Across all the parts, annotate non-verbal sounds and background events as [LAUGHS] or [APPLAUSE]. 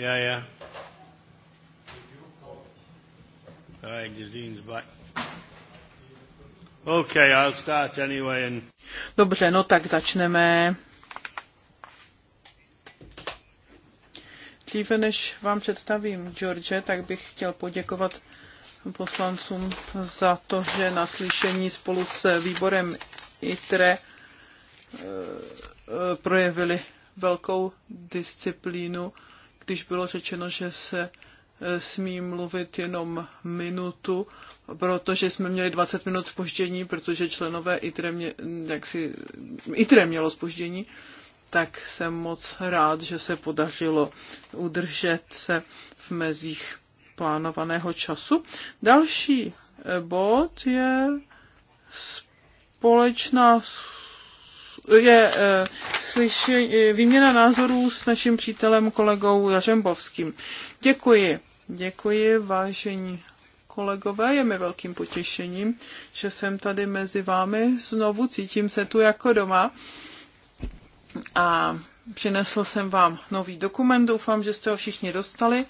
Yeah, yeah. All right, Gazine's back. Okay, I'll start anyway and... Dobře, no tak začneme. Dříve než vám představím George, tak bych chtěl poděkovat poslancům za to, že na slyšení spolu s výborem ITRE eh, eh, projevili velkou disciplínu když bylo řečeno, že se eh, smí mluvit jenom minutu, protože jsme měli 20 minut spoždění, protože členové ITRE, mě, jaksi, ITRE mělo spoždění, tak jsem moc rád, že se podařilo udržet se v mezích plánovaného času. Další eh, bod je společná je eh, slyši, eh, výměna názorů s naším přítelem kolegou Jařembovským. Děkuji. Děkuji, vážení kolegové, je mi velkým potěšením, že jsem tady mezi vámi znovu, cítím se tu jako doma a přinesl jsem vám nový dokument, doufám, že jste ho všichni dostali,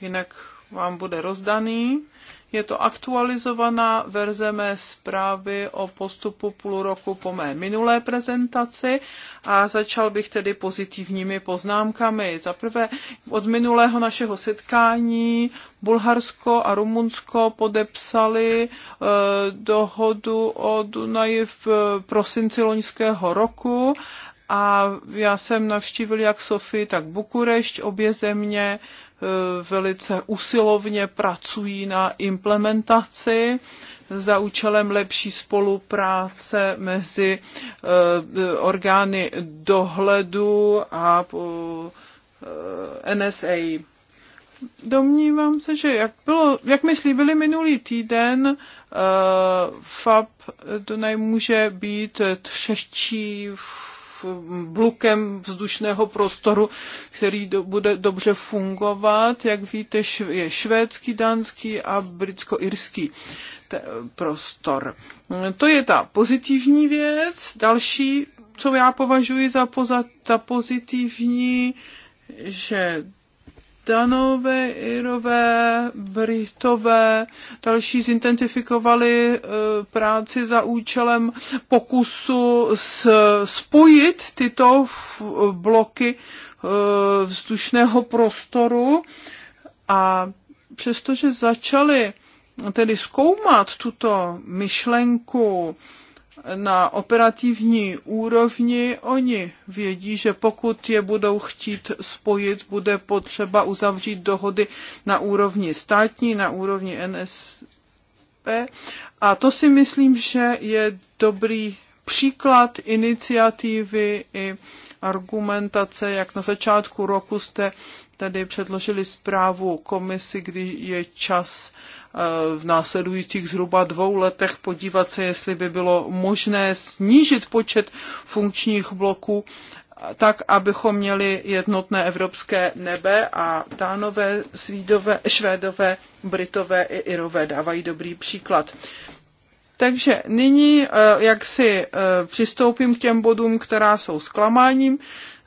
jinak vám bude rozdaný. Je to aktualizovaná verze mé zprávy o postupu půl roku po mé minulé prezentaci a začal bych tedy pozitivními poznámkami. Za prvé, od minulého našeho setkání Bulharsko a Rumunsko podepsali e, dohodu o Dunaji v prosinci loňského roku a já jsem navštívil jak Sofii, tak Bukurešť, obě země velice usilovně pracují na implementaci za účelem lepší spolupráce mezi eh, orgány dohledu a eh, NSA. Domnívám se, že jak, bylo, jak my slíbili minulý týden, eh, FAP. Dunaj může být třeští v blukem vzdušného prostoru, který do, bude dobře fungovat. Jak víte, je švédský, dánský a britsko-irský prostor. To je ta pozitivní věc. Další, co já považuji za, poza, za pozitivní, že Danové, Irové, Britové, další zintenzifikovali eh, práci za účelem pokusu spojit tyto bloky eh, vzdušného prostoru a přestože začali tedy zkoumat tuto myšlenku na operativní úrovni, oni vědí, že pokud je budou chtít spojit, bude potřeba uzavřít dohody na úrovni státní, na úrovni NSP. A to si myslím, že je dobrý příklad iniciativy i argumentace, jak na začátku roku jste tady předložili zprávu komisi, když je čas eh, v následujících zhruba dvou letech podívat se, jestli by bylo možné snížit počet funkčních bloků tak, abychom měli jednotné evropské nebe a Dánové, Svídové, Švédové, Britové i Irové dávají dobrý příklad. Takže nyní eh, jak si eh, přistoupím k těm bodům, která jsou zklamáním.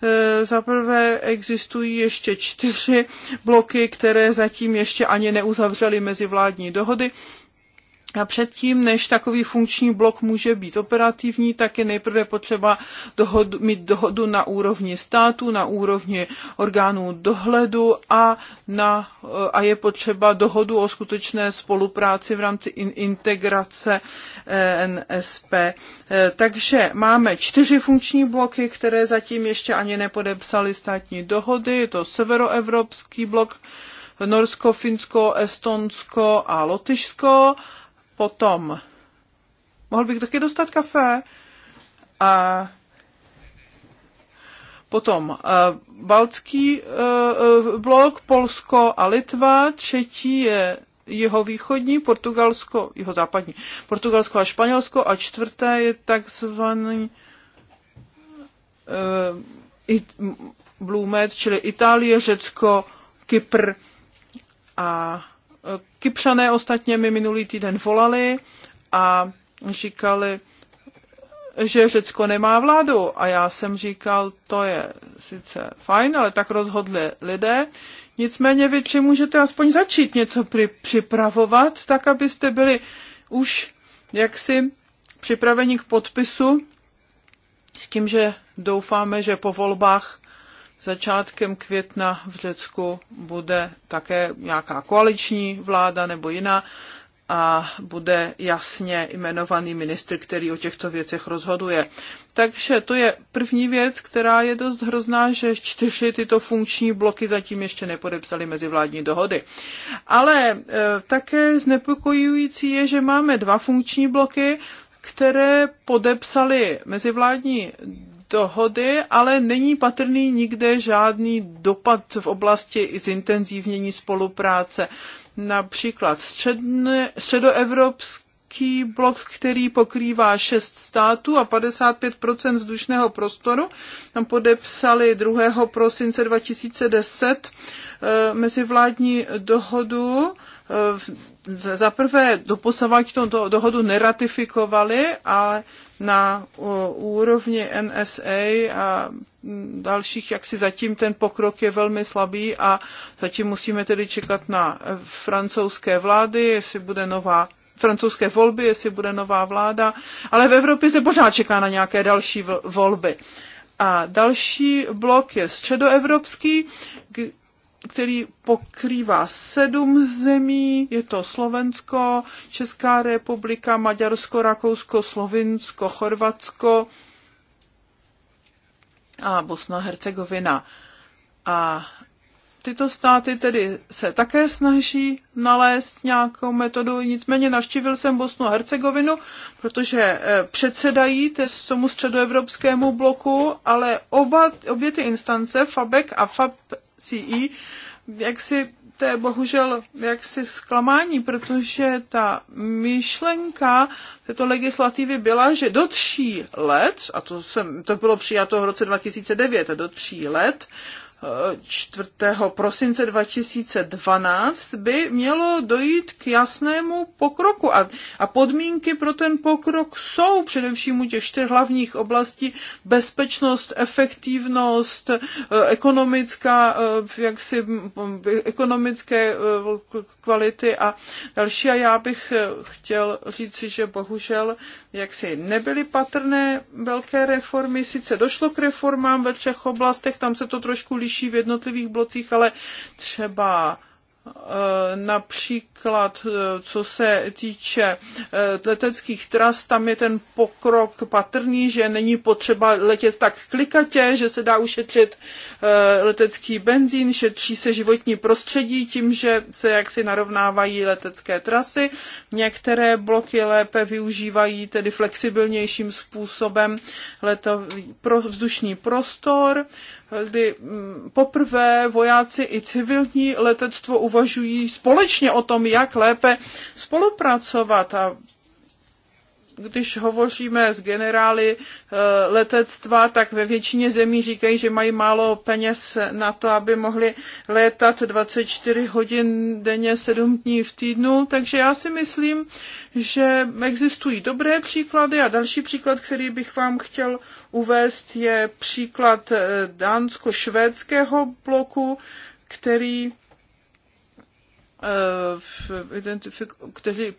Eh, Zaprvé existují ještě čtyři bloky, které zatím ještě ani neuzavřely mezivládní dohody a předtím, než takový funkční blok může být operativní, tak je nejprve potřeba dohodu, mít dohodu na úrovni státu, na úrovni orgánů dohledu a, na, eh, a je potřeba dohodu o skutečné spolupráci v rámci in, integrace eh, NSP. Eh, takže máme čtyři funkční bloky, které zatím ještě ani nepodepsaly státní dohody. Je to severoevropský blok, Norsko, Finsko, Estonsko a Lotyšsko potom. Mohl bych taky dostat kafe a potom uh, Baltský uh, blok, Polsko a Litva, třetí je jeho východní, Portugalsko, jeho západní, Portugalsko a Španělsko a čtvrté je takzvaný uh, it, Blue Med, čili Itálie, Řecko, Kypr a Kypřané ostatně mi minulý týden volali a říkali, že Řecko nemá vládu. A já jsem říkal, to je sice fajn, ale tak rozhodli lidé. Nicméně vy tři můžete aspoň začít něco pri- připravovat, tak abyste byli už jaksi připraveni k podpisu s tím, že doufáme, že po volbách začátkem května v Řecku bude také nějaká koaliční vláda nebo jiná a bude jasně jmenovaný ministr, který o těchto věcech rozhoduje. Takže to je první věc, která je dost hrozná, že čtyři tyto funkční bloky zatím ještě nepodepsaly mezivládní dohody. Ale e, také znepokojující je, že máme dva funkční bloky, které podepsaly mezivládní dohody, ale není patrný nikde žádný dopad v oblasti zintenzívnění spolupráce. Například středne, středoevropské velký blok, který pokrývá šest států a 55 vzdušného prostoru. Tam podepsali 2. prosince 2010 eh, mezivládní dohodu eh, za prvé doposavať tuto dohodu neratifikovali, ale na eh, úrovni NSA a mm, dalších, jak si zatím ten pokrok je velmi slabý a zatím musíme tedy čekat na francouzské vlády, jestli bude nová francouzské volby, jestli bude nová vláda, ale v Evropě se pořád čeká na nějaké další volby. A další blok je středoevropský, který pokrývá sedm zemí, je to Slovensko, Česká republika, Maďarsko, Rakousko, Slovinsko, Chorvatsko a Bosna Hercegovina. A Tyto státy tedy se také snaží nalézt nějakou metodu, nicméně navštívil jsem Bosnu a Hercegovinu, protože eh, předsedají tomu středoevropskému bloku, ale oba, obě ty instance, FABEC a FABCI, jak si to je bohužel jaksi zklamání, protože ta myšlenka této legislativy byla, že do tří let, a to, jsem, to bylo přijato v roce 2009, do tří let 4. prosince 2012 by mělo dojít k jasnému pokroku. A, a podmínky pro ten pokrok jsou především u těch čtyř hlavních oblastí bezpečnost, efektivnost, eh, ekonomická, eh, jaksi, ekonomické eh, kvality a další. A já bych chtěl říci, že bohužel jaksi nebyly patrné velké reformy. Sice došlo k reformám ve třech oblastech, tam se to trošku liší liší v jednotlivých blocích, ale třeba eh, například eh, co se týče eh, leteckých tras, tam je ten pokrok patrný, že není potřeba letět tak klikatě, že se dá ušetřit letecký benzín, šetří se životní prostředí tím, že se jaksi narovnávají letecké trasy. Některé bloky lépe využívají tedy flexibilnějším způsobem letový, pro, vzdušný prostor kdy mm, poprvé vojáci i civilní letectvo uvažují společně o tom, jak lépe spolupracovat a když hovoříme s generály eh, letectva, tak ve většině zemí říkají, že mají málo peněz na to, aby mohli létat 24 hodin denně, 7 dní v týdnu. Takže já si myslím, že existují dobré příklady a další příklad, který bych vám chtěl uvést, je příklad eh, dánsko-švédského bloku, který, eh, který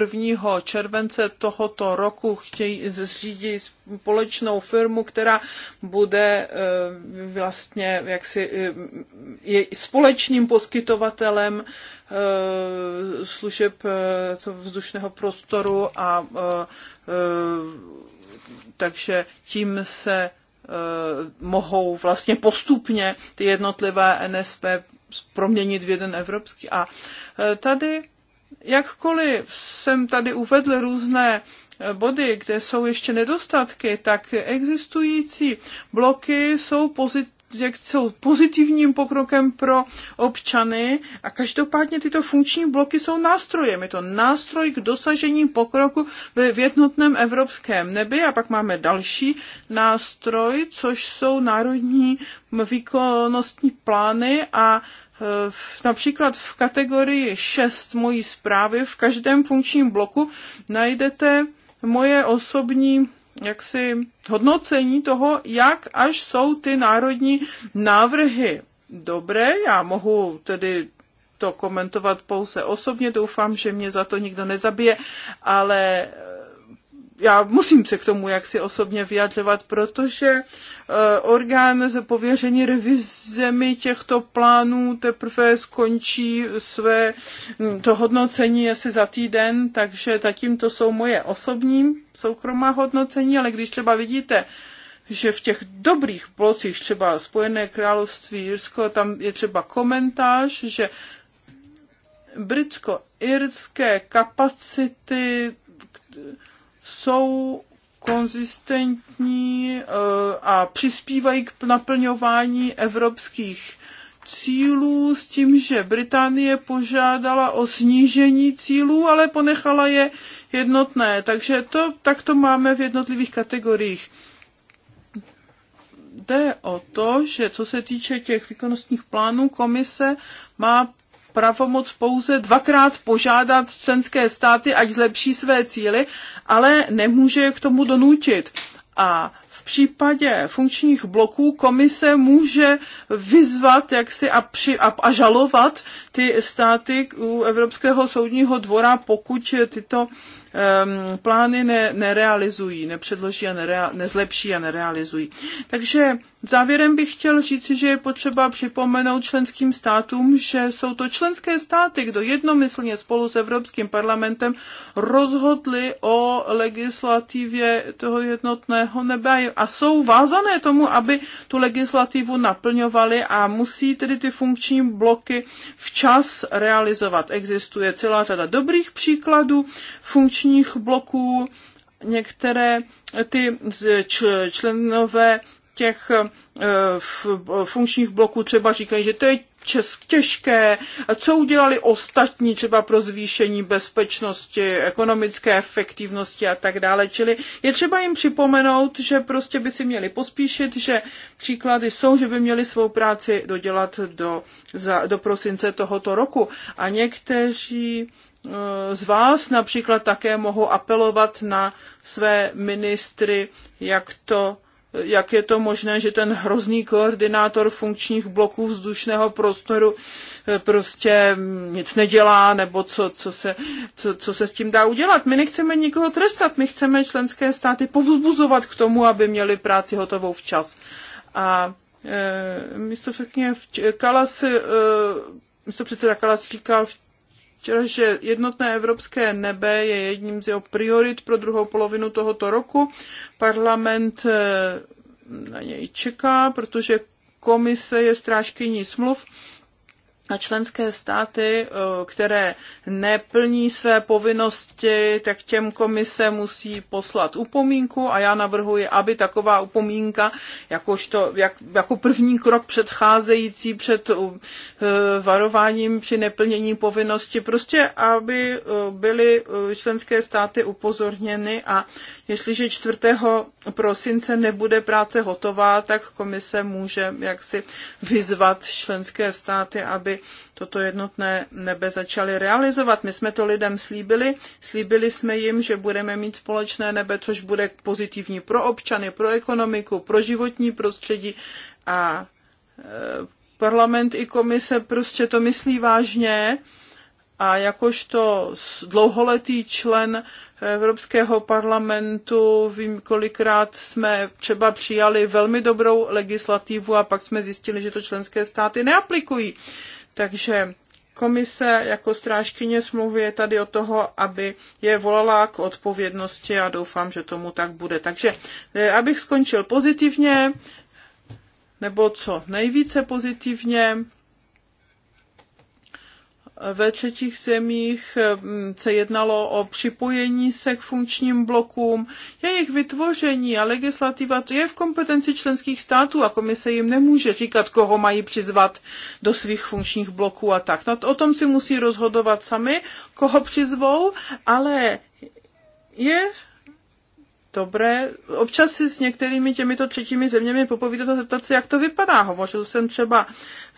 1. července tohoto roku chtějí zřídit společnou firmu, která bude eh, vlastně jaksi eh, je společným poskytovatelem eh, služeb vzdušného prostoru a takže tím se mohou vlastně postupně ty jednotlivé NSP proměnit v jeden evropský. A tady Jakkoliv jsem tady uvedl různé e, body, kde jsou ještě nedostatky, tak existující bloky jsou pozitivní jak jsou pozitivním pokrokem pro občany a každopádně tyto funkční bloky jsou nástrojem. Je to nástroj k dosažení pokroku v jednotném evropském nebi a pak máme další nástroj, což jsou národní výkonnostní plány a například v kategorii 6 mojí zprávy v každém funkčním bloku najdete moje osobní jaksi hodnocení toho, jak až jsou ty národní návrhy dobré. Já mohu tedy to komentovat pouze osobně, doufám, že mě za to nikdo nezabije, ale já musím se k tomu jak si osobně vyjadřovat, protože eh, orgán ze pověření revizemi těchto plánů teprve skončí své hm, to hodnocení asi za týden, takže zatím to jsou moje osobní soukromá hodnocení, ale když třeba vidíte, že v těch dobrých blocích, třeba Spojené království, Jirsko, tam je třeba komentář, že britsko-irské kapacity jsou konzistentní eh, a přispívají k naplňování evropských cílů s tím, že Británie požádala o snížení cílů, ale ponechala je jednotné. Takže to, tak to máme v jednotlivých kategoriích. Jde o to, že co se týče těch výkonnostních plánů, komise má pravomoc pouze dvakrát požádat členské státy, ať zlepší své cíly, ale nemůže je k tomu donutit. A v případě funkčních bloků komise může vyzvat jak si a, při, a, a žalovat ty státy u Evropského soudního dvora, pokud tyto um, plány ne, nerealizují, nepředloží a nerea, nezlepší a nerealizují. Takže Závěrem bych chtěl říci, že je potřeba připomenout členským státům, že jsou to členské státy, kdo jednomyslně spolu s Evropským parlamentem rozhodli o legislativě toho jednotného nebe a jsou vázané tomu, aby tu legislativu naplňovali a musí tedy ty funkční bloky včas realizovat. Existuje celá řada dobrých příkladů funkčních bloků, některé ty členové těch eh, eh, funkčních bloků třeba říkají, že to je česk, těžké, co udělali ostatní třeba pro zvýšení bezpečnosti, ekonomické efektivnosti a tak dále. Čili je třeba jim připomenout, že prostě by si měli pospíšit, že příklady jsou, že by měli svou práci dodělat do, za, do prosince tohoto roku. A někteří eh, z vás například také mohou apelovat na své ministry, jak to jak je to možné, že ten hrozný koordinátor funkčních bloků vzdušného prostoru eh, prostě mm, nic nedělá, nebo co, co, se, co, co se s tím dá udělat. My nechceme nikoho trestat, my chceme členské státy povzbuzovat k tomu, aby měli práci hotovou včas. A e, eh, místo předseda Kalas, e, eh, místo předseda Kalas říkal že jednotné evropské nebe je jedním z jeho priorit pro druhou polovinu tohoto roku. Parlament eh, na něj čeká, protože komise je strážkyní smluv na členské státy, eh, které neplní své povinnosti, tak těm komise musí poslat upomínku a já navrhuji, aby taková upomínka jakožto, jak, jako první krok předcházející před eh, varováním při neplnění povinnosti, prostě aby eh, byly členské státy upozorněny a jestliže 4. prosince nebude práce hotová, tak komise může jaksi vyzvat členské státy, aby toto jednotné nebe začali realizovat. My jsme to lidem slíbili, slíbili jsme jim, že budeme mít společné nebe, což bude pozitivní pro občany, pro ekonomiku, pro životní prostředí a e, parlament i komise prostě to myslí vážně a jakožto dlouholetý člen Evropského parlamentu, vím, kolikrát jsme třeba přijali velmi dobrou legislativu a pak jsme zjistili, že to členské státy neaplikují. Takže komise jako strážkyně smlouvy je tady o toho, aby je volala k odpovědnosti a doufám, že tomu tak bude. Takže eh, abych skončil pozitivně, nebo co nejvíce pozitivně, ve třetích zemích mm, se jednalo o připojení se k funkčním blokům, jejich vytvoření a legislativa to je v kompetenci členských států a komise jim nemůže říkat, koho mají přizvat do svých funkčních bloků a tak. No to, o tom si musí rozhodovat sami, koho přizvou, ale je dobré občas si s některými těmito třetími zeměmi popovídat a zeptat se, jak to vypadá. Hovořil jsem třeba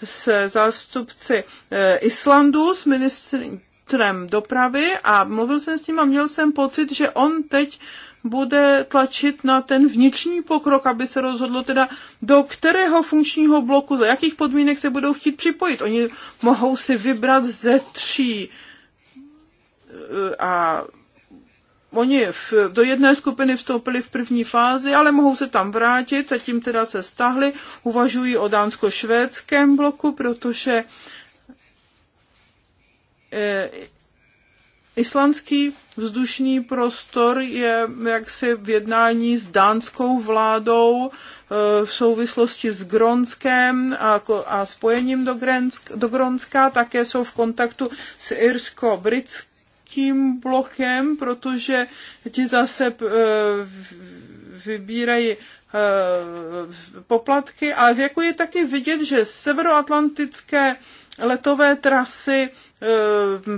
s zástupci eh, Islandu, s ministrem dopravy a mluvil jsem s ním a měl jsem pocit, že on teď bude tlačit na ten vnitřní pokrok, aby se rozhodlo teda, do kterého funkčního bloku, za jakých podmínek se budou chtít připojit. Oni mohou si vybrat ze tří eh, a oni v, do jedné skupiny vstoupili v první fázi, ale mohou se tam vrátit, zatím teda se stahli, uvažují o dánsko-švédském bloku, protože e, Islandský vzdušný prostor je jaksi v jednání s dánskou vládou eh, v souvislosti s Gronskem a, a spojením do, Grensk, do Gronska. Také jsou v kontaktu s irsko britským tím blokem, protože ti zase eh, vybírají eh, poplatky, ale jako je taky vidět, že severoatlantické letové trasy eh,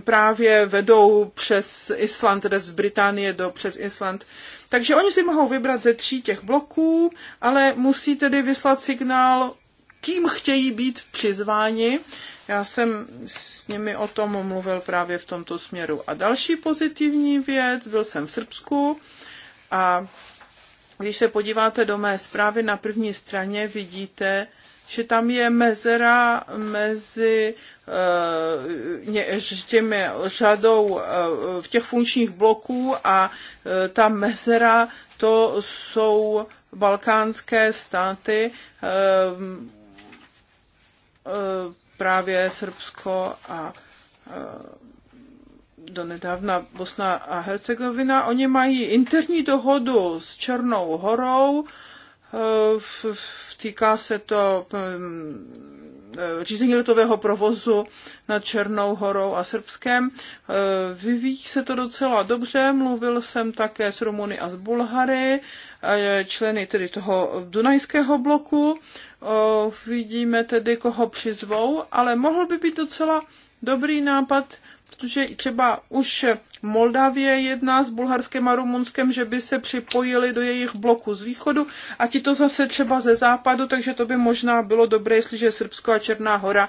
právě vedou přes Island, tedy z Británie do přes Island. Takže oni si mohou vybrat ze tří těch bloků, ale musí tedy vyslat signál, kým chtějí být přizváni. Já jsem s nimi o tom mluvil právě v tomto směru. A další pozitivní věc, byl jsem v Srbsku a když se podíváte do mé zprávy na první straně, vidíte, že tam je mezera mezi eh, těmi řadou eh, v těch funkčních bloků a eh, ta mezera to jsou balkánské státy právě Srbsko a eh, donedávna Bosna a Hercegovina. Oni mají interní dohodu s Černou horou, eh, v, v, týká se to mm, Eh, řízení letového provozu nad Černou horou a Srbskem. Eh, vyvíjí se to docela dobře, mluvil jsem také s Rumuny a z Bulhary, členy tedy toho Dunajského bloku. Vidíme tedy, koho přizvou, ale mohl by být docela dobrý nápad protože třeba už Moldavie jedná s Bulharskem a Rumunskem, že by se připojili do jejich bloku z východu a ti to zase třeba ze západu, takže to by možná bylo dobré, jestliže Srbsko a Černá hora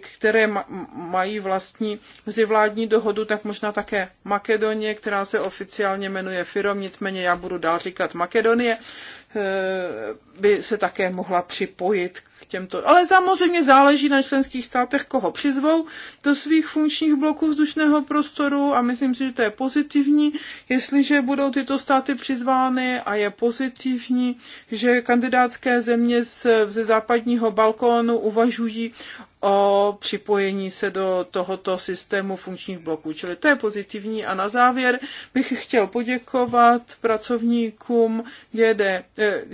které mají vlastní mezivládní dohodu, tak možná také Makedonie, která se oficiálně jmenuje Firom, nicméně já budu dál říkat Makedonie, eh, by se také mohla připojit k těmto. Ale samozřejmě záleží na členských státech, koho přizvou do svých funkčních bloků vzdušného prostoru a myslím si, že to je pozitivní, jestliže budou tyto státy přizvány a je pozitivní, že kandidátské země ze západního balkónu uvažují o připojení se do tohoto systému funkčních bloků. Čili to je pozitivní. A na závěr bych chtěl poděkovat pracovníkům GD, eh,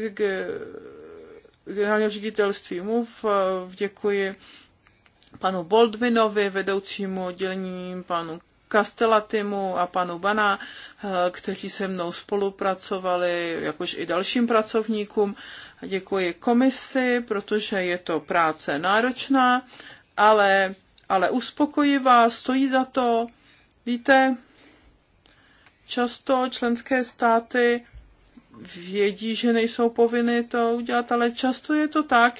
generálního ředitelství MUV. Děkuji panu Boldvinovi, vedoucímu oddělení, panu Kastelatimu a panu Bana, kteří se mnou spolupracovali, jakož i dalším pracovníkům. Děkuji komisi, protože je to práce náročná, ale, ale uspokojivá, stojí za to. Víte, často členské státy vědí, že nejsou povinny to udělat, ale často je to tak,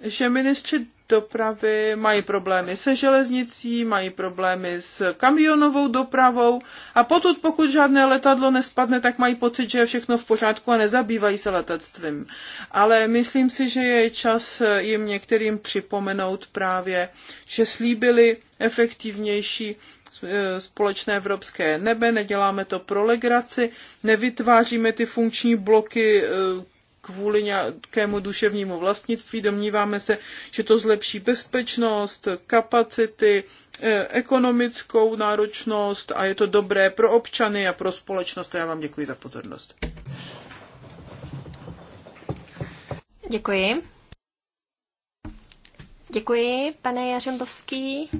že ministři dopravy mají problémy se železnicí, mají problémy s kamionovou dopravou a potud, pokud žádné letadlo nespadne, tak mají pocit, že je všechno v pořádku a nezabývají se letectvím. Ale myslím si, že je čas jim některým připomenout právě, že slíbili efektivnější společné evropské nebe, neděláme to pro legraci, nevytváříme ty funkční bloky eh, kvůli nějakému duševnímu vlastnictví. Domníváme se, že to zlepší bezpečnost, kapacity, eh, ekonomickou náročnost a je to dobré pro občany a pro společnost. já vám děkuji za pozornost. Děkuji. Děkuji, pane Jařembovský.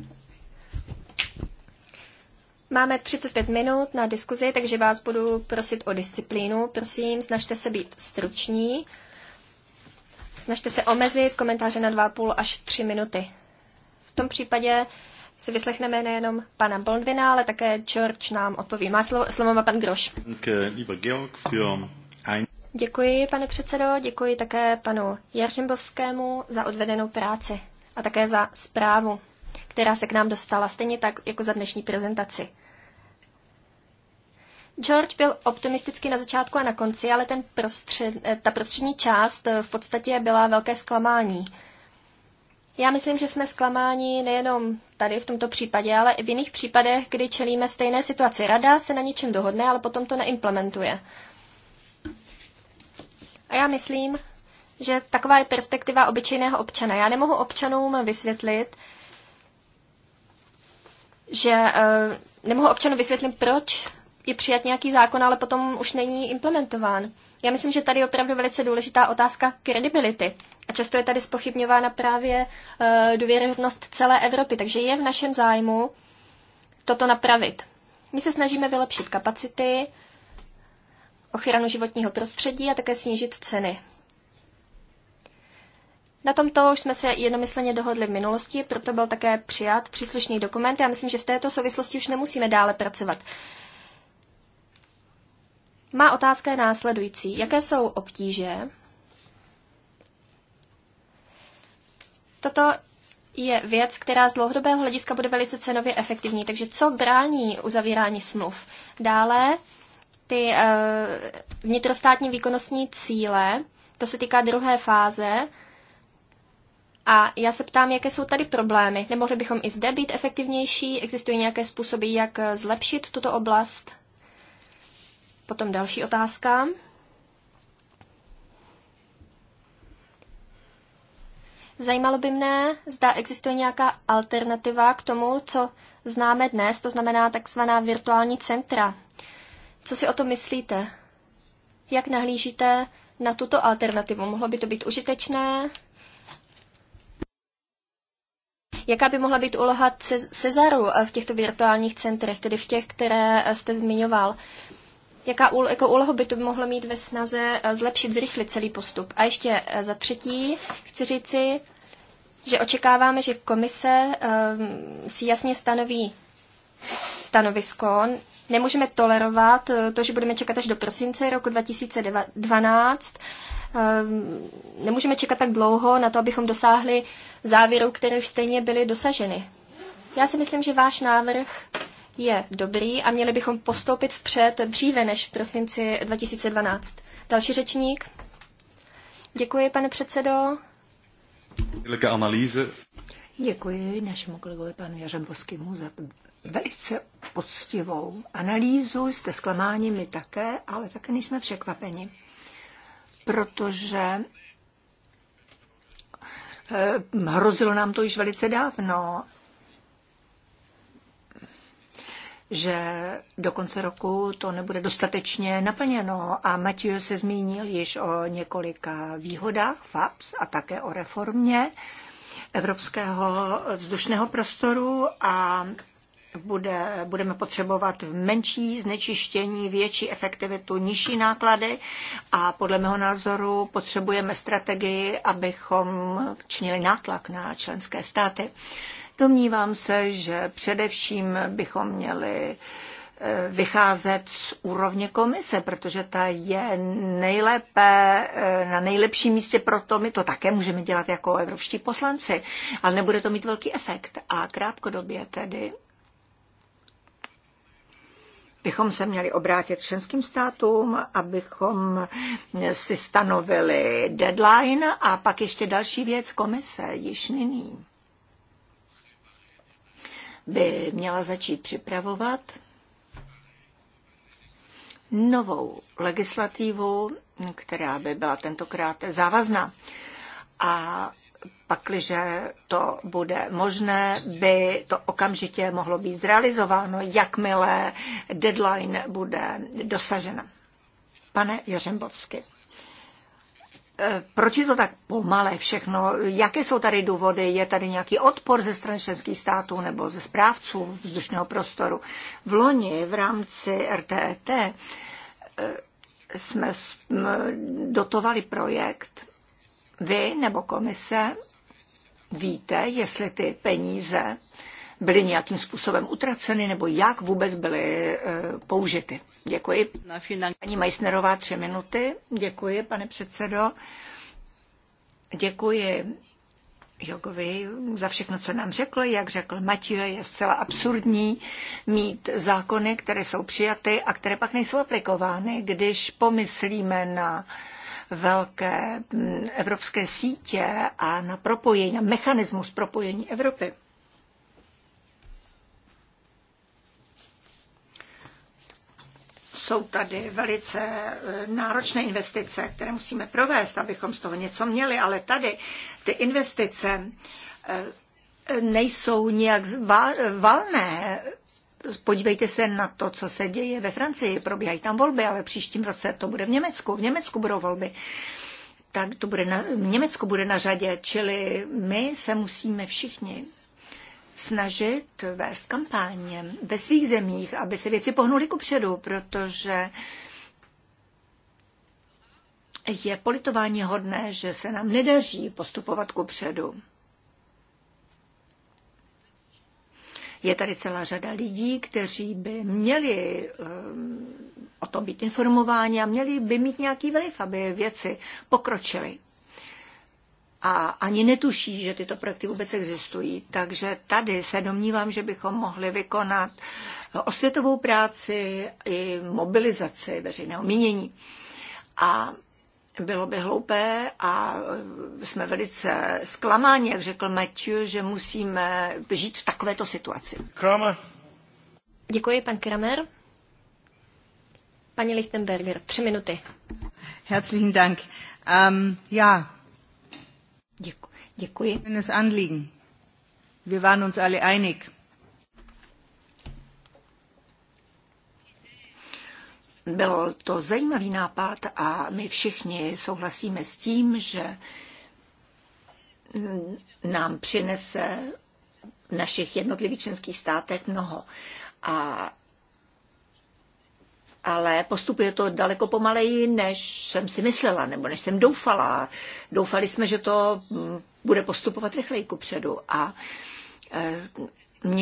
Máme 35 minut na diskuzi, takže vás budu prosit o disciplínu. Prosím, snažte se být struční. Snažte se omezit komentáře na 2,5 až 3 minuty. V tom případě si vyslechneme nejenom pana Bondvina, ale také George nám odpoví. Má slovo, slovo má pan Groš. Děkuji, pane předsedo, děkuji také panu Jaržimbovskému za odvedenou práci a také za zprávu, která se k nám dostala, stejně tak jako za dnešní prezentaci. George byl optimistický na začátku a na konci, ale ten prostřed, eh, ta prostřední část eh, v podstatě byla velké zklamání. Já myslím, že jsme zklamáni nejenom tady v tomto případě, ale i v jiných případech, kdy čelíme stejné situaci. Rada se na něčem dohodne, ale potom to neimplementuje. A já myslím, že taková je perspektiva obyčejného občana. Já nemohu občanům vysvětlit, že eh, nemohu občanům vysvětlit, proč je přijat nějaký zákon, ale potom už není implementován. Já myslím, že tady je opravdu velice důležitá otázka kredibility. A často je tady spochybňována právě uh, důvěryhodnost celé Evropy, takže je v našem zájmu toto napravit. My se snažíme vylepšit kapacity, ochranu životního prostředí a také snížit ceny. Na tomto už jsme se jednomyslně dohodli v minulosti, proto byl také přijat příslušný dokument. Já myslím, že v této souvislosti už nemusíme dále pracovat. Má otázka je následující. Jaké jsou obtíže? Toto je věc, která z dlouhodobého hlediska bude velice cenově efektivní. Takže co brání uzavírání smluv? Dále ty uh, vnitrostátní výkonnostní cíle, to se týká druhé fáze. A já se ptám, jaké jsou tady problémy. Nemohli bychom i zde být efektivnější? Existují nějaké způsoby, jak zlepšit tuto oblast? Potom další otázka. Zajímalo by mne, zda existuje nějaká alternativa k tomu, co známe dnes, to znamená takzvaná virtuální centra. Co si o to myslíte? Jak nahlížíte na tuto alternativu? Mohlo by to být užitečné? Jaká by mohla být úloha Cezaru v těchto virtuálních centrech, tedy v těch, které eh, jste zmiňoval? jaká úlo, jako úlohu by to mohlo mít ve snaze eh, zlepšit, zrychlit celý postup. A ještě eh, za třetí chci říci, že očekáváme, že komise um, si jasně stanoví stanovisko. Nemůžeme tolerovat eh, to, že budeme čekat až do prosince roku 2012. Um, ehm, nemůžeme čekat tak dlouho na to, abychom dosáhli závěrů, které už stejně byly dosaženy. Já si myslím, že váš návrh je dobrý a měli bychom postoupit vpřed dříve než v prosinci 2012. Další řečník. Děkuji, pane předsedo. analýze. Děkuji našemu kolegovi panu Jařembovskému za velice poctivou analýzu. Jste zklamáni my také, ale také nejsme překvapeni, protože eh, hrozilo nám to již velice dávno že do konce roku to nebude dostatečně naplněno a Matěj se zmínil již o několika výhodách FAPS a také o reformě evropského vzdušného prostoru a bude, budeme potřebovat menší znečištění, větší efektivitu, nižší náklady a podle mého názoru potřebujeme strategii, abychom činili nátlak na členské státy. Domnívám se, že především bychom měli eh, vycházet z úrovně komise, protože ta je nejlépe, eh, na nejlepším místě pro to, my to také můžeme dělat jako evropští poslanci, ale nebude to mít velký efekt. A krátkodobě tedy bychom se měli obrátit členským státům, abychom si stanovili deadline a pak ještě další věc komise již nyní by měla začít připravovat novou legislativu, která by byla tentokrát závazná. A pakliže to bude možné, by to okamžitě mohlo být zrealizováno, jakmile deadline bude dosažena. Pane Jeřembovsky proč je to tak pomalé všechno? Jaké jsou tady důvody? Je tady nějaký odpor ze strany členských států nebo ze správců vzdušného prostoru? V loni v rámci RTET e eh, jsme dotovali projekt. Vy nebo komise víte, jestli ty peníze byly nějakým způsobem utraceny nebo jak vůbec byly eh, použity? Děkuji. Paní Majsnerová, tři minuty. Děkuji, pane předsedo. Děkuji Jogovi za všechno, co nám řekl. Jak řekl Matěj, je zcela absurdní mít zákony, které jsou přijaty a které pak nejsou aplikovány. Když pomyslíme na velké mm, evropské sítě a na propojení, na mechanismus propojení Evropy, jsou tady velice eh, náročné investice, které musíme provést, abychom z toho něco měli, ale tady ty investice eh, nejsou nijak valné. Podívejte se na to, co se děje ve Francii. Probíhají tam volby, ale příštím roce to bude v Německu. V Německu budou volby. Tak to bude na, Německo bude na řadě, čili my se musíme všichni snažit vést kampaně ve svých zemích, aby se věci pohnuly kupředu, protože je politování hodné, že se nám nedaří postupovat kupředu. Je tady celá řada lidí, kteří by měli um, o tom být informováni a měli by mít nějaký vliv, aby věci pokročily a ani netuší, že tyto projekty vůbec existují. Takže tady se domnívám, že bychom mohli vykonat osvětovou práci i mobilizaci veřejného mínění. A bylo by hloupé a jsme velice zklamáni, jak řekl Matthew, že musíme žít v takovéto situaci. Kramer. Děkuji, pan Kramer. Paní Lichtenberger, tři minuty. Herzlichen Dank. Um, ja, Děkuji. Wir waren uns alle einig. Byl to zajímavý nápad a my všichni souhlasíme s tím, že nám přinese v našich jednotlivých členských státech mnoho. A ale postupuje to daleko pomaleji, než jsem si myslela, nebo než jsem doufala. Doufali jsme, že to mm, bude postupovat rychleji kupředu a e,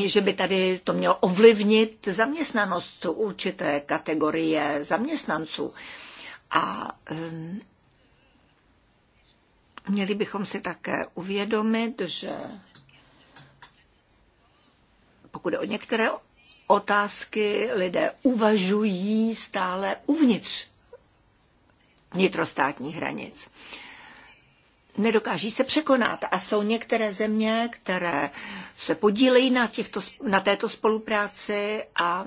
že by tady to mělo ovlivnit zaměstnanost určité kategorie zaměstnanců. A měli bychom si také uvědomit, že pokud je o některé otázky lidé uvažují stále uvnitř vnitrostátních hranic. Nedokáží se překonat a jsou některé země, které se podílejí na, těchto, na této spolupráci a,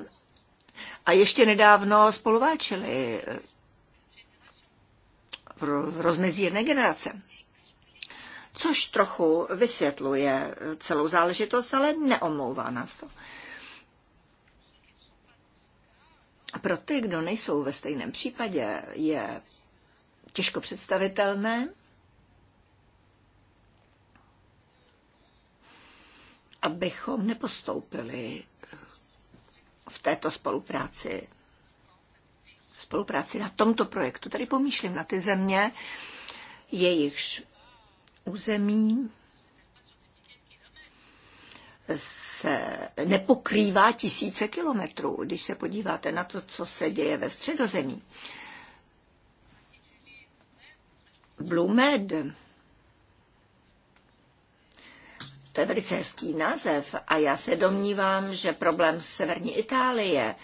a ještě nedávno spoluváčili eh, v, v rozmezí jedné generace což trochu vysvětluje eh, celou záležitost, ale neomlouvá nás to. Pro ty, kdo nejsou ve stejném případě, je těžko představitelné, abychom nepostoupili v této spolupráci, spolupráci na tomto projektu. Tady pomýšlím na ty země, jejichž území se nepokrývá tisíce kilometrů. Když se podíváte na to, co se děje ve středozemí, Blumed, to je velice hezký název a já se domnívám, že problém severní Itálie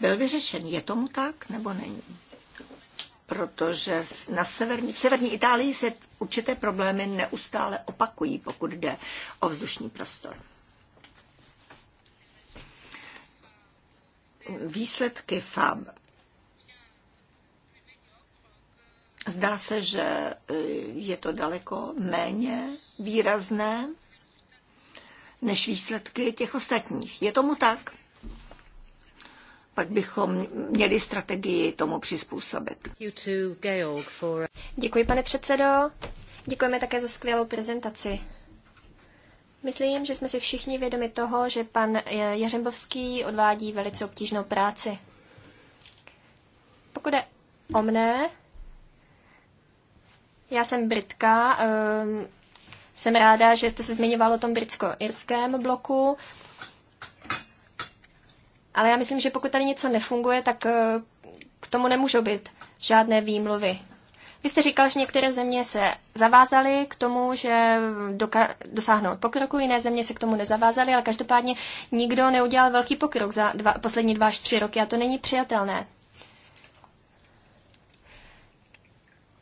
byl vyřešen. Je tomu tak nebo není? protože na severní, v severní Itálii se určité problémy neustále opakují, pokud jde o vzdušný prostor. výsledky FAB. Zdá se, že eh, je to daleko méně výrazné než výsledky těch ostatních. Je tomu tak? pak bychom měli strategii tomu přizpůsobit. Děkuji, pane předsedo. Děkujeme také za skvělou prezentaci. Myslím, že jsme si všichni vědomi toho, že pan eh, Jeřembovský odvádí velice obtížnou práci. Pokud je o mne, já jsem Britka, ehm, jsem ráda, že jste se zmiňoval o tom britsko-irském bloku, ale já myslím, že pokud tady něco nefunguje, tak eh, k tomu nemůžou být žádné výmluvy. Vy jste říkal, že některé země se zavázaly k tomu, že dosáhnou pokroku, jiné země se k tomu nezavázaly, ale každopádně nikdo neudělal velký pokrok za dva, poslední dva až tři roky a to není přijatelné.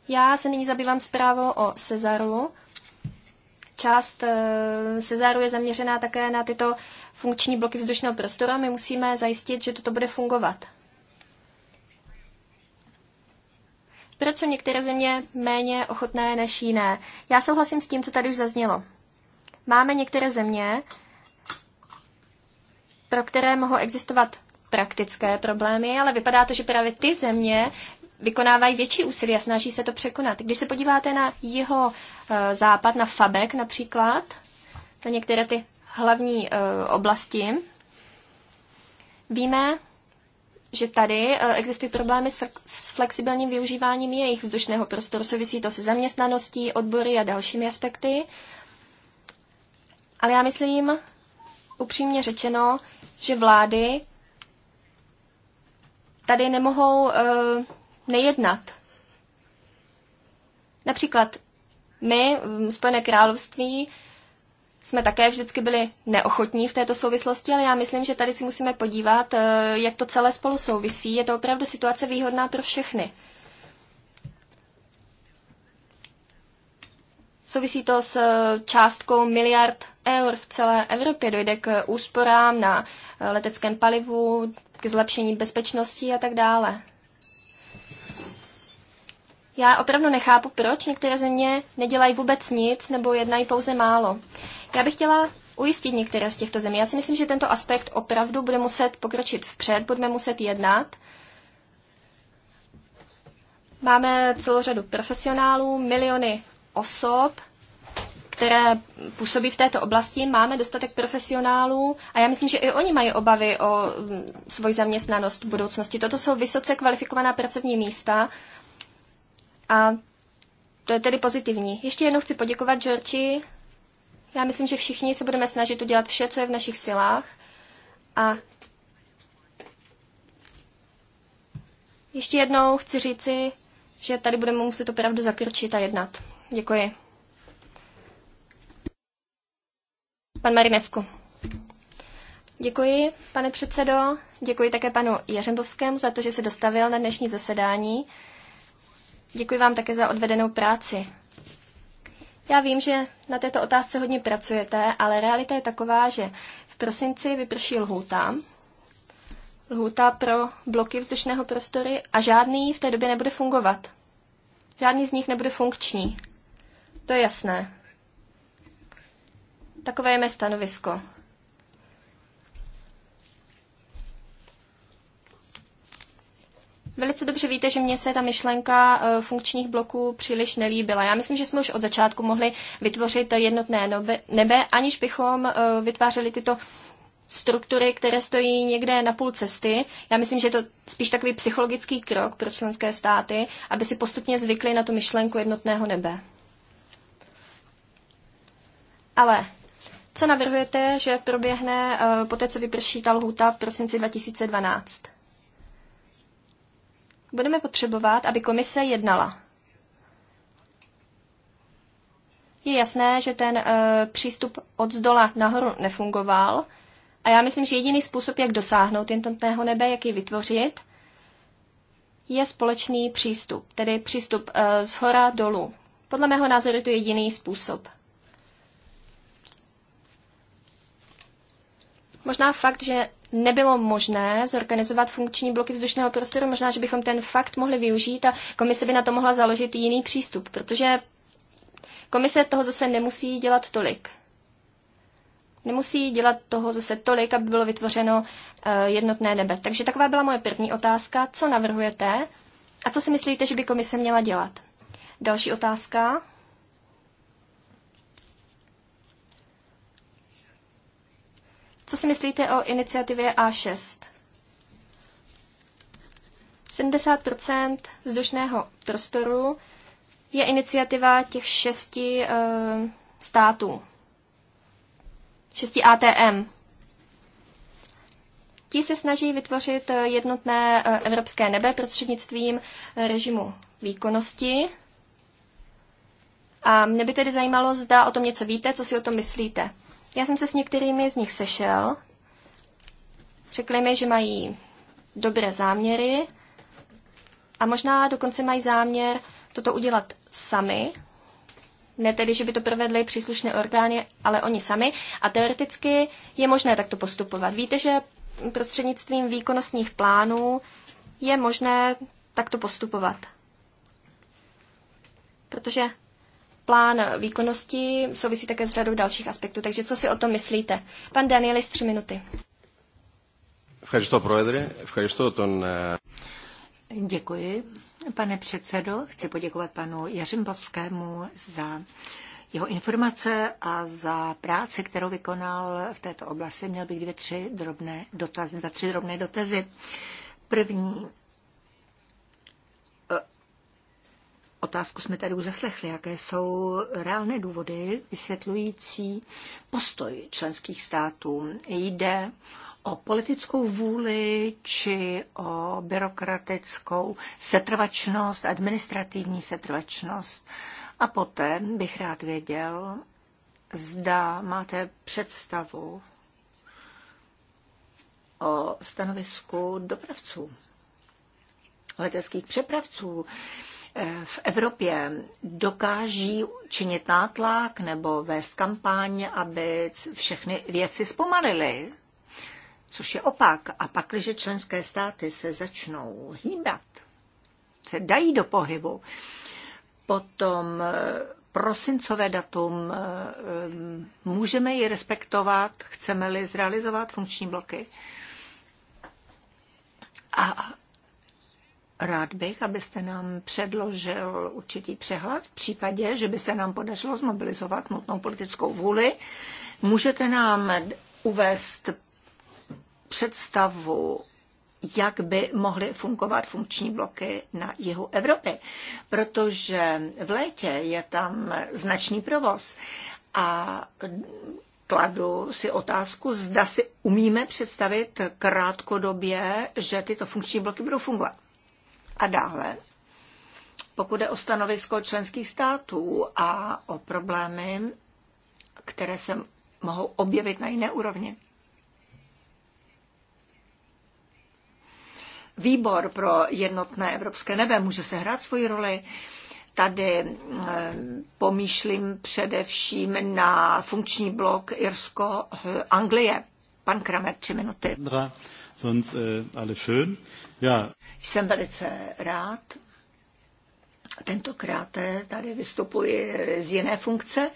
Já se nyní zabývám zprávou o Cezaru. Část eh, Cezaru je zaměřená také na tyto funkční bloky vzdušného prostoru a my musíme zajistit, že toto bude fungovat. Proč jsou některé země méně ochotné než jiné? Já souhlasím s tím, co tady už zaznělo. Máme některé země, pro které mohou existovat praktické problémy, ale vypadá to, že právě ty země vykonávají větší úsilí a snaží se to překonat. Když se podíváte na jeho eh, západ, na Fabek například, na některé ty hlavní eh, oblasti, víme, že tady eh, existují problémy s flexibilním využíváním jejich vzdušného prostoru. Souvisí to se zaměstnaností, odbory a dalšími aspekty. Ale já myslím, upřímně řečeno, že vlády tady nemohou uh, nejednat. Například my, mm, Spojené království, jsme také vždycky byli neochotní v této souvislosti, ale já myslím, že tady si musíme podívat, eh, jak to celé spolu souvisí. Je to opravdu situace výhodná pro všechny. Souvisí to s eh, částkou miliard eur v celé Evropě. Dojde k úsporám na eh, leteckém palivu, k zlepšení bezpečnosti a tak dále. Já opravdu nechápu, proč některé země nedělají vůbec nic nebo jednají pouze málo. Já bych chtěla ujistit některé z těchto zemí. Já si myslím, že tento aspekt opravdu bude muset pokročit vpřed, budeme muset jednat. Máme celou řadu profesionálů, miliony osob, které působí v této oblasti, máme dostatek profesionálů a já myslím, že i oni mají obavy o mm, svoji zaměstnanost v budoucnosti. Toto jsou vysoce kvalifikovaná pracovní místa, a to je tedy pozitivní. Ještě jednou chci poděkovat Georgi. Já myslím, že všichni se budeme snažit udělat vše, co je v našich silách. A ještě jednou chci říci, že tady budeme muset opravdu zakročit a jednat. Děkuji. Pan Marinesku. Děkuji, pane předsedo. Děkuji také panu Jařembovskému za to, že se dostavil na dnešní zasedání. Děkuji vám také za odvedenou práci. Já vím, že na této otázce hodně pracujete, ale realita je taková, že v prosinci vyprší lhůta, lhůta pro bloky vzdušného prostory a žádný v té době nebude fungovat. Žádný z nich nebude funkční. To je jasné. Takové je mé stanovisko. Velice dobře víte, že mě se ta myšlenka eh, funkčních bloků příliš nelíbila. Já myslím, že jsme už od začátku mohli vytvořit jednotné nebe, aniž bychom eh, vytvářeli tyto struktury, které stojí někde na půl cesty. Já myslím, že je to spíš takový psychologický krok pro členské státy, aby si postupně zvykli na tu myšlenku jednotného nebe. Ale co navrhujete, že proběhne eh, po té, co vyprší ta lhůta v prosinci 2012? budeme potřebovat, aby komise jednala. Je jasné, že ten e, přístup od zdola nahoru nefungoval a já myslím, že jediný způsob, jak dosáhnout jednotného nebe, jak ji vytvořit, je společný přístup, tedy přístup e, z hora dolů. Podle mého názoru je to jediný způsob. Možná fakt, že nebylo možné zorganizovat funkční bloky vzdušného prostoru, možná, že bychom ten fakt mohli využít a komise by na to mohla založit jiný přístup, protože komise toho zase nemusí dělat tolik. Nemusí dělat toho zase tolik, aby bylo vytvořeno eh, jednotné nebe. Takže taková byla moje první otázka. Co navrhujete a co si myslíte, že by komise měla dělat? Další otázka. Co si myslíte o iniciativě A6? 70 vzdušného prostoru je iniciativa těch šesti uh, států, šesti ATM. Ti se snaží vytvořit eh, jednotné eh, evropské nebe prostřednictvím režimu výkonnosti. A mě by tedy zajímalo, zda o tom něco víte, co si o tom myslíte. Já jsem se s některými z nich sešel. Řekli mi, že mají dobré záměry a možná dokonce mají záměr toto udělat sami. Ne tedy, že by to provedly příslušné orgány, ale oni sami. A teoreticky je možné takto postupovat. Víte, že prostřednictvím výkonnostních plánů je možné takto postupovat. Protože plán výkonnosti souvisí také s řadou dalších aspektů. Takže co si o tom myslíte? Pan Danielis, tři minuty. Děkuji, pane předsedo. Chci poděkovat panu Jařimbovskému za jeho informace a za práci, kterou vykonal v této oblasti. Měl bych dvě, tři drobné dotazy. Dva, tři drobné dotazy. První otázku jsme tady už zaslechli, jaké jsou reálné důvody vysvětlující postoj členských států. Jde o politickou vůli či o byrokratickou setrvačnost, administrativní setrvačnost. A poté bych rád věděl, zda máte představu o stanovisku dopravců, leteckých přepravců, v Evropě dokáží činit nátlak nebo vést kampaň, aby všechny věci zpomalily, což je opak. A pak, když členské státy se začnou hýbat, se dají do pohybu, potom eh, prosincové datum eh, eh, můžeme ji respektovat, chceme-li zrealizovat funkční bloky. A Rád bych, abyste nám předložil určitý přehled v případě, že by se nám podařilo zmobilizovat nutnou politickou vůli. Můžete nám uvést představu, jak by mohly fungovat funkční bloky na jihu Evropy, protože v létě je tam značný provoz a kladu si otázku, zda si umíme představit krátkodobě, že tyto funkční bloky budou fungovat. A dále, pokud je o stanovisko členských států a o problémy, které se mohou objevit na jiné úrovni. Výbor pro jednotné evropské nebe může se hrát svoji roli. Tady eh, pomýšlím především na funkční blok Irsko-Anglie. Eh, Pan Kramer, tři minuty. Sonst äh, eh, alles schön. Ja. Jsem velice rád. Tentokrát tady vystupuji z jiné funkce.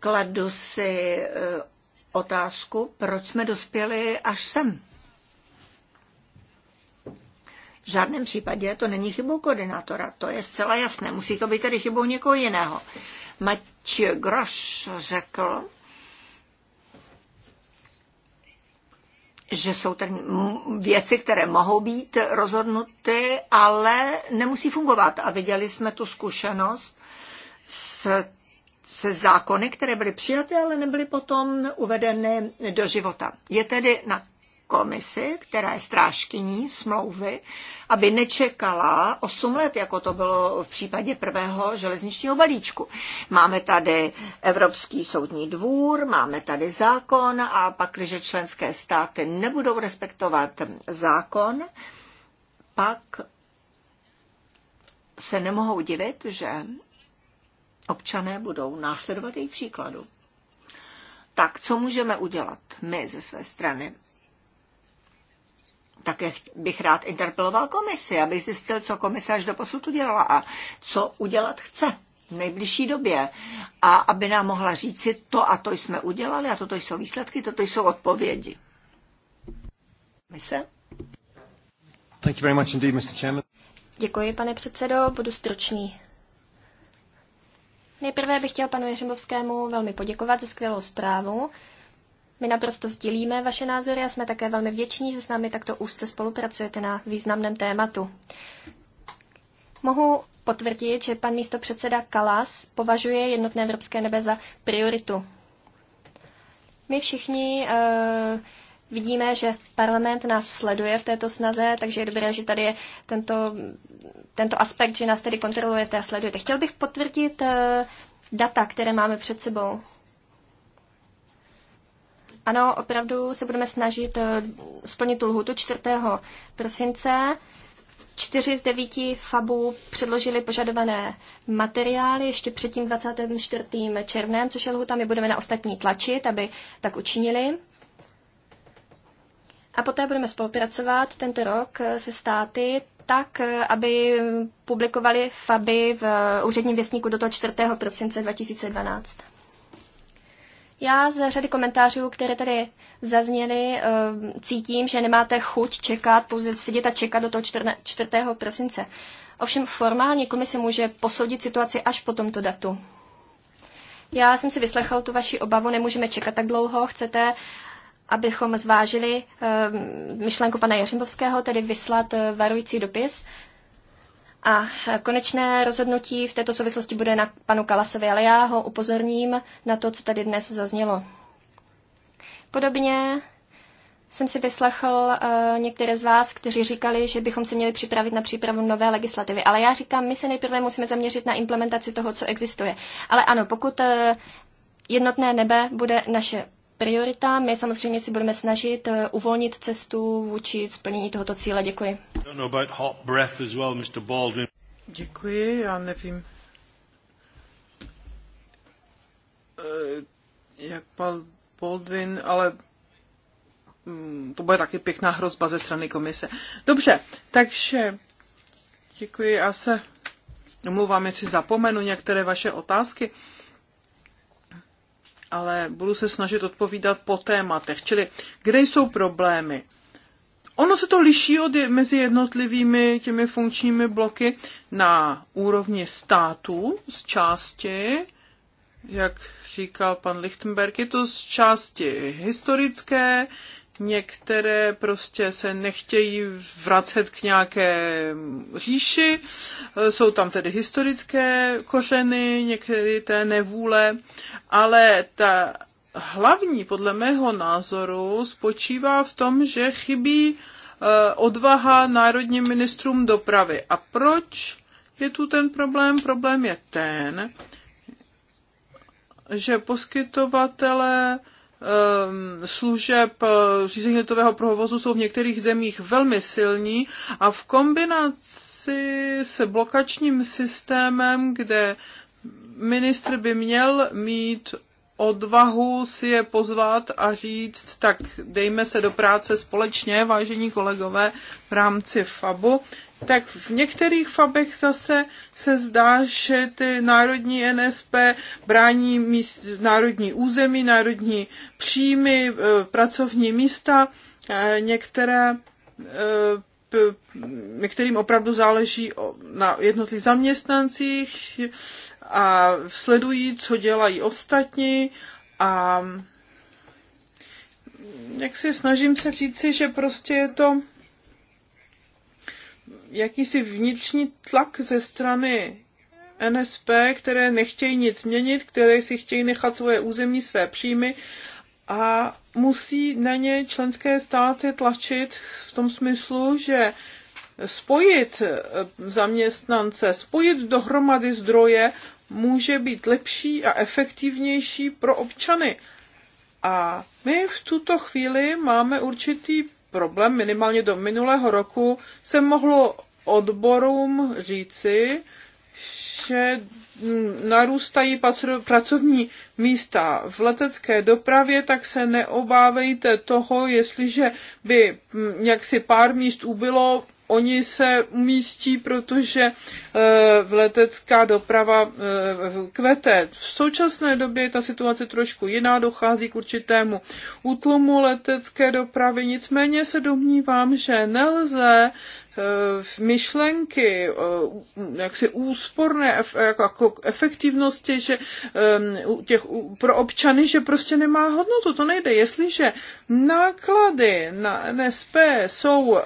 Kladu si eh, otázku, proč jsme dospěli až sem. V žádném případě to není chybou koordinátora, to je zcela jasné. Musí to být tedy chybou někoho jiného. Mať Groš řekl, že jsou tady věci, které mohou být rozhodnuty, ale nemusí fungovat. A viděli jsme tu zkušenost s se zákony, které byly přijaty, ale nebyly potom uvedeny do života. Je tedy na komisi, která je strážkyní smlouvy, aby nečekala 8 let, jako to bylo v případě prvého železničního balíčku. Máme tady Evropský soudní dvůr, máme tady zákon a pak, když členské státy nebudou respektovat zákon, pak se nemohou divit, že občané budou následovat jejich příkladu. Tak co můžeme udělat my ze své strany? také bych rád interpeloval komisi, aby zjistil, co komise až do posud udělala a co udělat chce v nejbližší době. A aby nám mohla říci, to a to jsme udělali a toto jsou výsledky, toto jsou odpovědi. Mise? Thank you very much indeed, Mr. Chairman. Děkuji, pane předsedo, budu stručný. Nejprve bych chtěl panu Jeřimovskému velmi poděkovat za skvělou zprávu. My naprosto sdílíme vaše názory a jsme také velmi vděční, že s námi takto úzce spolupracujete na významném tématu. Mohu potvrdit, že pan místo předseda Kalas považuje jednotné evropské nebe za prioritu. My všichni uh, vidíme, že parlament nás sleduje v této snaze, takže je dobré, že tady je tento, tento aspekt, že nás tedy kontrolujete a sledujete. Chtěl bych potvrdit uh, data, které máme před sebou. Ano, opravdu se budeme snažit eh, splnit tu lhutu 4. prosince. Čtyři z devíti fabů předložili požadované materiály ještě před tím 24. červnem, což je lhuta. My budeme na ostatní tlačit, aby tak učinili. A poté budeme spolupracovat tento rok eh, se státy tak, eh, aby publikovali faby v úředním věstníku do toho 4. prosince 2012. Já z řady komentářů, které tady zazněly, eh, cítím, že nemáte chuť čekat, pouze sedět a čekat do toho 4. prosince. Ovšem formálně komise může posoudit situaci až po tomto datu. Já jsem si vyslechl tu vaši obavu, nemůžeme čekat tak dlouho, chcete, abychom zvážili eh, myšlenku pana Jeřimbovského, tedy vyslat eh, varující dopis a konečné rozhodnutí v této souvislosti bude na panu Kalasovi, ale já ho upozorním na to, co tady dnes zaznělo. Podobně jsem si vyslechl uh, některé z vás, kteří říkali, že bychom se měli připravit na přípravu nové legislativy. Ale já říkám, my se nejprve musíme zaměřit na implementaci toho, co existuje. Ale ano, pokud uh, jednotné nebe bude naše prioritám. My samozřejmě si budeme snažit eh, uvolnit cestu vůči splnění tohoto cíle. Děkuji. Děkuji, já nevím, eh, jak pan Baldwin, ale mm, to bude taky pěkná hrozba ze strany komise. Dobře, takže děkuji, já se omlouvám, jestli zapomenu některé vaše otázky ale budu se snažit odpovídat po tématech. Čili kde jsou problémy? Ono se to liší od, mezi jednotlivými těmi funkčními bloky na úrovni států z části, jak říkal pan Lichtenberg, je to z části historické, některé prostě se nechtějí vracet k nějaké říši, eh, jsou tam tedy historické kořeny, některé té nevůle, ale ta hlavní, podle mého názoru, spočívá v tom, že chybí eh, odvaha národním ministrům dopravy. A proč je tu ten problém? Problém je ten, že poskytovatelé Ehm, služeb eh, řízení letového provozu jsou v některých zemích velmi silní a v kombinaci se blokačním systémem, kde ministr by měl mít odvahu si je pozvat a říct, tak dejme se do práce společně, vážení kolegové, v rámci FABu tak v některých fabech zase se zdá, že ty národní NSP brání míst, národní území, národní příjmy, e, pracovní místa. E, některé, e, některým opravdu záleží na jednotlivých zaměstnancích a sledují, co dělají ostatní a jak si snažím se říci, že prostě je to jakýsi vnitřní tlak ze strany NSP, které nechtějí nic změnit, které si chtějí nechat svoje území, své příjmy a musí na ně členské státy tlačit v tom smyslu, že spojit eh, zaměstnance, spojit dohromady zdroje může být lepší a efektivnější pro občany. A my v tuto chvíli máme určitý problém, minimálně do minulého roku se mohlo odborům říci, že narůstají pracovní místa v letecké dopravě, tak se neobávejte toho, jestliže by mm, jaksi pár míst ubylo, oni se umístí, protože e, v letecká doprava e, kvete. V současné době je ta situace trošku jiná, dochází k určitému útlumu letecké dopravy, nicméně se domnívám, že nelze v myšlenky, eh, jaksi úsporné, jako, jako efektivnosti, že eh, těch, pro občany, že prostě nemá hodnotu, to nejde. Jestliže náklady na NSP jsou eh,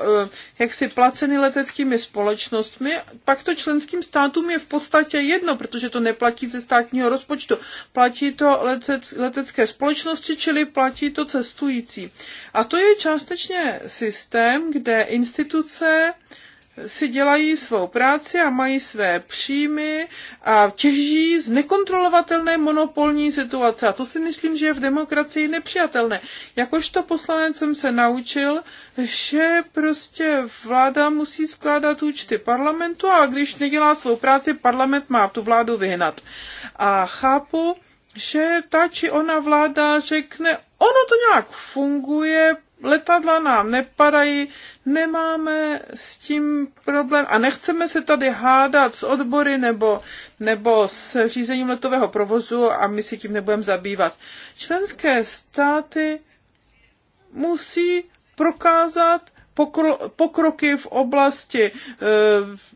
jaksi placeny leteckými společnostmi, pak to členským státům je v podstatě jedno, protože to neplatí ze státního rozpočtu. Platí to letecké společnosti, čili platí to cestující. A to je částečně systém, kde instituce si dělají svou práci a mají své příjmy a těží z nekontrolovatelné monopolní situace. A to si myslím, že je v demokracii nepřijatelné. Jakožto poslanec jsem se naučil, že prostě vláda musí skládat účty parlamentu a když nedělá svou práci, parlament má tu vládu vyhnat. A chápu, že ta či ona vláda řekne, ono to nějak funguje, letadla nám nepadají, nemáme s tím problém a nechceme se tady hádat s odbory nebo, nebo s řízením letového provozu a my si tím nebudeme zabývat. Členské státy musí prokázat, pokro, pokroky v oblasti eh,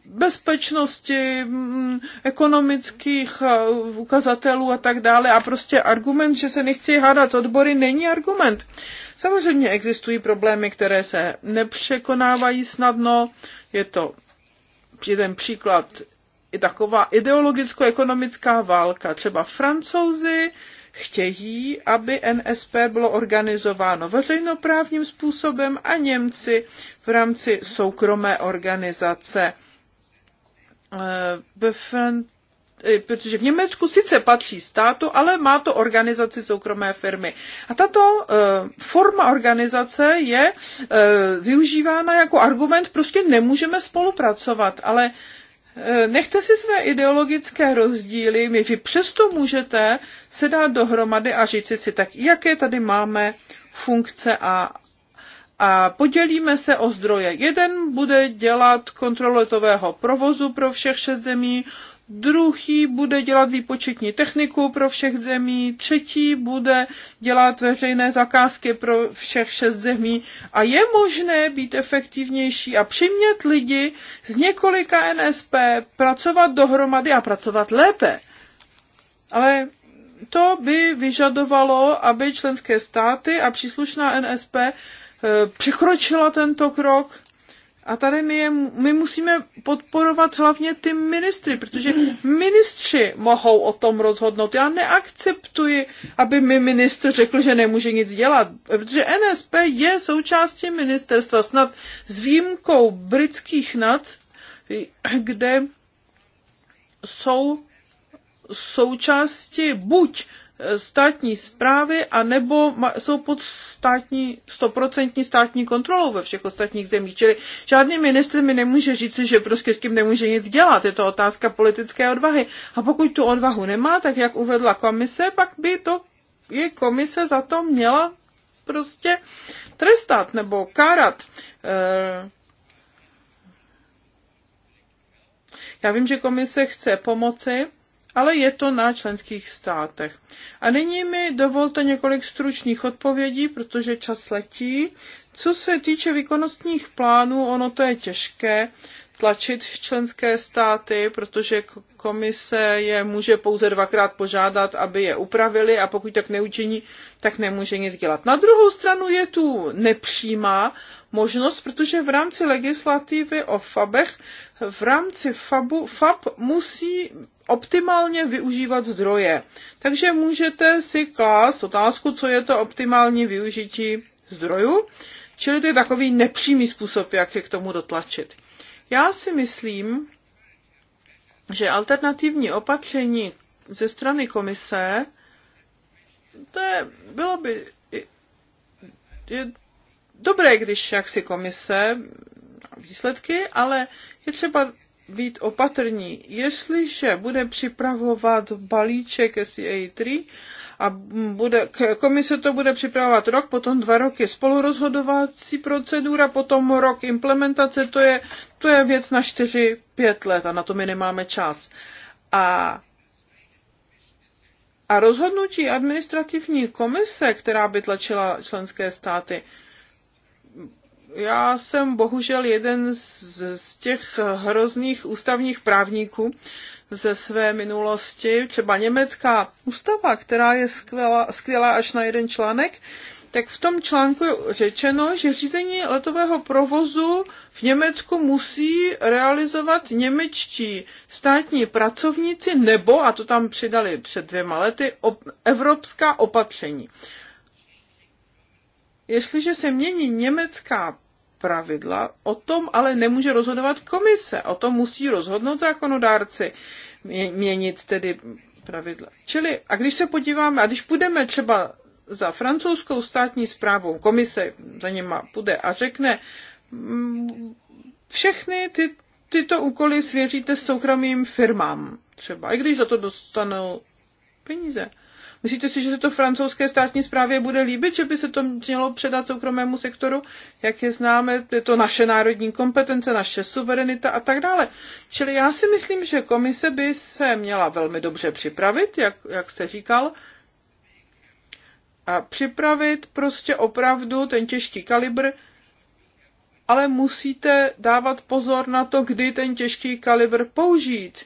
bezpečnosti, mm, ekonomických eh, ukazatelů a tak dále. A prostě argument, že se nechci hádat s odbory, není argument. Samozřejmě existují problémy, které se nepřekonávají snadno. Je to jeden příklad i taková ideologicko-ekonomická válka. Třeba francouzi chtějí, aby NSP bylo organizováno veřejnoprávním způsobem a Němci v rámci soukromé organizace. Eh, eh, protože v Německu sice patří státu, ale má to organizaci soukromé firmy. A tato eh, forma organizace je využívána jako argument, prostě nemůžeme spolupracovat, ale Eh, nechte si své ideologické rozdíly, my vy přesto můžete se dát dohromady a říct si tak, jaké tady máme funkce a, a podělíme se o zdroje. Jeden bude dělat kontroletového provozu pro všech šest zemí, druhý bude dělat výpočetní techniku pro všech zemí, třetí bude dělat veřejné zakázky pro všech šest zemí a je možné být efektivnější a přimět lidi z několika NSP pracovat dohromady a pracovat lépe. Ale to by vyžadovalo, aby členské státy a příslušná NSP eh, překročila tento krok a tady my, je, my musíme podporovat hlavně ty ministry, protože ministři mohou o tom rozhodnout. Já neakceptuji, aby mi ministr řekl, že nemůže nic dělat, protože NSP je součástí ministerstva, snad s výjimkou britských nad, kde jsou součástí buď státní zprávy a nebo jsou pod státní, stoprocentní státní kontrolou ve všech ostatních zemích. Čili žádný ministr mi nemůže říct, že prostě s tím nemůže nic dělat. Je to otázka politické odvahy. A pokud tu odvahu nemá, tak jak uvedla komise, pak by to je komise za to měla prostě trestat nebo kárat. Eh, já vím, že komise chce pomoci, ale je to na členských státech. A nyní mi dovolte několik stručných odpovědí, protože čas letí. Co se týče výkonnostních plánů, ono to je těžké tlačit členské státy, protože komise je může pouze dvakrát požádat, aby je upravili a pokud tak neučiní, tak nemůže nic dělat. Na druhou stranu je tu nepřímá možnost, protože v rámci legislativy o FABech, v rámci FABu, e, FAB musí optimálně využívat zdroje. Takže můžete si klást otázku, co je to optimální využití zdrojů, čili to je takový nepřímý způsob, jak je k tomu dotlačit. Já si myslím, že alternativní opatření ze strany komise, to je, bylo by je dobré, když jaksi komise výsledky, ale je třeba být opatrní. Jestliže bude připravovat balíček SEA3 a bude, komise to bude připravovat rok, potom dva roky spolurozhodovací procedura, potom rok implementace, to je, to je věc na 4-5 let a na to my nemáme čas. A a rozhodnutí administrativní komise, která by tlačila členské státy, já jsem bohužel jeden z, z těch hrozných ústavních právníků ze své minulosti. Třeba německá ústava, která je skvělá, skvělá až na jeden článek, tak v tom článku je řečeno, že řízení letového provozu v Německu musí realizovat němečtí státní pracovníci nebo, a to tam přidali před dvěma lety, op, evropská opatření. Jestliže se mění německá pravidla, o tom ale nemůže rozhodovat komise, o tom musí rozhodnout zákonodárci, měnit tedy pravidla. Čili, a když se podíváme, a když půjdeme třeba za francouzskou státní zprávou, komise za něma půjde a řekne, mm, všechny ty, tyto úkoly svěříte soukromým firmám třeba, i když za to dostanou peníze. Myslíte si, že se to francouzské státní správě bude líbit, že by se to mělo předat soukromému sektoru? Jak je známe, je to naše národní kompetence, naše suverenita a tak dále. Čili já si myslím, že komise by se měla velmi dobře připravit, jak, jak jste říkal, a připravit prostě opravdu ten těžký kalibr, ale musíte dávat pozor na to, kdy ten těžký kalibr použít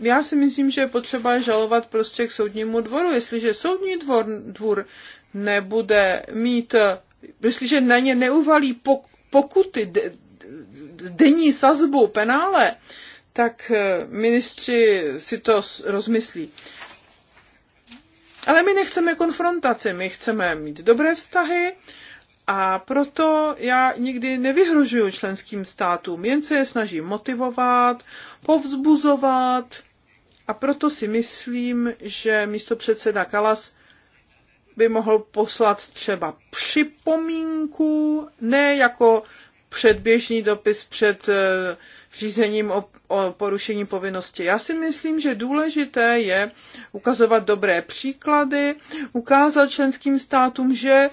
já si myslím, že je potřeba žalovat prostě k soudnímu dvoru. Jestliže soudní dvor, dvůr nebude mít, jestliže na ně neuvalí pokuty, denní sazbu, penále, tak eh, ministři si to rozmyslí. Ale my nechceme konfrontaci, my chceme mít dobré vztahy a proto já nikdy nevyhrožuju členským státům, jen se je snažím motivovat, povzbuzovat, a proto si myslím, že místo předseda Kalas by mohl poslat třeba připomínku, ne jako předběžný dopis před eh, řízením o, o porušení povinnosti. Já si myslím, že důležité je ukazovat dobré příklady, ukázat členským státům, že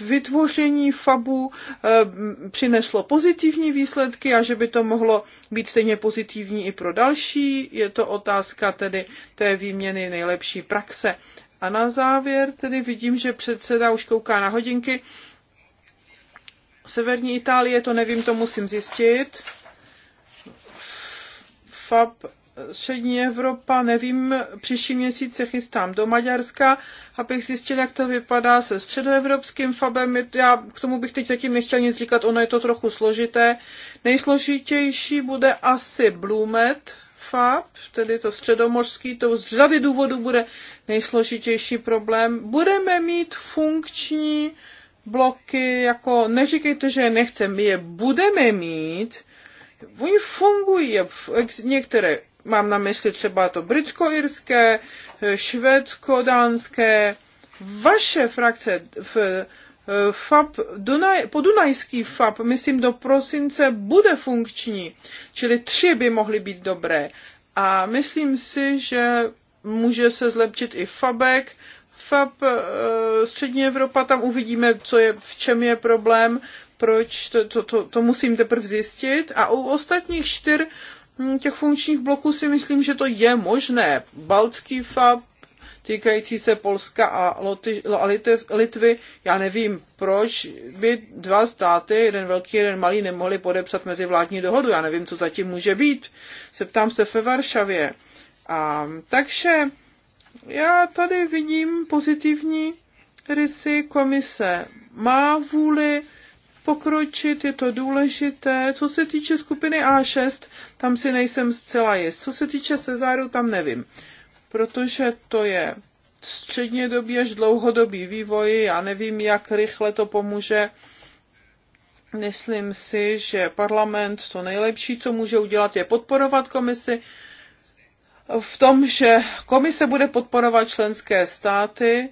vytvoření FABu e, přineslo pozitivní výsledky a že by to mohlo být stejně pozitivní i pro další. Je to otázka tedy té výměny nejlepší praxe. A na závěr tedy vidím, že předseda už kouká na hodinky. Severní Itálie, to nevím, to musím zjistit. FAB střední Evropa, nevím, příští měsíc se chystám do Maďarska, abych zjistil, jak to vypadá se středoevropským fabem. Já k tomu bych teď zatím nechtěl nic říkat, ono je to trochu složité. Nejsložitější bude asi Blumet fab, tedy to středomořský, to z řady důvodů bude nejsložitější problém. Budeme mít funkční bloky, jako neříkejte, že je nechceme, my je budeme mít, Oni fungují, některé, mám na mysli třeba to britsko-irské, švédsko-dánské, vaše frakce v eh, FAP, Dunaj, podunajský FAP, myslím, do prosince bude funkční, čili tři by mohly být dobré. A myslím si, že může se zlepšit i FABEK, FAP eh, Střední Evropa, tam uvidíme, co je, v čem je problém proč, to, to, to, to musím teprve zjistit. A u ostatních čtyř hm, těch funkčních bloků si myslím, že to je možné. Baltský FAB, týkající se Polska a, Loty, Litvy. Já nevím, proč by dva státy, jeden velký, jeden malý, nemohli podepsat mezivládní dohodu. Já nevím, co zatím může být. Zeptám se ve Varšavě. A, takže já tady vidím pozitivní rysy komise. Má vůli pokročit, je to důležité. Co se týče skupiny A6, tam si nejsem zcela jist. Co se týče Cezáru, tam nevím, protože to je středně střednědobý až dlouhodobý vývoj. Já nevím, jak rychle to pomůže. Myslím si, že parlament to nejlepší, co může udělat, je podporovat komisi v tom, že komise bude podporovat členské státy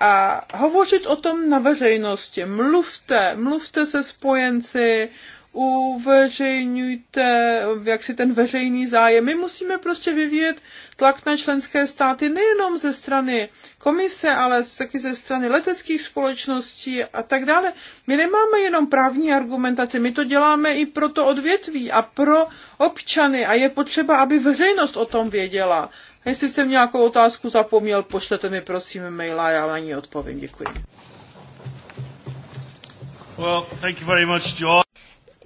a hovořit o tom na veřejnosti. Mluvte, mluvte se spojenci, uveřejňujte, jak si ten veřejný zájem. My musíme prostě vyvíjet tlak na členské státy nejenom ze strany komise, ale taky ze strany leteckých společností a tak dále. My nemáme jenom právní argumentaci, my to děláme i pro to odvětví a pro občany a je potřeba, aby veřejnost o tom věděla. Jestli jsem nějakou otázku zapomněl, pošlete mi prosím maila, já na ní odpovím. Děkuji. Well, thank you very much,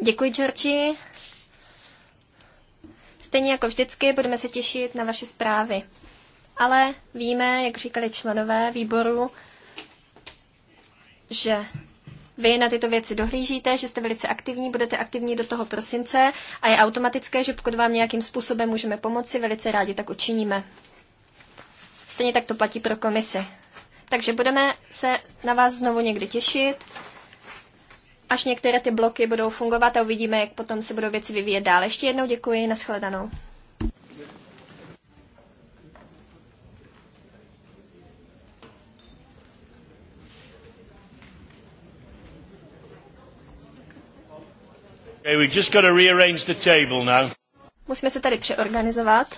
Děkuji, Georgi. Stejně jako vždycky budeme se těšit na vaše zprávy. Ale víme, jak říkali členové výboru, že vy na tyto věci dohlížíte, že jste velice aktivní, budete aktivní do toho prosince a je automatické, že pokud vám nějakým způsobem můžeme pomoci, velice rádi tak učiníme. Stejně tak to platí pro komisi. Takže budeme se na vás znovu někdy těšit, až některé ty bloky budou fungovat a uvidíme, jak potom se budou věci vyvíjet dál. Ještě jednou děkuji, nashledanou. Okay, we just got to rearrange the table now. Musíme se tady přeorganizovat.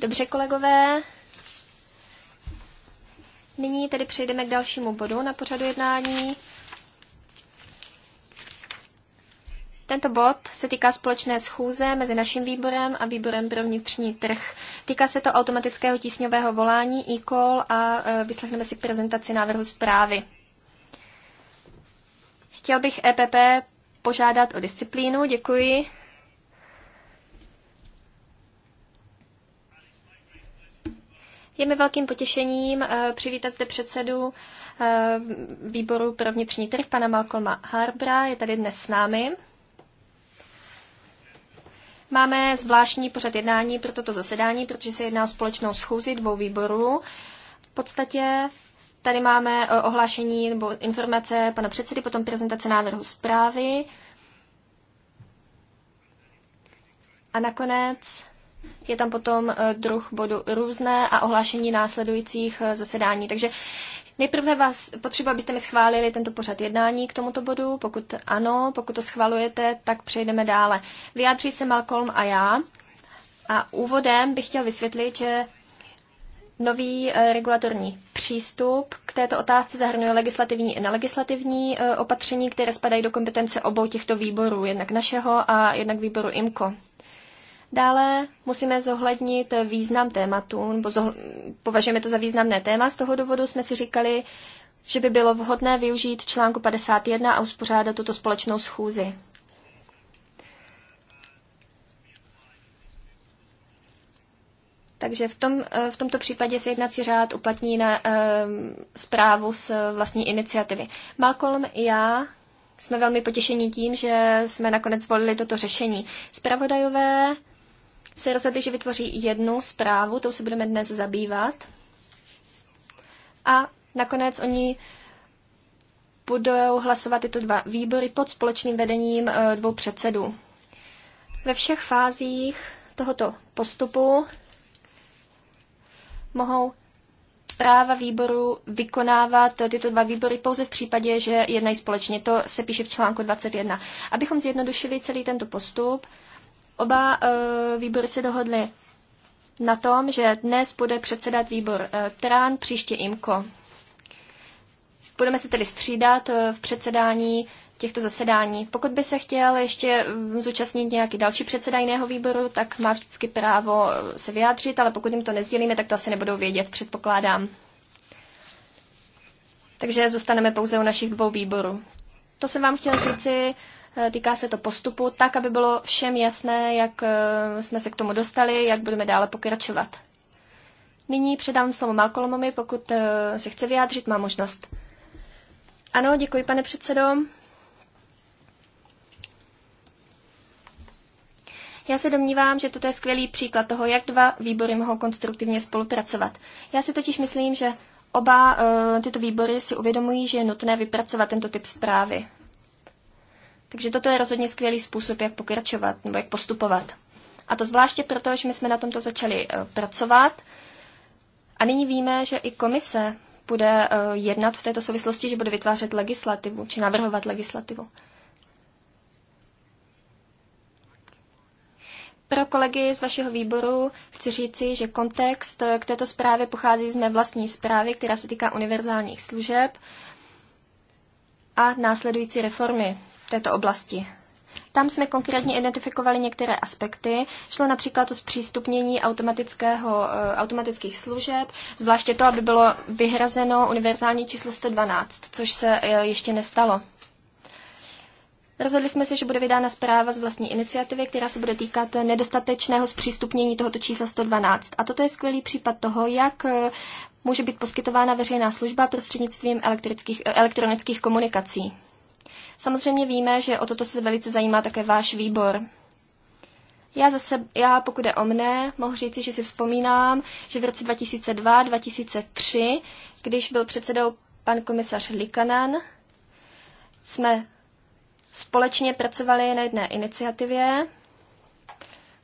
Dobře, kolegové. Nyní tedy přejdeme k dalšímu bodu na pořadu jednání. Tento bod se týká společné schůze mezi naším výborem a výborem pro vnitřní trh. Týká se to automatického tísňového volání e-call a e, vyslechneme si prezentaci návrhu zprávy. Chtěl bych EPP požádat o disciplínu. Děkuji. Je mi velkým potěšením eh, přivítat zde předsedu eh, výboru pro vnitřní trh, pana Malcolma Harbra, je tady dnes s námi. Máme zvláštní pořad jednání pro toto zasedání, protože se jedná o společnou schůzi dvou výborů. V podstatě tady máme eh, ohlášení nebo informace pana předsedy, potom prezentace návrhu zprávy. A nakonec je tam potom eh, druh bodu různé a ohlášení následujících eh, zasedání. Takže nejprve vás potřeba, abyste mi schválili tento pořad jednání k tomuto bodu. Pokud ano, pokud to schvalujete, tak přejdeme dále. Vyjádří se Malcolm a já. A úvodem bych chtěl vysvětlit, že Nový eh, regulatorní přístup k této otázce zahrnuje legislativní i nelegislativní opatření, které spadají do kompetence obou těchto výborů, jednak našeho a jednak výboru IMCO. Dále musíme zohlednit význam tématu, nebo zohl- považujeme to za významné téma. Z toho důvodu jsme si říkali, že by bylo vhodné využít článku 51 a uspořádat tuto společnou schůzi. Takže v, tom, eh, v tomto případě se jednací řád uplatní na eh, zprávu z vlastní iniciativy. Malcolm i já jsme velmi potěšeni tím, že jsme nakonec zvolili toto řešení. Spravodajové se rozhodli, že vytvoří jednu zprávu, tou se budeme dnes zabývat. A nakonec oni budou hlasovat tyto dva výbory pod společným vedením eh, dvou předsedů. Ve všech fázích tohoto postupu mohou práva výboru vykonávat tyto dva výbory pouze v případě, že jednají společně. To se píše v článku 21. Abychom zjednodušili celý tento postup, Oba eh, výbory se dohodly na tom, že dnes bude předsedat výbor eh, Trán, příště IMKO. Budeme se tedy střídat eh, v předsedání těchto zasedání. Pokud by se chtěl ještě mm, zúčastnit nějaký další předseda jiného výboru, tak má vždycky právo se vyjádřit, ale pokud jim to nezdělíme, tak to asi nebudou vědět, předpokládám. Takže zůstaneme pouze u našich dvou výborů. To jsem vám chtěl říci. Eh, týká se to postupu tak, aby bylo všem jasné, jak eh, jsme se k tomu dostali, jak budeme dále pokračovat. Nyní předám slovo Malcolmovi, pokud eh, se chce vyjádřit, má možnost. Ano, děkuji, pane předsedo. Já se domnívám, že toto je skvělý příklad toho, jak dva výbory mohou konstruktivně spolupracovat. Já si totiž myslím, že oba uh, tyto výbory si uvědomují, že je nutné vypracovat tento typ zprávy. Takže toto je rozhodně skvělý způsob, jak pokračovat nebo jak postupovat. A to zvláště proto, že my jsme na tomto začali eh, pracovat. A nyní víme, že i komise bude eh, jednat v této souvislosti, že bude vytvářet legislativu, či navrhovat legislativu. Pro kolegy z vašeho výboru chci říci, že kontext eh, k této zprávě pochází z mé vlastní zprávy, která se týká univerzálních služeb a následující reformy této oblasti. Tam jsme konkrétně identifikovali některé aspekty. Šlo například o zpřístupnění automatického, eh, automatických služeb, zvláště to, aby bylo vyhrazeno univerzální číslo 112, což se eh, ještě nestalo. Rozhodli jsme se, že bude vydána zpráva z vlastní iniciativy, která se bude týkat nedostatečného zpřístupnění tohoto čísla 112. A toto je skvělý případ toho, jak eh, může být poskytována veřejná služba prostřednictvím elektronických komunikací. Samozřejmě víme, že o toto se velice zajímá také váš výbor. Já zase, já pokud je o mne, mohu říci, že si vzpomínám, že v roce 2002-2003, když byl předsedou pan komisař Likanan, jsme společně pracovali na jedné iniciativě,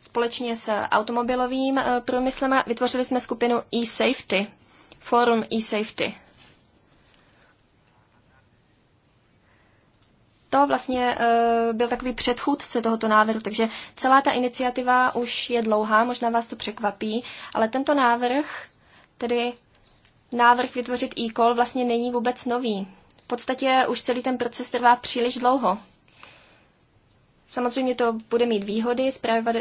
společně s automobilovým eh, průmyslem a vytvořili jsme skupinu e-safety, forum e-safety. to vlastně eh, byl takový předchůdce tohoto návrhu, takže celá ta iniciativa už je dlouhá, možná vás to překvapí, ale tento návrh, tedy návrh vytvořit e-call, vlastně není vůbec nový. V podstatě už celý ten proces trvá příliš dlouho. Samozřejmě to bude mít výhody,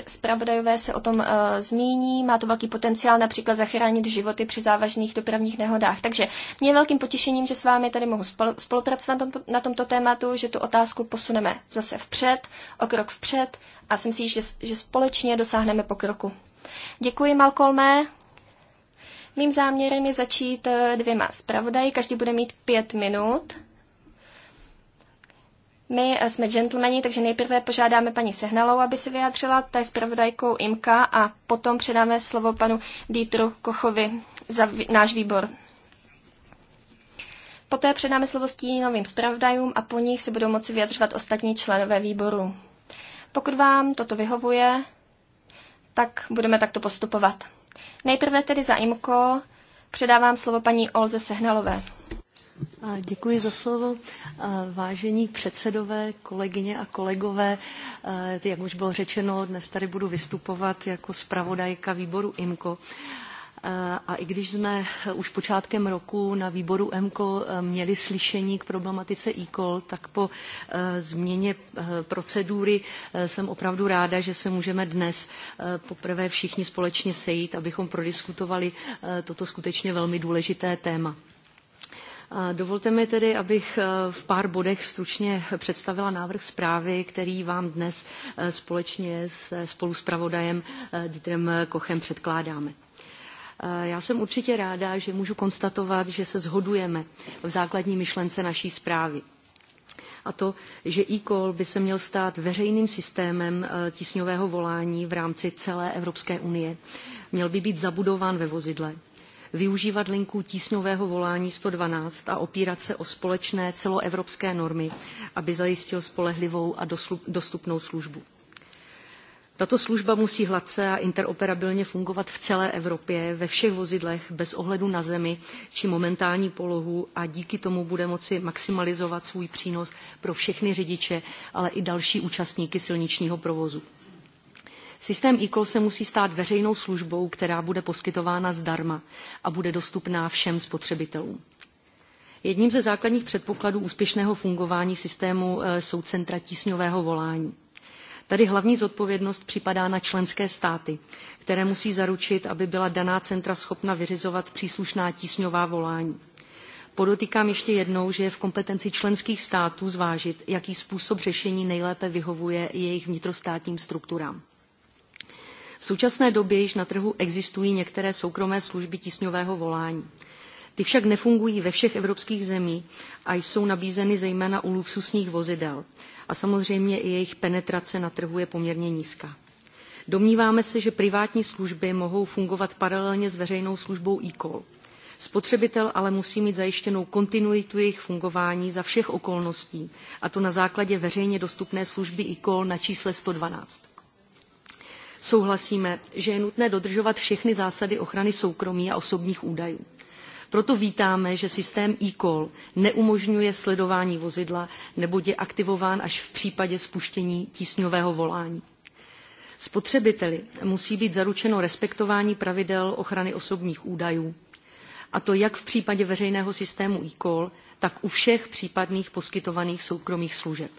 zpravodajové se o tom uh, zmíní, má to velký potenciál například zachránit životy při závažných dopravních nehodách. Takže mě je velkým potěšením, že s vámi tady mohu spolupracovat na, tomto tématu, že tu otázku posuneme zase vpřed, o krok vpřed a jsem si, že, že společně dosáhneme pokroku. Děkuji, Malcolme. Mým záměrem je začít eh, dvěma zpravodaji, každý bude mít pět minut. My jsme gentlemani, takže nejprve požádáme paní Sehnalou, aby se vyjádřila, ta je zpravodajkou IMKA a potom předáme slovo panu Dítru Kochovi za náš výbor. Poté předáme slovo stínovým zpravodajům a po nich se budou moci vyjadřovat ostatní členové výboru. Pokud vám toto vyhovuje, tak budeme takto postupovat. Nejprve tedy za IMKO předávám slovo paní Olze Sehnalové. Děkuji za slovo. Vážení předsedové, kolegyně a kolegové, jak už bylo řečeno, dnes tady budu vystupovat jako zpravodajka výboru IMCO. A i když jsme už počátkem roku na výboru EMCO e, měli slyšení k problematice e-call, tak po e, změně e, procedury jsem opravdu ráda, že se můžeme dnes poprvé všichni společně sejít, abychom prodiskutovali toto skutečně velmi důležité téma. Dovolte mi tedy, abych eh, v pár bodech stručně představila návrh zprávy, který vám dnes eh, společně se eh, spoluspravodajem Dietrem Kochem předkládáme. Já jsem určitě ráda, že můžu konstatovat, že se zhodujeme v základní myšlence naší zprávy a to, že e-call by se měl stát veřejným systémem tisňového volání v rámci celé Evropské unie. Měl by být zabudován ve vozidle využívat linku tísňového volání 112 a opírat se o společné celoevropské normy, aby zajistil spolehlivou a dostupnou službu. Tato služba musí hladce a interoperabilně fungovat v celé Evropě, ve všech vozidlech, bez ohledu na zemi či momentální polohu a díky tomu bude moci maximalizovat svůj přínos pro všechny řidiče, ale i další účastníky silničního provozu. Systém eCall se musí stát veřejnou službou, která bude poskytována zdarma a bude dostupná všem spotřebitelům. Jedním ze základních předpokladů úspěšného fungování systému eh, jsou centra tísňového volání. Tady hlavní zodpovědnost připadá na členské státy, které musí zaručit, aby byla daná centra schopna vyřizovat příslušná tísňová volání. Podotýkám ještě jednou, že je v kompetenci členských států zvážit, jaký způsob řešení nejlépe vyhovuje jejich vnitrostátním strukturám. V současné době již na trhu existují některé soukromé služby tísňového volání. Ty však nefungují ve všech evropských zemích a jsou nabízeny zejména u luxusních vozidel. A samozřejmě i jejich penetrace na trhu je poměrně nízká. Domníváme se, že privátní služby mohou fungovat paralelně s veřejnou službou e-call. Spotřebitel ale musí mít zajištěnou kontinuitu jejich fungování za všech okolností, a to na základě veřejně dostupné služby e-call na čísle 112 souhlasíme, že je nutné dodržovat všechny zásady ochrany soukromí a osobních údajů. Proto vítáme, že systém e-call neumožňuje sledování vozidla, nebo je aktivován až v případě spuštění tísňového volání. Spotřebiteli musí být zaručeno respektování pravidel ochrany osobních údajů, a to jak v případě veřejného systému e-call, tak u všech případných poskytovaných soukromých služeb.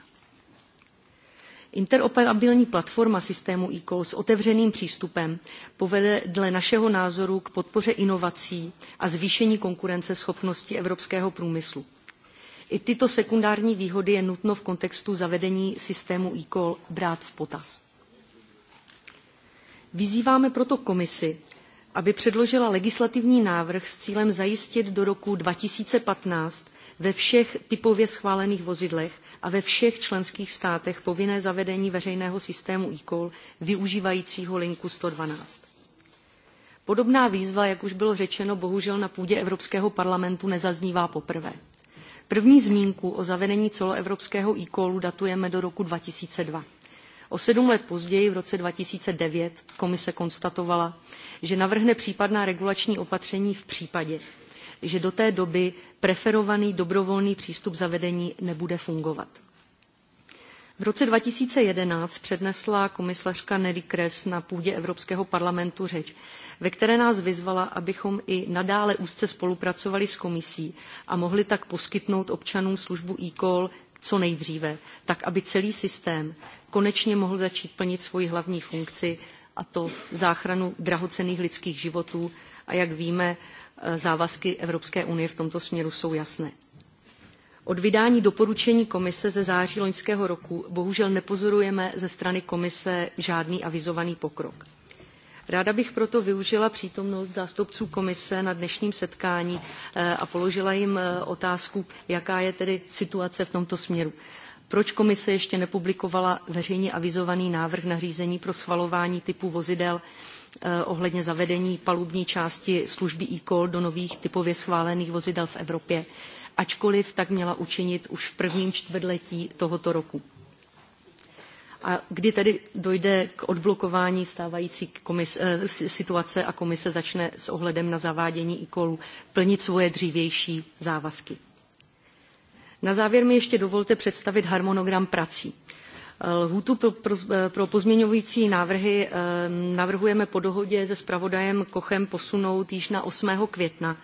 Interoperabilní platforma systému e s otevřeným přístupem povede dle našeho názoru k podpoře inovací a zvýšení konkurenceschopnosti evropského průmyslu. I tyto sekundární výhody je nutno v kontextu zavedení systému e brát v potaz. Vyzýváme proto komisi, aby předložila legislativní návrh s cílem zajistit do roku 2015 ve všech typově schválených vozidlech a ve všech členských státech povinné zavedení veřejného systému e využívajícího linku 112. Podobná výzva, jak už bylo řečeno, bohužel na půdě Evropského parlamentu nezaznívá poprvé. První zmínku o zavedení celoevropského e-callu datujeme do roku 2002. O sedm let později, v roce 2009, komise konstatovala, že navrhne případná regulační opatření v případě, že do té doby preferovaný dobrovolný přístup zavedení nebude fungovat. V roce 2011 přednesla komisařka Nelly Kress na půdě Evropského parlamentu řeč, ve které nás vyzvala, abychom i nadále úzce spolupracovali s komisí a mohli tak poskytnout občanům službu e-call co nejdříve, tak aby celý systém konečně mohl začít plnit svoji hlavní funkci, a to záchranu drahocenných lidských životů. A jak víme, závazky Evropské unie v tomto směru jsou jasné. Od vydání doporučení komise ze září loňského roku bohužel nepozorujeme ze strany komise žádný avizovaný pokrok. Ráda bych proto využila přítomnost zástupců komise na dnešním setkání eh, a položila jim eh, otázku, jaká je tedy situace v tomto směru. Proč komise ještě nepublikovala veřejně avizovaný návrh nařízení pro schvalování typu vozidel Eh, ohledně zavedení palubní části služby e-call do nových typově schválených vozidel v Evropě, ačkoliv tak měla učinit už v prvním čtvrtletí tohoto roku. A kdy tedy dojde k odblokování stávající komise, eh, situace a komise začne s ohledem na zavádění e-callu plnit svoje dřívější závazky. Na závěr mi ještě dovolte představit harmonogram prací. Lhůtu pro, pro, pro pozměňující návrhy ehm, navrhujeme po dohodě se zpravodajem Kochem posunout již na 8. května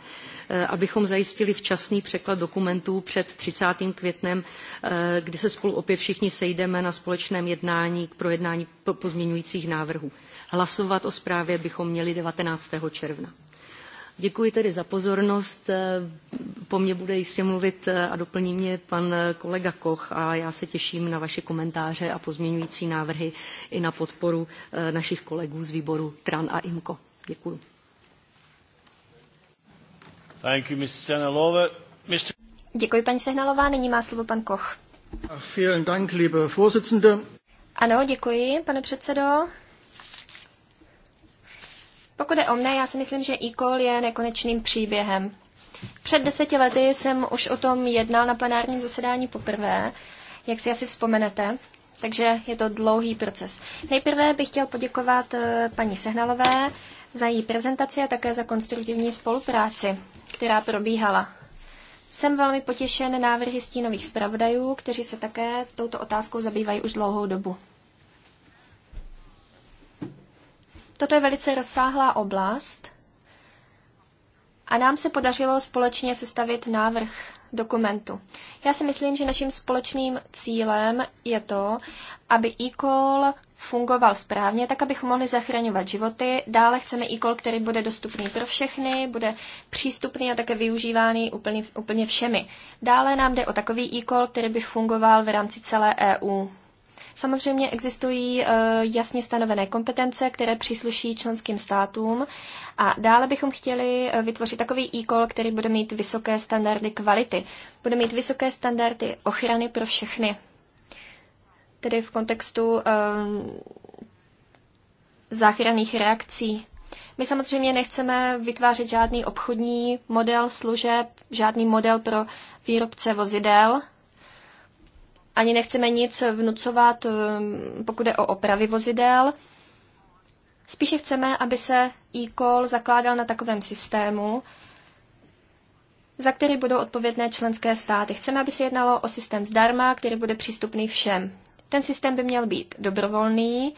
eh, abychom zajistili včasný překlad dokumentů před 30. květnem, eh, kdy se spolu opět všichni sejdeme na společném jednání k projednání pozměňujících návrhů. Hlasovat o zprávě bychom měli 19. června. Děkuji tedy za pozornost. Eh, po mně bude jistě mluvit eh, a doplní mě pan eh, kolega Koch a já se těším na vaše komentáře a pozměňující návrhy i na podporu našich kolegů z výboru TRAN a IMCO. Děkuji. Thank you, Mrs. Senalova. Mr. Děkuji, paní Sehnalová. Nyní má slovo pan Koch. Vielen Dank, liebe Vorsitzende. Ano, děkuji, pane předsedo. Pokud je o mne, já si myslím, že e-call je nekonečným příběhem. Před deseti lety jsem už o tom jednal na plenárním zasedání poprvé, jak si asi vzpomenete, takže je to dlouhý proces. Nejprve bych chtěl poděkovat eh, paní Sehnalové za její prezentaci a také za konstruktivní spolupráci, která probíhala. Jsem velmi potěšen návrhy stínových zpravodajů, kteří se také touto otázkou zabývají už dlouhou dobu. Toto je velice rozsáhlá oblast a nám se podařilo společně sestavit návrh dokumentu. Já si myslím, že naším společným cílem je to, aby e-call fungoval správně, tak abychom mohli zachraňovat životy. Dále chceme e-call, který bude dostupný pro všechny, bude přístupný a také využívaný úplně, úplně všemi. Dále nám jde o takový e-call, který by fungoval v rámci celé EU. Samozřejmě existují eh, jasně stanovené kompetence, které přísluší členským státům a dále bychom chtěli eh, vytvořit takový e-call, který bude mít vysoké standardy kvality. Bude mít vysoké standardy ochrany pro všechny. Tedy v kontextu eh, záchranných reakcí. My samozřejmě nechceme vytvářet žádný obchodní model služeb, žádný model pro výrobce vozidel, ani nechceme nic vnucovat, eh, pokud je o opravy vozidel. Spíše chceme, aby se e-call zakládal na takovém systému, za který budou odpovědné členské státy. Chceme, aby se jednalo o systém zdarma, který bude přístupný všem. Ten systém by měl být dobrovolný.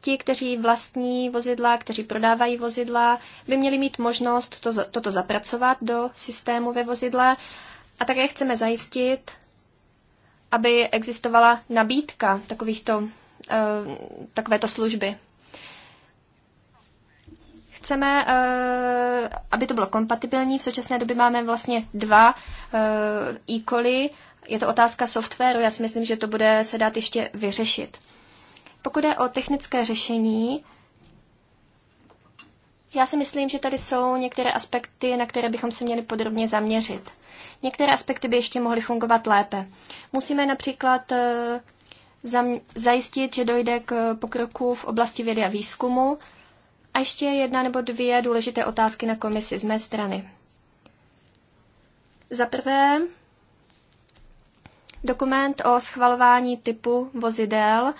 Ti, kteří vlastní vozidla, kteří prodávají vozidla, by měli mít možnost to, toto zapracovat do systému ve vozidle. A také chceme zajistit, aby existovala nabídka takovýchto, eh, takovéto služby. Chceme, eh, aby to bylo kompatibilní. V současné době máme vlastně dva eh, e-koly. Je to otázka softwaru. Já si myslím, že to bude se dát ještě vyřešit. Pokud je o technické řešení, já si myslím, že tady jsou některé aspekty, na které bychom se měli podrobně zaměřit. Některé aspekty by ještě mohly fungovat lépe. Musíme například eh, zajistit, že dojde k pokroku v oblasti vědy a výzkumu. A ještě jedna nebo dvě důležité otázky na komisi z mé strany. Za prvé, dokument o schvalování typu vozidel.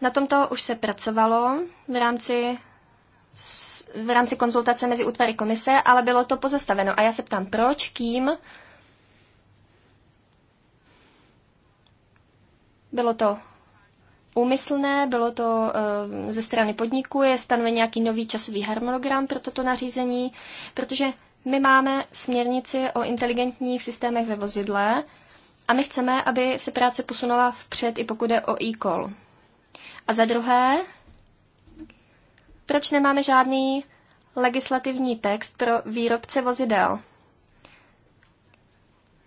Na tomto už se pracovalo v rámci v rámci konzultace mezi útvary komise, ale bylo to pozastaveno. A já se ptám, proč, kým Bylo to úmyslné, bylo to eh, ze strany podniku, je stanoven nějaký nový časový harmonogram pro toto nařízení, protože my máme směrnici o inteligentních systémech ve vozidle a my chceme, aby se práce posunula vpřed, i pokud je o e-call. A za druhé, proč nemáme žádný legislativní text pro výrobce vozidel?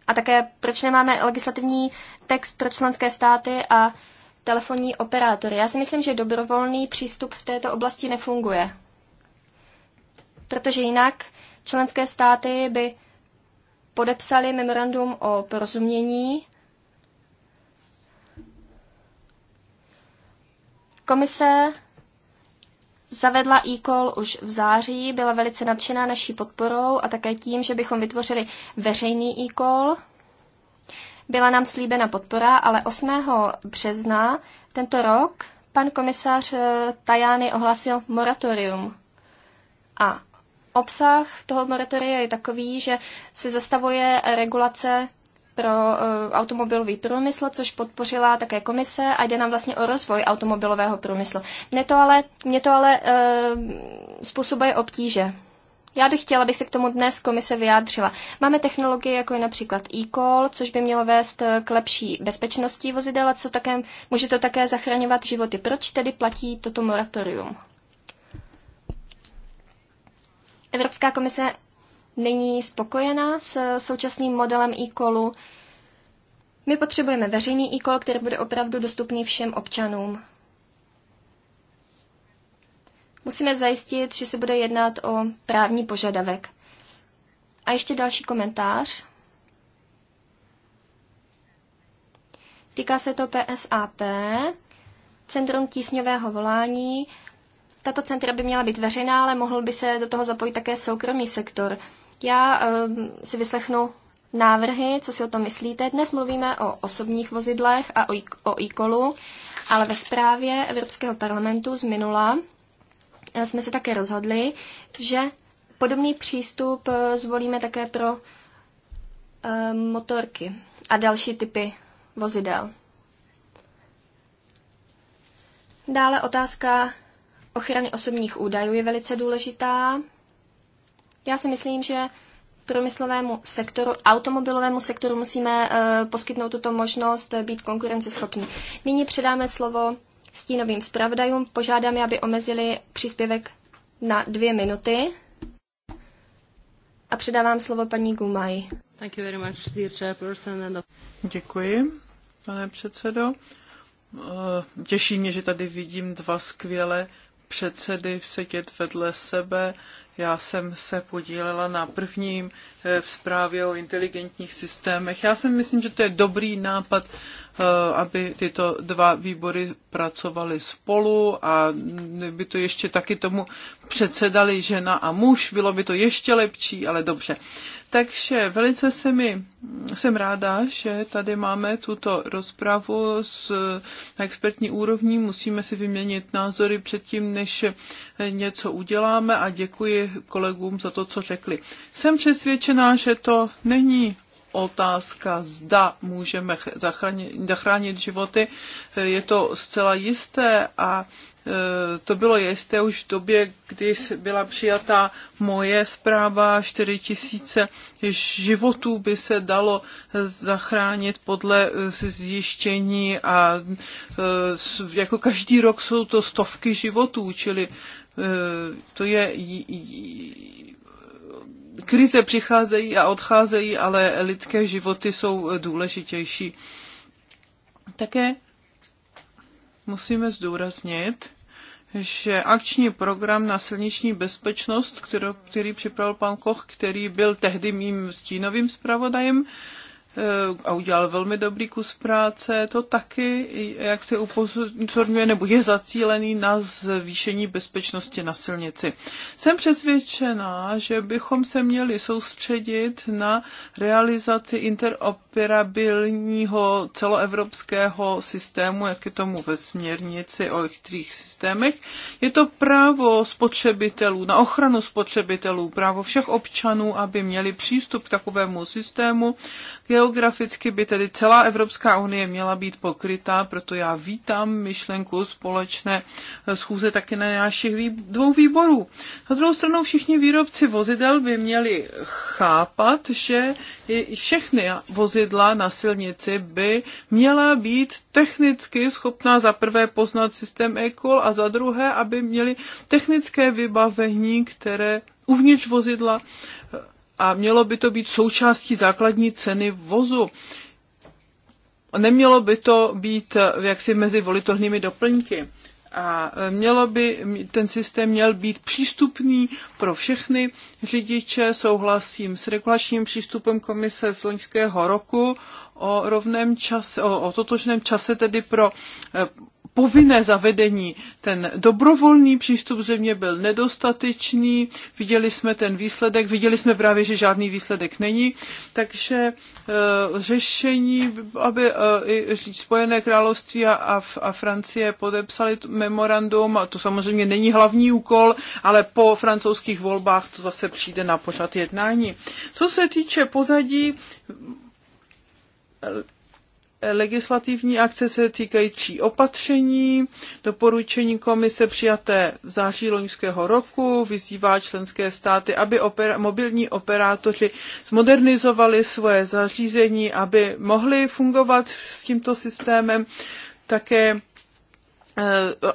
A také, proč nemáme legislativní text pro členské státy a telefonní operátory. Já si myslím, že dobrovolný přístup v této oblasti nefunguje. Protože jinak členské státy by podepsali memorandum o porozumění. Komise zavedla e-call už v září, byla velice nadšená naší podporou a také tím, že bychom vytvořili veřejný e-call. Byla nám slíbena podpora, ale 8. března tento rok pan komisář eh, Tajány ohlasil moratorium. A obsah toho moratoria je takový, že se zastavuje regulace pro eh, automobilový průmysl, což podpořila také komise a jde nám vlastně o rozvoj automobilového průmyslu. Mně to ale, mě to ale eh, způsobuje obtíže. Já bych chtěla, abych se k tomu dnes komise vyjádřila. Máme technologie, jako je například e-call, což by mělo vést eh, k lepší bezpečnosti vozidel a co také, může to také zachraňovat životy. Proč tedy platí toto moratorium? Evropská komise není spokojená s současným modelem e-callu. My potřebujeme veřejný e-call, který bude opravdu dostupný všem občanům. Musíme zajistit, že se bude jednat o právní požadavek. A ještě další komentář. Týká se to PSAP, Centrum tísňového volání. Tato centra by měla být veřejná, ale mohl by se do toho zapojit také soukromý sektor. Já ehm, si vyslechnu návrhy, co si o tom myslíte. Dnes mluvíme o osobních vozidlech a o e-kolu, ale ve zprávě Evropského parlamentu z minula eh, jsme se také rozhodli, že podobný přístup eh, zvolíme také pro ehm, motorky a další typy vozidel. Dále otázka ochrany osobních údajů je velice důležitá. Já si myslím, že průmyslovému sektoru, automobilovému sektoru musíme eh, poskytnout tuto možnost eh, být konkurenceschopní. Nyní předáme slovo stínovým zpravodajům. Požádám je, aby omezili příspěvek na dvě minuty. A předávám slovo paní Gumaj. Thank you very much, dear chairperson. And... Děkuji, pane předsedo. Eh, těší mě, že tady vidím dva skvělé předsedy sedět vedle sebe. Já jsem se podílela na prvním eh, v zprávě o inteligentních systémech. Já si myslím, že to je dobrý nápad, eh, aby tyto dva výbory pracovaly spolu a by to ještě taky tomu předsedali žena a muž, bylo by to ještě lepší, ale dobře. Takže velice se mi, jsem ráda, že tady máme tuto rozpravu s, na expertní úrovni. Musíme si vyměnit názory předtím, než něco uděláme a děkuji kolegům za to, co řekli. Jsem přesvědčená, že to není otázka, zda můžeme zachránit, zachránit životy. Je to zcela jisté a e, to bylo jisté už v době, kdy byla přijatá moje zpráva, 4 tisíce životů by se dalo zachránit podle e, zjištění a e, jako každý rok jsou to stovky životů, čili Eh, to je krize přicházejí a odcházejí, ale lidské životy jsou eh, důležitější. Také musíme zdůraznit, že akční program na silniční bezpečnost, kterou, který připravil pan Koch, který byl tehdy mým stínovým zpravodajem, Eh, a udělal velmi dobrý kus práce. To taky, jak se upozorňuje, nebo je zacílený na zvýšení bezpečnosti na silnici. Jsem přesvědčená, že bychom se měli soustředit na realizaci interoperabilního celoevropského systému, jak je tomu ve směrnici o některých systémech. Je to právo spotřebitelů, na ochranu spotřebitelů, právo všech občanů, aby měli přístup k takovému systému, kde Geograficky by tedy celá Evropská unie měla být pokrytá, proto já vítám myšlenku společné eh, schůze taky na našich dvou výborů. Na druhou stranu všichni výrobci vozidel by měli chápat, že všechny vozidla na silnici by měla být technicky schopná za prvé poznat systém ECOL a za druhé, aby měli technické vybavení, které uvnitř vozidla eh, a mělo by to být součástí základní ceny vozu. Nemělo by to být eh, jaksi mezi volitelnými doplňky. A eh, mělo by, ten systém měl být přístupný pro všechny řidiče. Souhlasím s regulačním přístupem komise z loňského roku o rovném čase, o, o totožném čase tedy pro eh, povinné zavedení. Ten dobrovolný přístup země byl nedostatečný, viděli jsme ten výsledek, viděli jsme právě, že žádný výsledek není, takže e, řešení, aby e, Spojené království a, a, a Francie podepsali memorandum, a to samozřejmě není hlavní úkol, ale po francouzských volbách to zase přijde na pořad jednání. Co se týče pozadí, legislativní akce se týkající opatření, doporučení komise přijaté v září loňského roku vyzývá členské státy, aby opera- mobilní operátoři zmodernizovali svoje zařízení, aby mohli fungovat s tímto systémem. Také eh,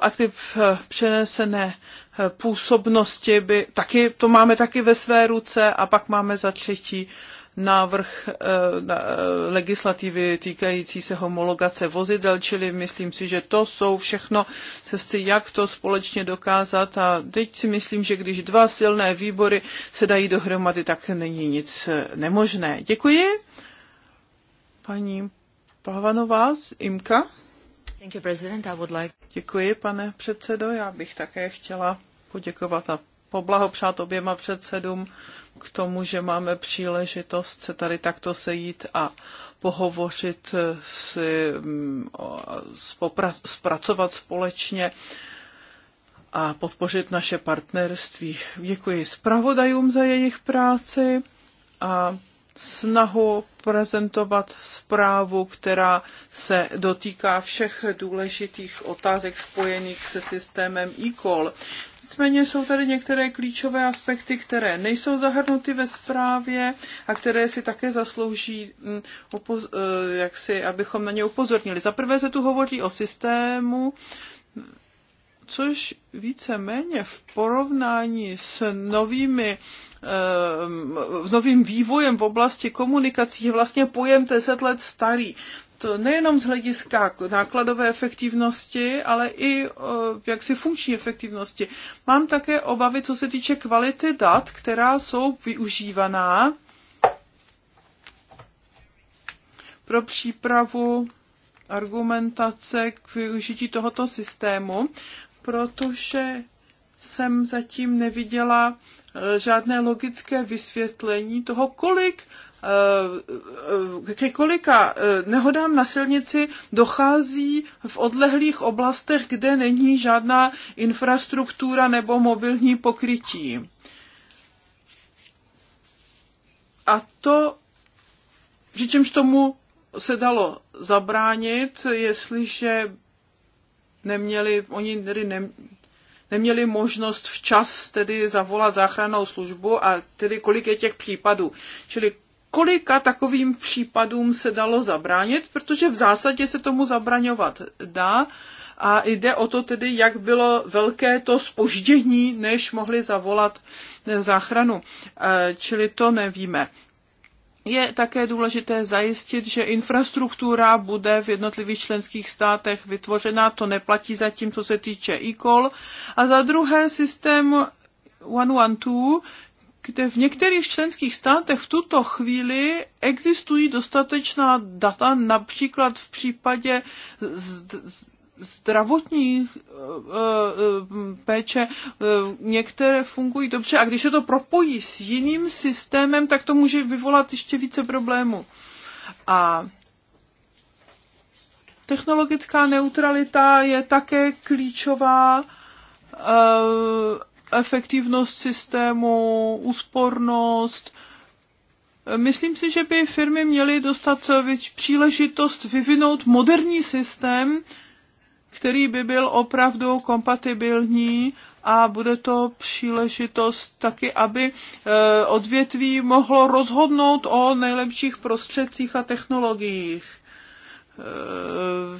aktiv eh, přenesené eh, působnosti by taky, to máme taky ve své ruce a pak máme za třetí návrh eh, eh, legislativy týkající se homologace vozidel, čili myslím si, že to jsou všechno cesty, jak to společně dokázat a teď si myslím, že když dva silné výbory se dají dohromady, tak není nic eh, nemožné. Děkuji. Paní Plavanová z IMKA. Děkuji, pane předsedo. Já bych také chtěla poděkovat a poblahopřát oběma předsedům k tomu, že máme příležitost se tady takto sejít a pohovořit eh, si, mm, zpracovat společně a podpořit naše partnerství. Děkuji zpravodajům za jejich práci a snahu prezentovat zprávu, která se dotýká všech důležitých otázek spojených se systémem e-call. Nicméně jsou tady některé klíčové aspekty, které nejsou zahrnuty ve zprávě a které si také zaslouží, mm, eh, jak si, abychom na ně upozornili. Za prvé se tu hovoří o systému, což více-méně v porovnání s novými eh, s novým vývojem v oblasti komunikací je vlastně pojem deset let starý nejenom z hlediska nákladové efektivnosti, ale i eh, jaksi funkční efektivnosti. Mám také obavy, co se týče kvality dat, která jsou využívaná pro přípravu argumentace k využití tohoto systému, protože jsem zatím neviděla eh, žádné logické vysvětlení toho, kolik Eh, ke kolika eh, nehodám na silnici dochází v odlehlých oblastech, kde není žádná infrastruktura nebo mobilní pokrytí. A to, přičemž tomu se dalo zabránit, jestliže neměli, oni tedy ne, neměli možnost včas tedy zavolat záchrannou službu a tedy kolik je těch případů. Čili kolika takovým případům se dalo zabránit, protože v zásadě se tomu zabraňovat dá a jde o to tedy, jak bylo velké to spoždění, než mohli zavolat eh, záchranu. Eh, čili to nevíme. Je také důležité zajistit, že infrastruktura bude v jednotlivých členských státech vytvořena, to neplatí zatím, co se týče e-call. A za druhé systém 112, kde v některých členských státech v tuto chvíli existují dostatečná data, například v případě zdravotní eh, eh, péče eh, některé fungují dobře a když se to propojí s jiným systémem, tak to může vyvolat ještě více problémů. A technologická neutralita je také klíčová efektivnost systému, úspornost. Myslím si, že by firmy měly dostat příležitost vyvinout moderní systém, který by byl opravdu kompatibilní a bude to příležitost taky, aby eh, odvětví mohlo rozhodnout o nejlepších prostředcích a technologiích eh,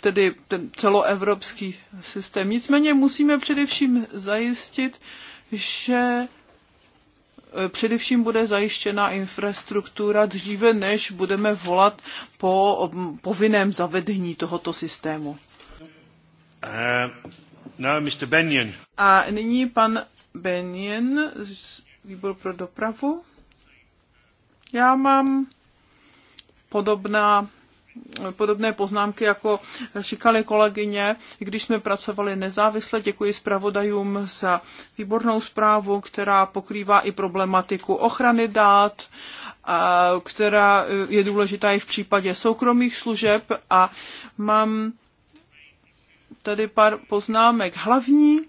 tedy ten celoevropský systém. Nicméně musíme především zajistit, že e, především bude zajištěna infrastruktura dříve, než budeme volat po povinném zavedení tohoto systému. Uh, no, Mr. Benyon. A nyní pan Benjen z výboru pro dopravu. Já mám podobná podobné poznámky, jako říkali kolegyně, když jsme pracovali nezávisle. Děkuji zpravodajům za výbornou zprávu, která pokrývá i problematiku ochrany dát, která je důležitá i v případě soukromých služeb a mám tady pár poznámek. Hlavní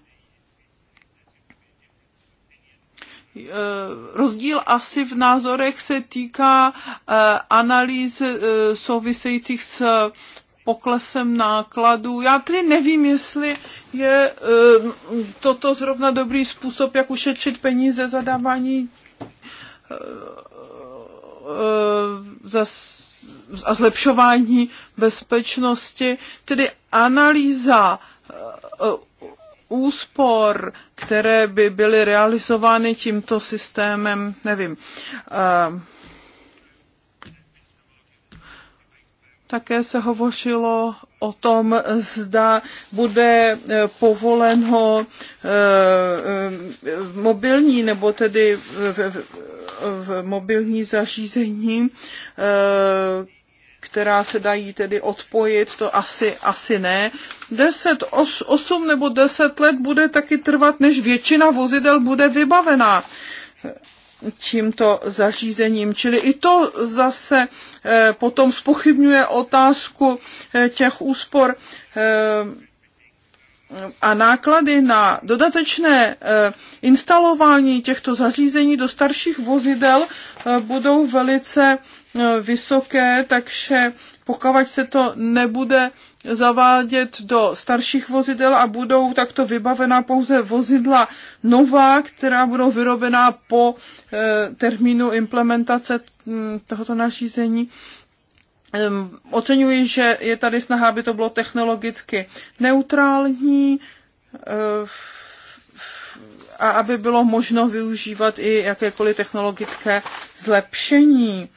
Eh, rozdíl asi v názorech se týká eh, analýz eh, souvisejících s poklesem nákladů. Já tedy nevím, jestli je toto zrovna dobrý způsob, jak ušetřit peníze zadávání a zlepšování bezpečnosti. Tedy analýza úspor, které by byly realizovány tímto systémem, nevím. Ehm, také se hovořilo o tom, zda bude eh, povoleno eh, eh, mobilní nebo tedy v mobilní zařízení, která se dají tedy odpojit, to asi, asi ne. 10, 8 nebo 10 let bude taky trvat, než většina vozidel bude vybavená tímto zařízením. Čili i to zase eh, potom spochybňuje otázku eh, těch úspor eh, a náklady na dodatečné instalování těchto zařízení do starších vozidel budou velice Eh, vysoké, takže pokud se to nebude zavádět do starších vozidel a budou takto vybavená pouze vozidla nová, která budou vyrobená po eh, termínu implementace mm, tohoto nařízení. Oceňuji, že je tady snaha, aby to bylo technologicky neutrální eh, a aby bylo možno využívat i jakékoliv technologické zlepšení.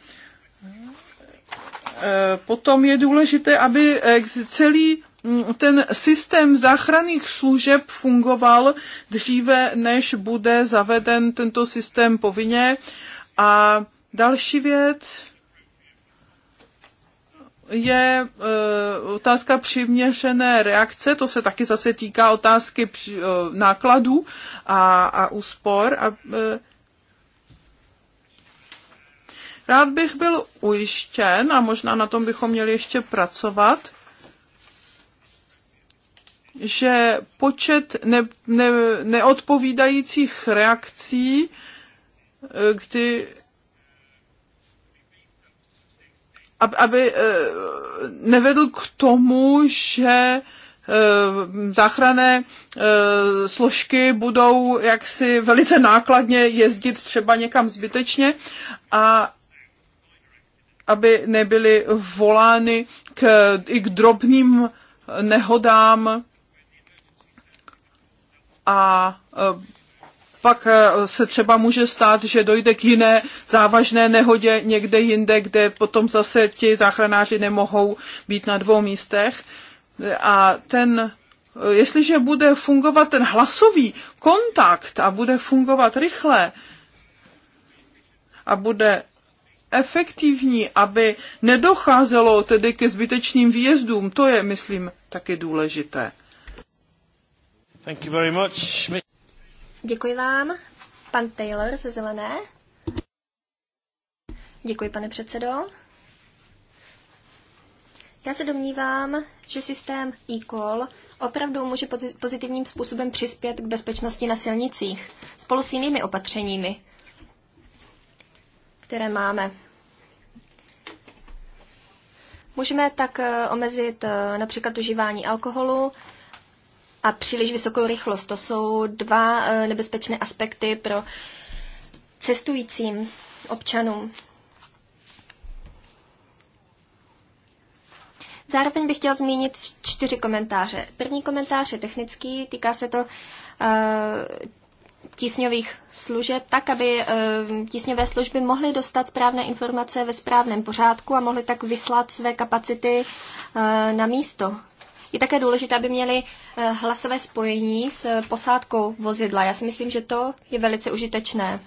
Eh, potom je důležité, aby celý mm, ten systém záchranných služeb fungoval dříve, než bude zaveden tento systém povinně. A další věc je eh, otázka přiměřené reakce, to se taky zase týká otázky eh, nákladů a, a úspor. A, Rád bych byl ujištěn, a možná na tom bychom měli ještě pracovat, že počet ne, ne, neodpovídajících reakcí, eh, kdy aby eh, nevedl k tomu, že eh, záchranné složky budou jaksi velice nákladně jezdit třeba někam zbytečně a aby nebyly volány k, i k drobným nehodám a e, pak e, se třeba může stát, že dojde k jiné závažné nehodě někde jinde, kde potom zase ti záchranáři nemohou být na dvou místech. A ten, e, jestliže bude fungovat ten hlasový kontakt a bude fungovat rychle a bude efektivní, aby nedocházelo tedy ke zbytečným výjezdům. To je, myslím, taky důležité. Thank you very much. Děkuji vám. Pan Taylor ze Zelené. Děkuji, pane předsedo. Já se domnívám, že systém e-call opravdu může pozitivním způsobem přispět k bezpečnosti na silnicích spolu s jinými opatřeními které máme. Můžeme tak eh, omezit eh, například užívání alkoholu a příliš vysokou rychlost. To jsou dva eh, nebezpečné aspekty pro cestujícím občanům. Zároveň bych chtěl zmínit čtyři komentáře. První komentář je technický, týká se to tísňových služeb, tak, aby eh, tísňové služby mohly dostat správné informace ve správném pořádku a mohly tak vyslat své kapacity eh, na místo. Je také důležité, aby měli eh, hlasové spojení s posádkou vozidla. Já si myslím, že to je velice užitečné.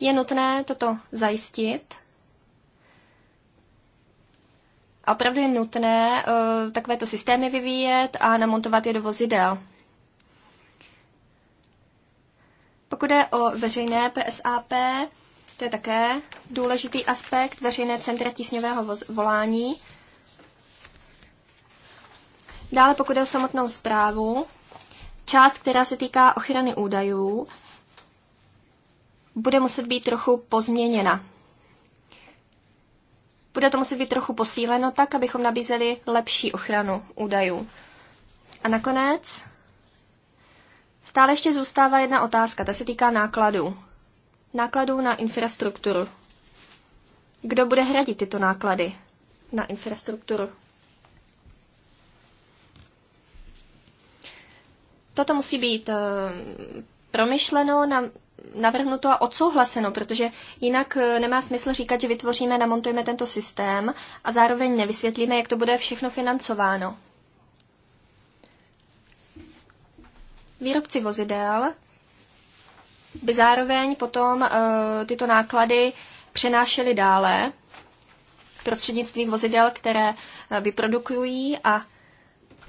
Je nutné toto zajistit. A opravdu je nutné uh, takovéto systémy vyvíjet a namontovat je do vozidel. Pokud jde o veřejné PSAP, to je také důležitý aspekt veřejné centra tísňového volání. Dále pokud jde o samotnou zprávu, část, která se týká ochrany údajů, bude muset být trochu pozměněna. Bude to muset být trochu posíleno tak, abychom nabízeli lepší ochranu údajů. A nakonec Stále ještě zůstává jedna otázka, ta se týká nákladů. Nákladů na infrastrukturu. Kdo bude hradit tyto náklady na infrastrukturu? Toto musí být eh, promyšleno, navrhnuto a odsouhlaseno, protože jinak eh, nemá smysl říkat, že vytvoříme, namontujeme tento systém a zároveň nevysvětlíme, jak to bude všechno financováno. výrobci vozidel by zároveň potom uh, tyto náklady přenášeli dále prostřednictvím vozidel, které eh, vyprodukují a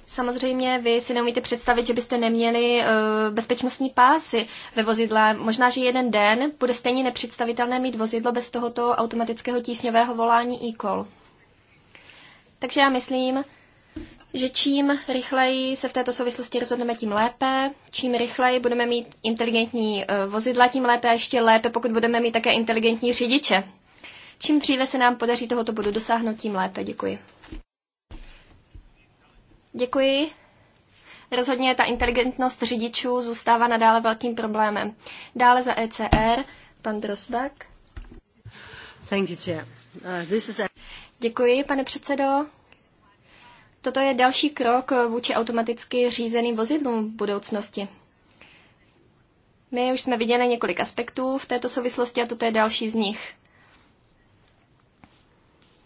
Samozřejmě vy si neumíte představit, že byste neměli uh, bezpečnostní pásy ve vozidle. Možná, že jeden den bude stejně nepředstavitelné mít vozidlo bez tohoto automatického tísňového volání e-call. Takže já myslím, že čím rychleji se v této souvislosti rozhodneme, tím lépe. Čím rychleji budeme mít inteligentní eh, vozidla, tím lépe a ještě lépe, pokud budeme mít také inteligentní řidiče. Čím dříve se nám podaří tohoto bodu dosáhnout, tím lépe. Děkuji. Děkuji. Rozhodně ta inteligentnost řidičů zůstává nadále velkým problémem. Dále za ECR, pan Drosbach. Thank you, chair. Uh, this is a... Děkuji, pane předsedo. Toto je další krok vůči automaticky řízeným vozidlům v budoucnosti. My už jsme viděli několik aspektů v této souvislosti a toto je další z nich.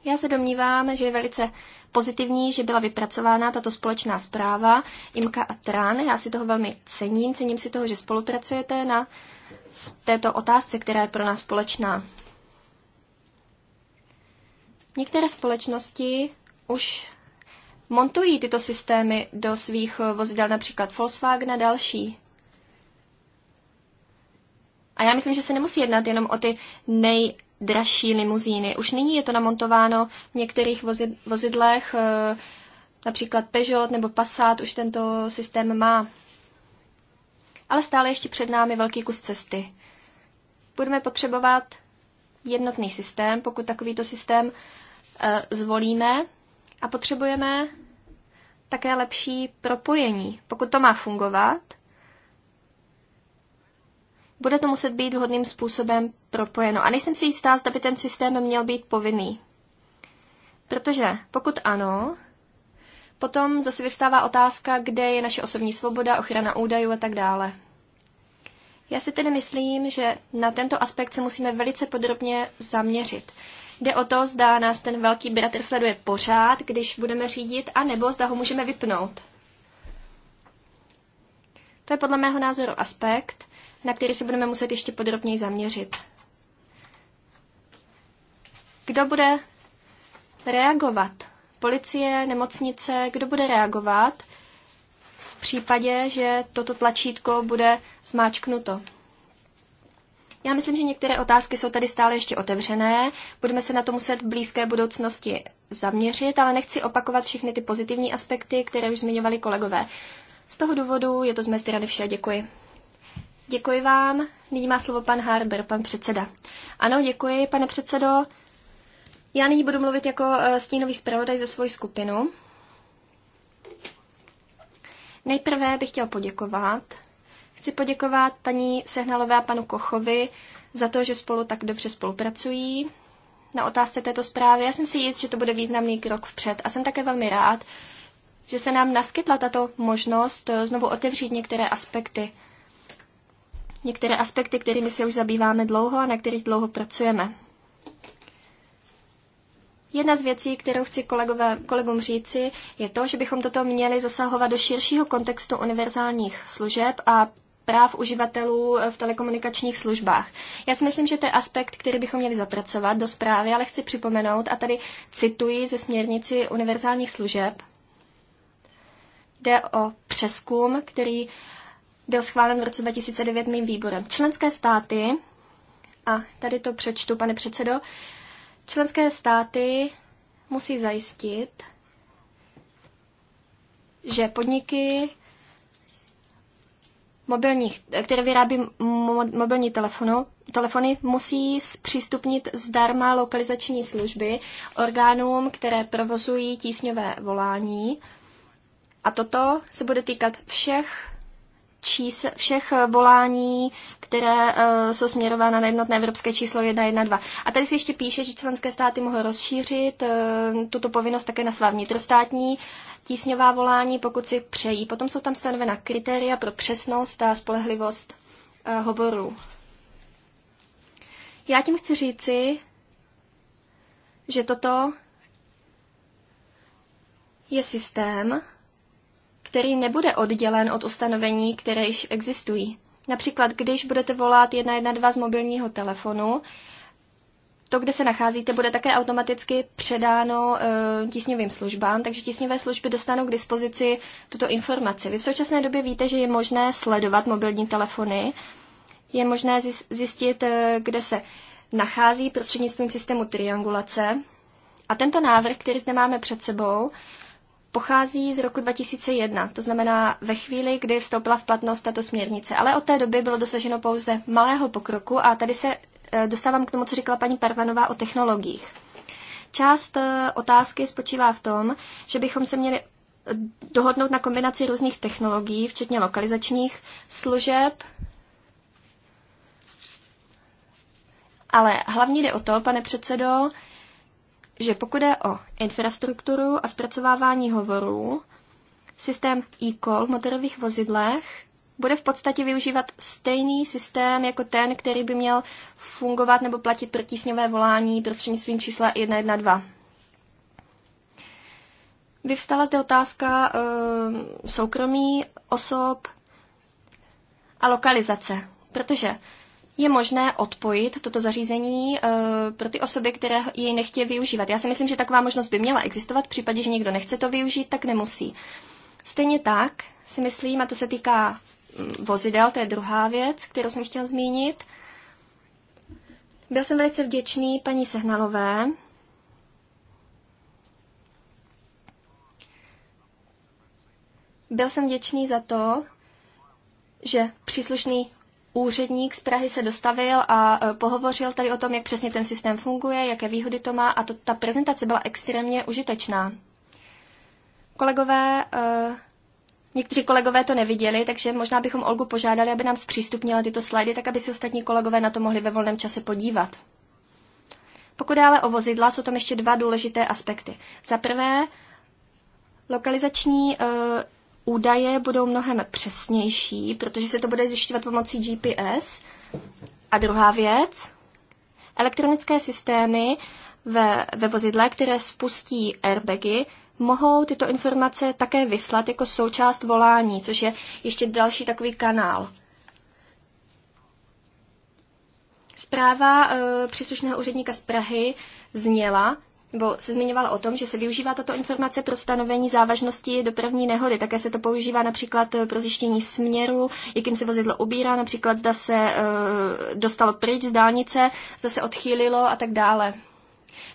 Já se domnívám, že je velice pozitivní, že byla vypracována tato společná zpráva Imka a Trán. Já si toho velmi cením. Cením si toho, že spolupracujete na této otázce, která je pro nás společná. Některé společnosti už montují tyto systémy do svých eh, vozidel, například Volkswagen a další. A já myslím, že se nemusí jednat jenom o ty nejdražší limuzíny. Už nyní je to namontováno v některých vozidlech, eh, například Peugeot nebo Passat už tento systém má. Ale stále ještě před námi velký kus cesty. Budeme potřebovat jednotný systém, pokud takovýto systém eh, zvolíme, a potřebujeme také lepší propojení. Pokud to má fungovat, bude to muset být vhodným způsobem propojeno. A nejsem si jistá, zda by ten systém měl být povinný. Protože pokud ano, potom zase vyvstává otázka, kde je naše osobní svoboda, ochrana údajů a tak dále. Já si tedy myslím, že na tento aspekt se musíme velice podrobně zaměřit. Jde o to, zda nás ten velký bratr sleduje pořád, když budeme řídit, a nebo zda ho můžeme vypnout. To je podle mého názoru aspekt, na který se budeme muset ještě podrobněji zaměřit. Kdo bude reagovat? Policie, nemocnice, kdo bude reagovat v případě, že toto tlačítko bude zmáčknuto? Já myslím, že některé otázky jsou tady stále ještě otevřené. Budeme se na to muset v blízké budoucnosti zaměřit, ale nechci opakovat všechny ty pozitivní aspekty, které už zmiňovali kolegové. Z toho důvodu je to z mé strany vše. Děkuji. Děkuji vám. Nyní má slovo pan Harber, pan předseda. Ano, děkuji, pane předsedo. Já nyní budu mluvit jako eh, stínový zpravodaj ze svoji skupinu. Nejprve bych chtěl poděkovat Chci poděkovat paní Sehnalové a panu Kochovi za to, že spolu tak dobře spolupracují na otázce této zprávy. Já jsem si jist, že to bude významný krok vpřed a jsem také velmi rád, že se nám naskytla tato možnost eh, znovu otevřít některé aspekty. Některé aspekty, kterými se už zabýváme dlouho a na kterých dlouho pracujeme. Jedna z věcí, kterou chci kolegové, kolegům říci, je to, že bychom toto měli zasahovat do širšího kontextu univerzálních služeb a práv uživatelů eh, v telekomunikačních službách. Já si myslím, že to je aspekt, který bychom měli zapracovat do zprávy, ale chci připomenout, a tady cituji ze směrnici univerzálních služeb, jde o přeskum, který byl schválen v roce 2009 mým výborem. Členské státy, a tady to přečtu, pane předsedo, členské státy musí zajistit, že podniky mobilních, které vyrábí mobilní telefonu, telefony, musí zpřístupnit zdarma lokalizační služby orgánům, které provozují tísňové volání. A toto se bude týkat všech čísel, všech eh, volání, které uh, jsou směrována na jednotné evropské číslo 112. A tady se ještě píše, že členské státy mohou rozšířit uh, tuto povinnost také na svá vnitrostátní tísňová volání, pokud si přejí. Potom jsou tam stanovena kritéria pro přesnost a spolehlivost uh, eh, hovorů. Já tím chci říci, že toto je systém, který nebude oddělen od ustanovení, které již existují. Například, když budete volat 112 z mobilního telefonu, to, kde se nacházíte, bude také automaticky předáno e, tísňovým službám, takže tísňové služby dostanou k dispozici tuto informaci. Vy v současné době víte, že je možné sledovat mobilní telefony, je možné zjistit, eh, kde se nachází prostřednictvím systému triangulace. A tento návrh, který zde máme před sebou, pochází z roku 2001, to znamená ve chvíli, kdy vstoupila v platnost tato směrnice. Ale od té doby bylo dosaženo pouze malého pokroku a tady se Eh, dostávám k tomu, co říkala paní Parvanová o technologiích. Část eh, otázky spočívá v tom, že bychom se měli eh, dohodnout na kombinaci různých technologií, včetně lokalizačních služeb. Ale hlavně jde o to, pane předsedo, že pokud je o infrastrukturu a zpracovávání hovorů, systém e-call v motorových vozidlech bude v podstatě využívat stejný systém jako ten, který by měl fungovat nebo platit pro tísňové volání prostřednictvím čísla 112. Vyvstala zde otázka e, soukromí osob a lokalizace, protože je možné odpojit toto zařízení e, pro ty osoby, které jej nechtějí využívat. Já si myslím, že taková možnost by měla existovat. V případě, že někdo nechce to využít, tak nemusí. Stejně tak si myslím, a to se týká vozidel, to je druhá věc, kterou jsem chtěla zmínit. Byl jsem velice vděčný paní Sehnalové, Byl jsem vděčný za to, že příslušný úředník z Prahy se dostavil a e, pohovořil tady o tom, jak přesně ten systém funguje, jaké výhody to má a to, ta prezentace byla extrémně užitečná. Kolegové e, Někteří kolegové to neviděli, takže možná bychom Olgu požádali, aby nám zpřístupnila tyto slajdy, tak aby si ostatní kolegové na to mohli ve volném čase podívat. Pokud ale o vozidla, jsou tam ještě dva důležité aspekty. Za prvé, lokalizační e, údaje budou mnohem přesnější, protože se to bude zjišťovat pomocí GPS. A druhá věc, elektronické systémy ve, ve vozidle, které spustí airbagy, mohou tyto informace také vyslat jako součást volání, což je ještě další takový kanál. Zpráva e, příslušného úředníka z Prahy zněla, nebo se zmiňovala o tom, že se využívá tato informace pro stanovení závažnosti dopravní nehody. Také se to používá například e, pro zjištění směru, jakým se vozidlo ubírá, například zda se e, dostalo pryč z dálnice, zda se odchýlilo a tak dále.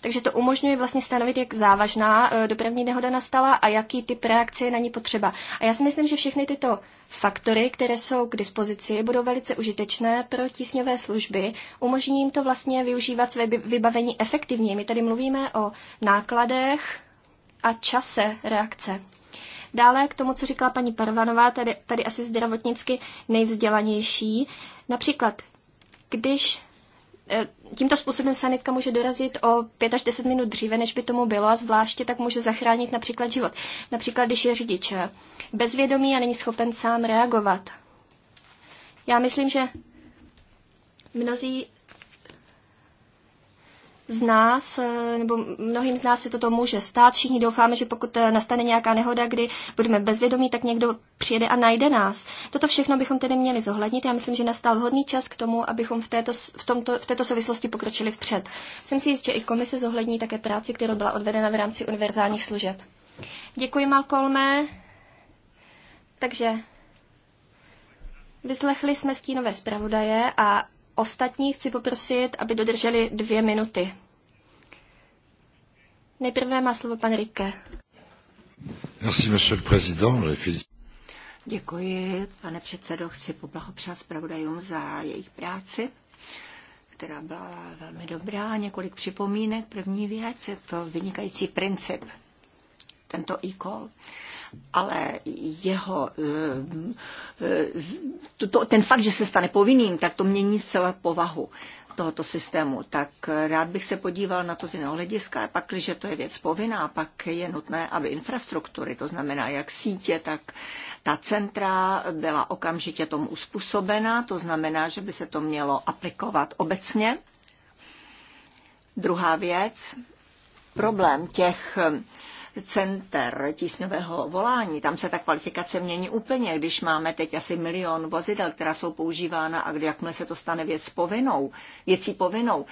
Takže to umožňuje vlastně stanovit, jak závažná eh, dopravní nehoda nastala a jaký typ reakce je na ní potřeba. A já si myslím, že všechny tyto faktory, které jsou k dispozici, budou velice užitečné pro tísňové služby. Umožní jim to vlastně využívat své vybavení efektivně. My tady mluvíme o nákladech a čase reakce. Dále k tomu, co říkala paní Parvanová, tady, tady asi zdravotnicky nejvzdělanější. Například, když tímto způsobem sanitka může dorazit o 5 až 10 minut dříve, než by tomu bylo a zvláště tak může zachránit například život. Například, když je řidič eh, bezvědomý a není schopen sám reagovat. Já myslím, že mnozí z nás, eh, nebo mnohým z nás se toto může stát. Všichni doufáme, že pokud eh, nastane nějaká nehoda, kdy budeme bezvědomí, tak někdo přijede a najde nás. Toto všechno bychom tedy měli zohlednit. Já myslím, že nastal vhodný čas k tomu, abychom v této, v tomto, v této souvislosti pokročili vpřed. Jsem si jist, že i komise zohlední také práci, kterou byla odvedena v rámci univerzálních služeb. Děkuji, Malkolme. Takže vyslechli jsme stínové zpravodaje a ostatní chci poprosit, aby dodrželi dvě minuty. Nejprve má slovo pan Rike. Merci, monsieur le président. Děkuji, pane předsedo. Chci poblahopřát zpravodajům za jejich práci která byla velmi dobrá. Několik připomínek. První věc je to vynikající princip, tento e-call, ale jeho, eh, to, ten fakt, že se stane povinným, tak to mění celé povahu tohoto systému, tak rád bych se podíval na to z jiného hlediska. Pak, když to je věc povinná, pak je nutné, aby infrastruktury, to znamená jak sítě, tak ta centra byla okamžitě tomu uspůsobena, to znamená, že by se to mělo aplikovat obecně. Druhá věc, problém těch center tísňového volání. Tam se ta kvalifikace mění úplně, když máme teď asi milion vozidel, která jsou používána a kdy, jakmile se to stane věc povinnou, věcí povinnou,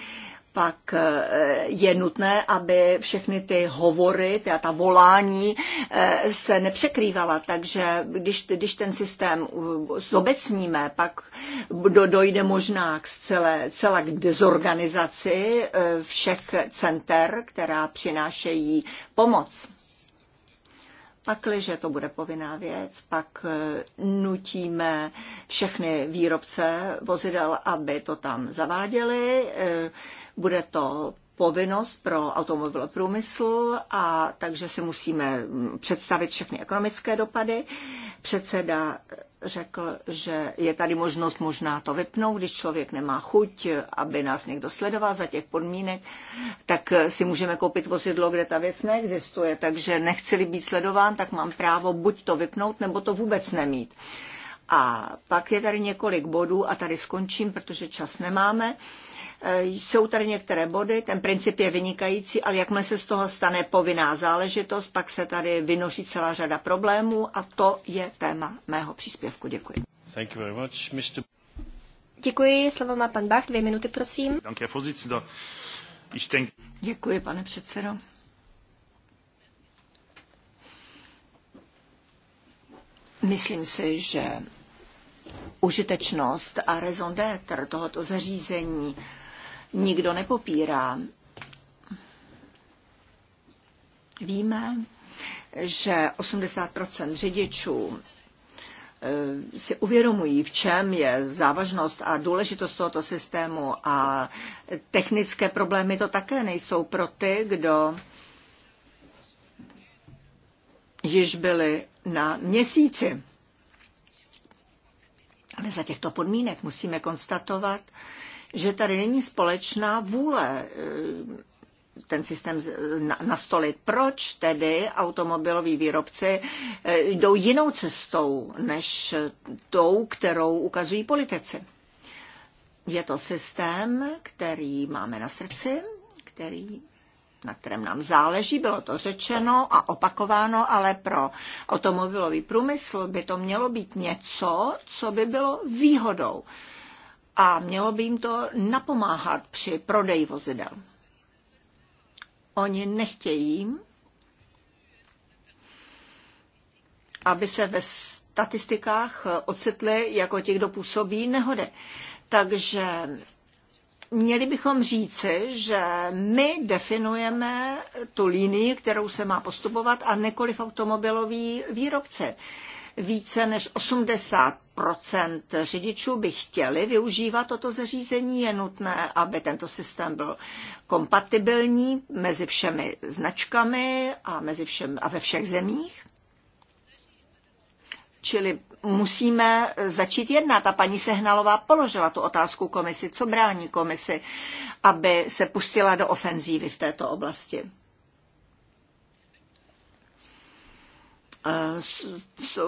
pak eh, je nutné, aby všechny ty hovory, ta, ta volání eh, se nepřekrývala. Takže když, když ten systém zobecníme, pak do, dojde možná k celé, celé k dezorganizaci eh, všech center, která přinášejí pomoc. Pakliže to bude povinná věc, pak nutíme všechny výrobce vozidel, aby to tam zaváděli. Bude to povinnost pro automobilový průmysl a takže si musíme mm, představit všechny ekonomické dopady. Předseda řekl, že je tady možnost možná to vypnout, když člověk nemá chuť, aby nás někdo sledoval za těch podmínek, tak si můžeme koupit vozidlo, kde ta věc neexistuje. Takže nechci-li být sledován, tak mám právo buď to vypnout, nebo to vůbec nemít. A pak je tady několik bodů a tady skončím, protože čas nemáme. Uh, Eh, jsou tady některé body, ten princip je vynikající, ale jakmile se z toho stane povinná záležitost, pak se tady vynoří celá řada problémů a to je téma mého příspěvku. Děkuji. Thank you very much, Mr. Děkuji, slovo má pan Bach, dvě minuty, prosím. Děkuji, pane předsedo. Myslím si, že užitečnost a raison d'être tohoto zařízení nikdo nepopírá. Víme, že 80 řidičů eh, si uvědomují, v čem je závažnost a důležitost tohoto systému a technické problémy to také nejsou pro ty, kdo již byli na měsíci. Ale za těchto podmínek musíme konstatovat, že tady není společná vůle eh, ten systém nastolit. Proč tedy automobiloví výrobci eh, jdou jinou cestou než tou, kterou ukazují politici? Je to systém, který máme na srdci, který na kterém nám záleží, bylo to řečeno a opakováno, ale pro automobilový průmysl by to mělo být něco, co by bylo výhodou a mělo by jim to napomáhat při prodeji vozidel. Oni nechtějí, aby se ve statistikách ocitli jako těch, kdo působí nehody. Takže měli bychom říci, že my definujeme tu linii, kterou se má postupovat a nekoliv automobilový výrobce více než 80 řidičů by chtěli využívat toto zařízení, je nutné, aby tento systém byl kompatibilní mezi všemi značkami a, mezi všem, a ve všech zemích. Čili musíme začít jednat. A paní Sehnalová položila tu otázku komisi, co brání komisi, aby se pustila do ofenzívy v této oblasti.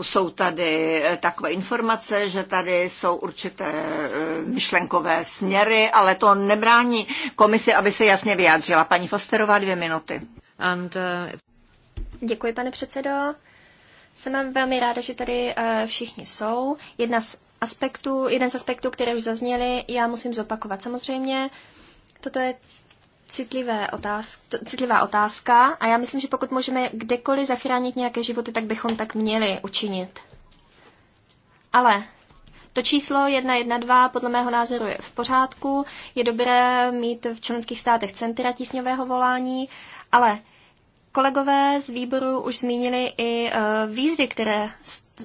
jsou tady eh, takové informace, že tady jsou určité eh, myšlenkové směry, ale to nebrání komisi, aby se jasně vyjádřila. Paní Fosterová, dvě minuty. And, uh... Děkuji, pane předsedo. Jsem velmi ráda, že tady všichni jsou. Jedna z aspektů, jeden z aspektů, které už zazněly, já musím zopakovat. Samozřejmě, toto je citlivé otázka, citlivá otázka a já myslím, že pokud můžeme kdekoliv zachránit nějaké životy, tak bychom tak měli učinit. Ale to číslo 112 podle mého názoru je v pořádku, je dobré mít v členských státech centra tísňového volání, ale kolegové z výboru už zmínili i e, výzvy, které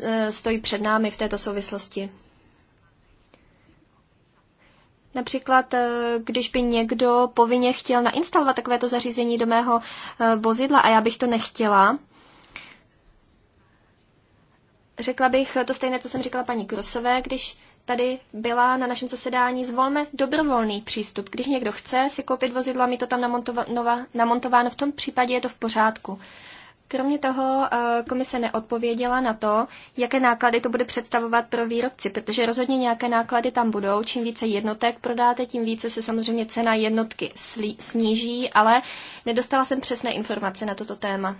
e, stojí před námi v této souvislosti. Například, eh, když by někdo povinně chtěl nainstalovat takovéto zařízení do mého eh, vozidla a já bych to nechtěla, řekla bych to stejné, co jsem říkala paní Grosové, když tady byla na našem zasedání, zvolme dobrovolný přístup. Když někdo chce si koupit vozidlo a mi to tam namontováno, v tom případě je to v pořádku. Kromě toho eh, komise neodpověděla na to, jaké náklady to bude představovat pro výrobci, protože rozhodně nějaké náklady tam budou. Čím více jednotek prodáte, tím více se samozřejmě cena jednotky sníží, ale nedostala jsem přesné informace na toto téma.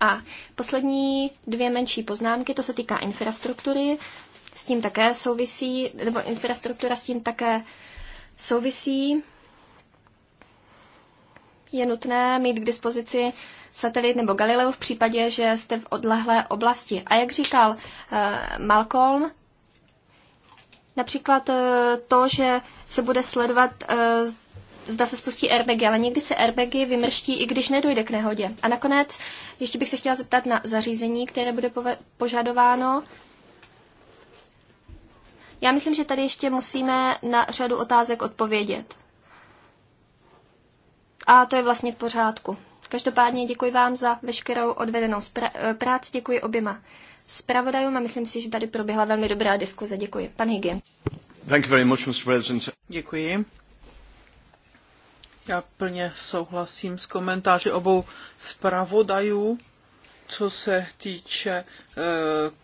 A poslední dvě menší poznámky, to se týká infrastruktury, s tím také souvisí, nebo infrastruktura s tím také souvisí. Je nutné mít k dispozici uh, satelit nebo Galileo v případě, že jste v odlehlé oblasti. A jak říkal eh, Malcolm, například eh, to, že se bude sledovat, eh, zda se spustí airbagy, ale někdy se airbagy vymrští, i když nedojde k nehodě. A nakonec ještě bych se chtěla zeptat na zařízení, které bude požadováno. Já myslím, že tady ještě musíme na řadu otázek odpovědět. A to je vlastně v pořádku. Každopádně děkuji vám za veškerou odvedenou eh, práci, děkuji oběma zpravodajům a myslím si, že tady proběhla velmi dobrá diskuze. Děkuji. Pan Hygien. Thank you very much, Mr. President. Děkuji. Já plně souhlasím s komentáři obou zpravodajů, co se týče eh,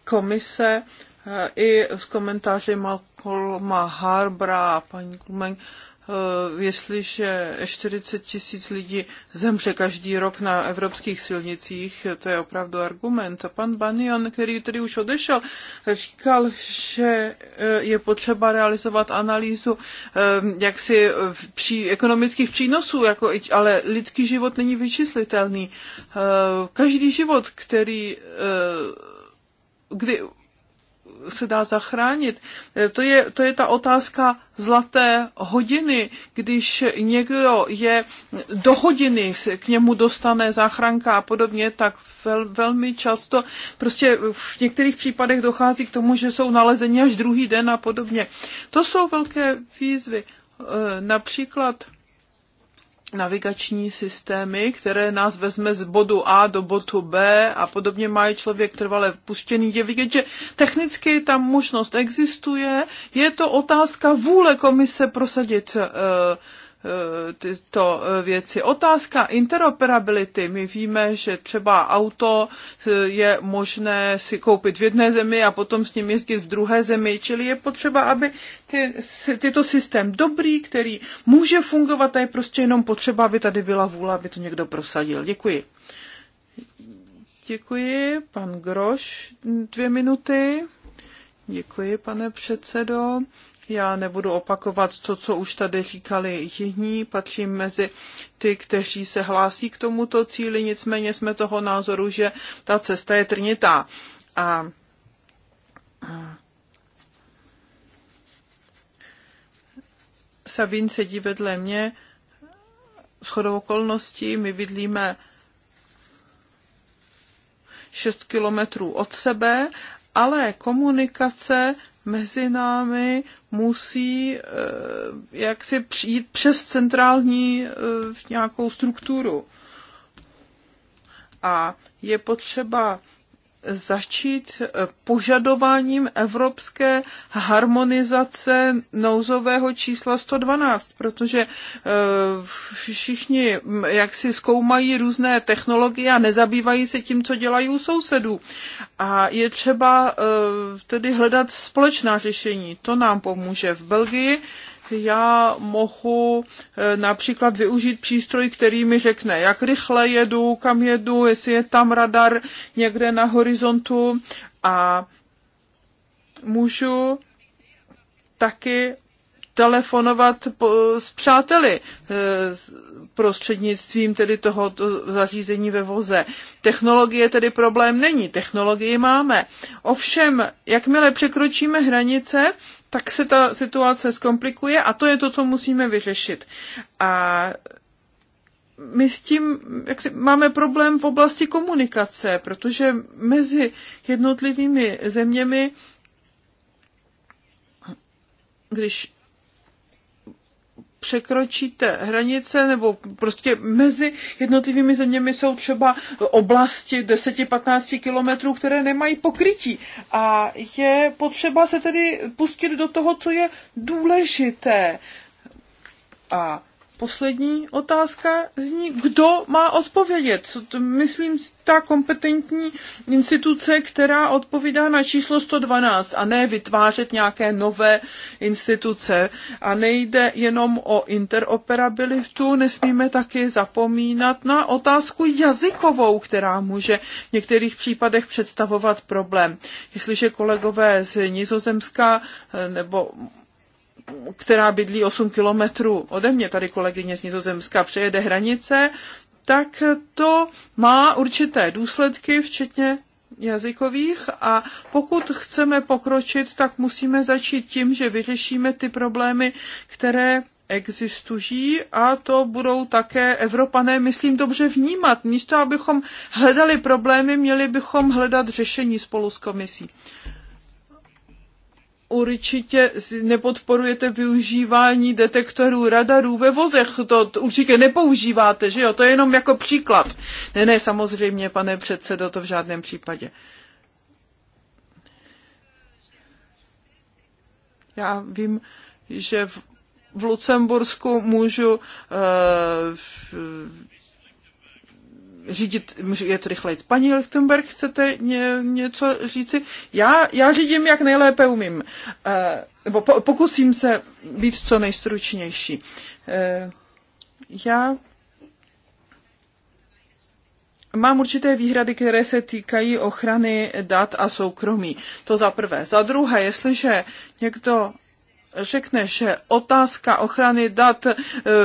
komise eh, i s komentáři Malcolma Harbra a paní Klumeň Eh, jestliže 40 tisíc lidí zemře každý rok na evropských silnicích, to je opravdu argument. A pan Banion, který tedy už odešel, říkal, že eh, je potřeba realizovat analýzu eh, jaksi při ekonomických přínosů, jako, ale lidský život není vyčíslitelný. Každý život, který kdy se dá zachránit. Eh, to je, to je ta otázka zlaté hodiny, když někdo je do hodiny, k němu dostane záchranka a podobně, tak vel, velmi často prostě v některých případech dochází k tomu, že jsou nalezeni až druhý den a podobně. To jsou velké výzvy. Eh, například navigační systémy, které nás vezme z bodu A do bodu B a podobně má člověk trvale puštěný. Je vidět, že technicky tam možnost existuje. Je to otázka vůle komise prosadit uh, Eh, tyto eh, věci. Otázka interoperability. My víme, že třeba auto eh, je možné si koupit v jedné zemi a potom s ním jezdit v druhé zemi, čili je potřeba, aby ty, tyto systém dobrý, který může fungovat a je prostě jenom potřeba, aby tady byla vůle, aby to někdo prosadil. Děkuji. Děkuji. Pan Groš, dvě minuty. Děkuji, pane předsedo. Já nebudu opakovat to, co už tady říkali jiní, patřím mezi ty, kteří se hlásí k tomuto cíli, nicméně jsme toho názoru, že ta cesta je trnitá. A Sabín sedí vedle mě, shodou okolností my bydlíme 6 kilometrů od sebe, ale komunikace mezi námi musí eh, jaksi přijít přes centrální eh, nějakou strukturu. A je potřeba začít eh, požadováním evropské harmonizace nouzového čísla 112, protože eh, všichni mm, jak si zkoumají různé technologie a nezabývají se tím, co dělají u sousedů. A je třeba eh, tedy hledat společná řešení. To nám pomůže v Belgii já mohu eh, například využít přístroj, který mi řekne, jak rychle jedu, kam jedu, jestli je tam radar někde na horizontu a můžu taky telefonovat s přáteli eh, prostřednictvím tedy toho zařízení ve voze. Technologie tedy problém není, technologii máme. Ovšem, jakmile překročíme hranice, tak se ta situace zkomplikuje a to je to, co musíme vyřešit. A my s tím jak si, máme problém v oblasti komunikace, protože mezi jednotlivými zeměmi, když překročíte hranice nebo prostě mezi jednotlivými zeměmi jsou třeba oblasti 10-15 kilometrů, které nemají pokrytí. A je potřeba se tedy pustit do toho, co je důležité. A poslední otázka zní, kdo má odpovědět. Co to, myslím, ta kompetentní instituce, která odpovídá na číslo 112 a ne vytvářet nějaké nové instituce. A nejde jenom o interoperabilitu, nesmíme taky zapomínat na otázku jazykovou, která může v některých případech představovat problém. Jestliže kolegové z Nizozemska eh, nebo která bydlí 8 kilometrů ode mě, tady kolegyně z Nizozemska, přejede hranice, tak to má určité důsledky, včetně jazykových a pokud chceme pokročit, tak musíme začít tím, že vyřešíme ty problémy, které existují a to budou také Evropané, myslím, dobře vnímat. Místo, abychom hledali problémy, měli bychom hledat řešení spolu s komisí určitě nepodporujete využívání detektorů radarů ve vozech. To, určitě nepoužíváte, že jo? To je jenom jako příklad. Ne, ne, samozřejmě, pane předsedo, to v žádném případě. Já vím, že v, v Lucembursku můžu uh, řídit, je to rychleji. Paní Lichtenberg, chcete ně, něco říci? Já, já řídím, jak nejlépe umím. E, nebo po, pokusím se být co nejstručnější. E, já Mám určité výhrady, které se týkají ochrany dat a soukromí. To za prvé. Za druhé, jestliže někdo řekne, že otázka ochrany dat eh,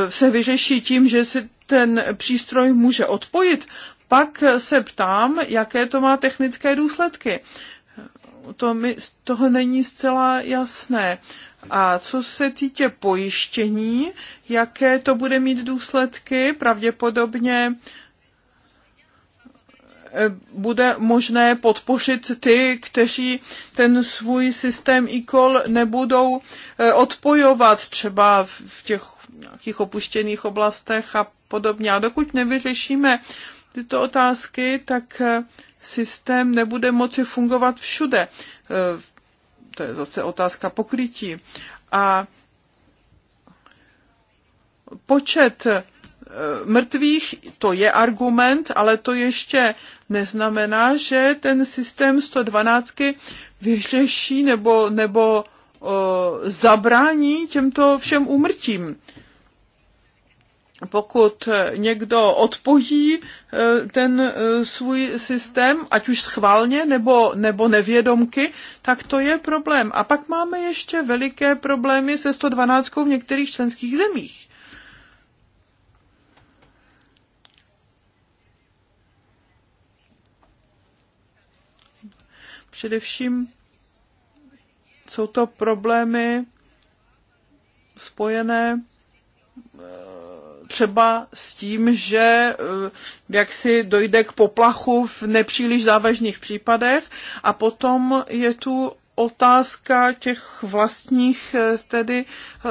se vyřeší tím, že si ten přístroj může odpojit, pak se ptám, jaké to má technické důsledky. To mi z toho není zcela jasné. A co se týče pojištění, jaké to bude mít důsledky, pravděpodobně eh, bude možné podpořit ty, kteří ten svůj systém e-call nebudou eh, odpojovat třeba v těch nějakých opuštěných oblastech a podobně. A dokud nevyřešíme tyto otázky, tak eh, systém nebude moci fungovat všude. Eh, to je zase otázka pokrytí. A počet eh, mrtvých, to je argument, ale to ještě neznamená, že ten systém 112 vyřeší nebo, nebo o, zabrání těmto všem úmrtím pokud někdo odpojí e, ten e, svůj systém, ať už schválně nebo, nebo nevědomky, tak to je problém. A pak máme ještě veliké problémy se 112 v některých členských zemích. Především jsou to problémy spojené třeba s tím, že eh, jak si dojde k poplachu v nepříliš závažných případech a potom je tu otázka těch vlastních eh, tedy eh,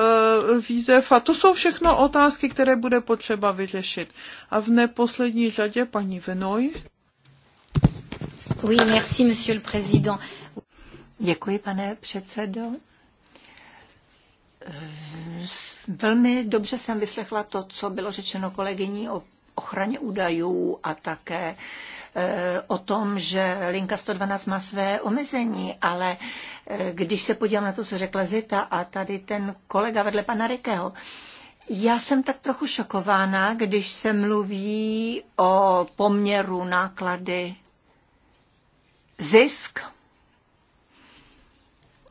výzev a to jsou všechno otázky, které bude potřeba vyřešit. A v neposlední řadě paní Venoj. Oui, merci, monsieur le président. Děkuji, pane předsedo. Velmi dobře jsem vyslechla to, co bylo řečeno kolegyní o ochraně údajů a také eh, o tom, že linka 112 má své omezení, ale eh, když se podívám na to, co řekla Zita a tady ten kolega vedle pana Rikého, já jsem tak trochu šokována, když se mluví o poměru náklady zisk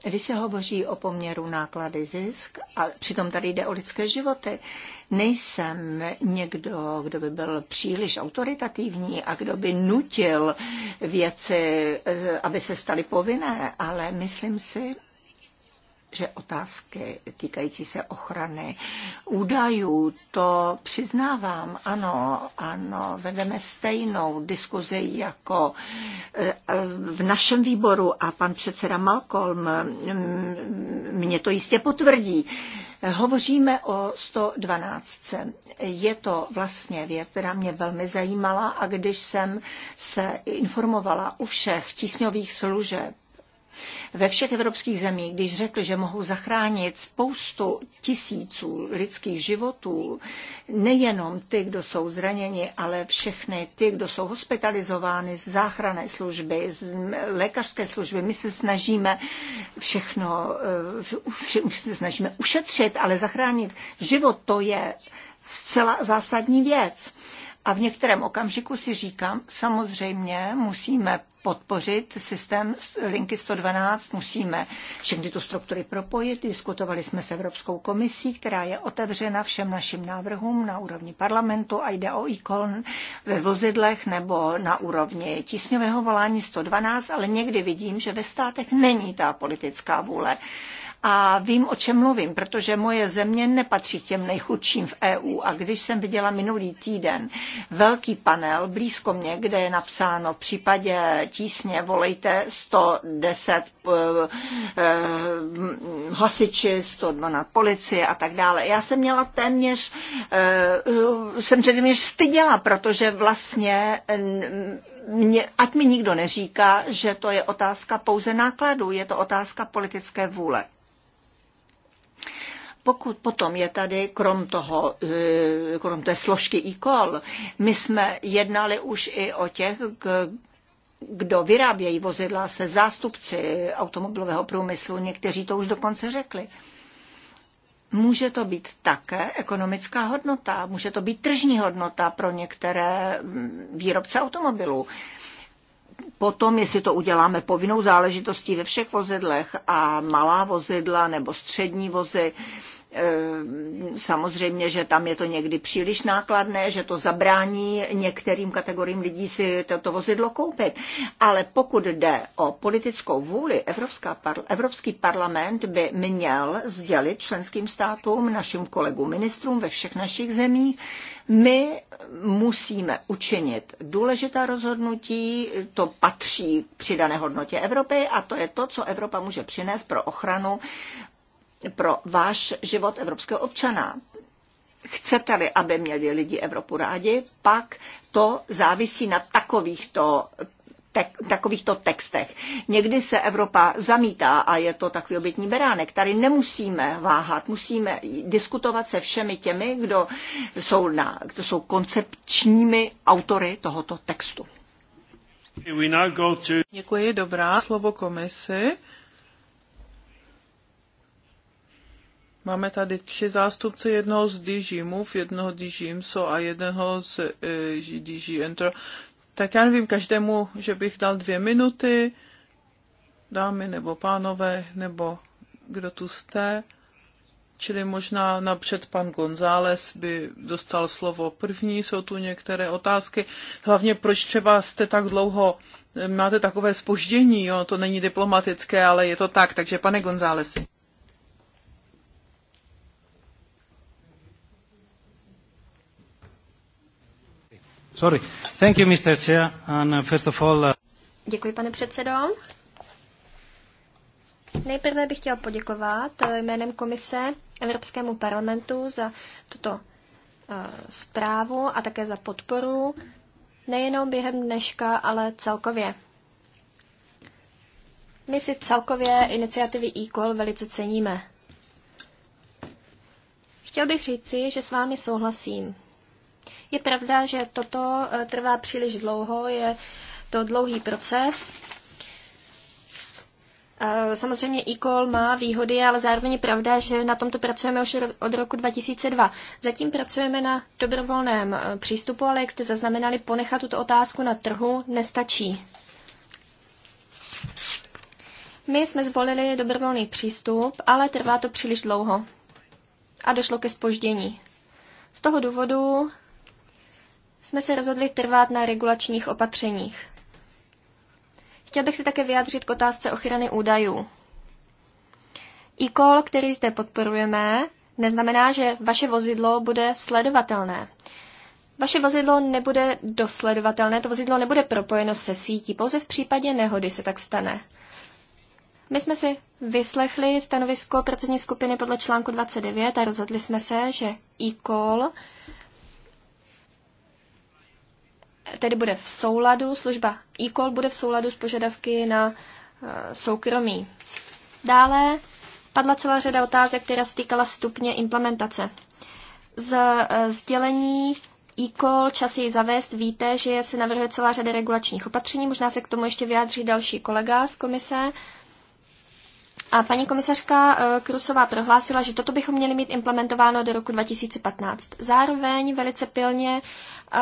když se hovoří o poměru náklady zisk, a přitom tady jde o lidské životy, nejsem někdo, kdo by byl příliš autoritativní a kdo by nutil věci, eh, aby se staly povinné, ale myslím si, že otázky týkající se ochrany údajů, to přiznávám, ano, ano, vedeme stejnou diskuzi jako eh, v našem výboru a pan předseda Malcolm mm, mě to jistě potvrdí. Hovoříme o 112. Je to vlastně věc, která mě velmi zajímala a když jsem se informovala u všech tísňových služeb, ve všech evropských zemích, když řekli, že mohou zachránit spoustu tisíců lidských životů, nejenom ty, kdo jsou zraněni, ale všechny ty, kdo jsou hospitalizovány z záchranné služby, z lékařské služby, my se snažíme všechno, eh, už se snažíme ušetřit, ale zachránit život, to je zcela zásadní věc. A v některém okamžiku si říkám, samozřejmě musíme podpořit systém linky 112, musíme všechny tu struktury propojit. Diskutovali jsme s Evropskou komisí, která je otevřena všem našim návrhům na úrovni parlamentu a jde o ikon ve vozidlech nebo na úrovni tisňového volání 112, ale někdy vidím, že ve státech není ta politická vůle a vím, o čem mluvím, protože moje země nepatří k těm nejchudším v EU. A když jsem viděla minulý týden velký panel blízko mě, kde je napsáno v případě tísně volejte 110 eh, eh, hasiči, 112 policie a tak dále. Já jsem měla téměř, eh, jsem téměř styděla, protože vlastně mě, ať mi nikdo neříká, že to je otázka pouze nákladů, je to otázka politické vůle. Pokud potom je tady, krom toho, eh, krom té složky e-call, my jsme jednali už i o těch, kdo vyrábějí vozidla se zástupci automobilového průmyslu, někteří to už dokonce řekli. Může to být také ekonomická hodnota, může to být tržní hodnota pro některé mm, výrobce automobilů. Potom, jestli to uděláme povinnou záležitostí ve všech vozidlech a malá vozidla nebo střední vozy, Ehm, samozřejmě, že tam je to někdy příliš nákladné, že to zabrání některým kategoriím lidí si toto vozidlo koupit. Ale pokud jde o politickou vůli, Evropská Evropský parlament by měl sdělit členským státům, našim kolegům ministrům ve všech našich zemích, my musíme učinit důležitá rozhodnutí, to patří k přidané hodnotě Evropy a to je to, co Evropa může přinést pro ochranu pro váš život evropského občana. Chcete-li, aby měli lidi Evropu rádi, pak to závisí na takovýchto tek, takovýchto textech. Někdy se Evropa zamítá a je to takový obětní beránek. Tady nemusíme váhat, musíme diskutovat se všemi těmi, kdo jsou, na, kdo jsou koncepčními autory tohoto textu. Děkuji, dobrá. Slovo komisi. Máme tady tři zástupce, jednoho z DG Move, jednoho DG IMSO a jednoho z e, eh, DG Entro. Tak já nevím každému, že bych dal dvě minuty, dámy nebo pánové, nebo kdo tu jste. Čili možná napřed pan González by dostal slovo první. Jsou tu některé otázky. Hlavně proč třeba jste tak dlouho, máte takové spoždění, jo? to není diplomatické, ale je to tak. Takže pane Gonzálesi. Sorry. Thank you, Mr. Chair. And uh, first of all, uh... Děkuji, pane předsedo. Nejprve bych chtěl poděkovat uh, jménem komise Evropskému parlamentu za tuto uh, zprávu a také za podporu nejenom během dneška, ale celkově. My si celkově iniciativy e velice ceníme. Chtěl bych říci, že s vámi souhlasím. Je pravda, že toto eh, trvá příliš dlouho, je to dlouhý proces. Eh, samozřejmě e-call má výhody, ale zároveň je pravda, že na tomto pracujeme už od roku 2002. Zatím pracujeme na dobrovolném eh, přístupu, ale jak jste zaznamenali, ponechat tuto otázku na trhu nestačí. My jsme zvolili dobrovolný přístup, ale trvá to příliš dlouho a došlo ke spoždění. Z toho důvodu jsme se rozhodli trvat na regulačních opatřeních. Chtěl bych se také vyjádřit k otázce ochrany údajů. E-call, který zde podporujeme, neznamená, že vaše vozidlo bude sledovatelné. Vaše vozidlo nebude dosledovatelné, to vozidlo nebude propojeno se sítí, pouze v případě nehody se tak stane. My jsme si vyslechli stanovisko pracovní skupiny podle článku 29 a rozhodli jsme se, že e-call tedy bude v souladu, služba e-call bude v souladu s požadavky na eh, soukromí. Dále padla celá řada otázek, která se týkala stupně implementace. Z eh, sdělení e-call čas jej zavést, víte, že se navrhuje celá řada regulačních opatření, možná se k tomu ještě vyjádří další kolega z komise. A paní komisařka eh, Krusová prohlásila, že toto bychom měli mít implementováno do roku 2015. Zároveň velice pilně eh,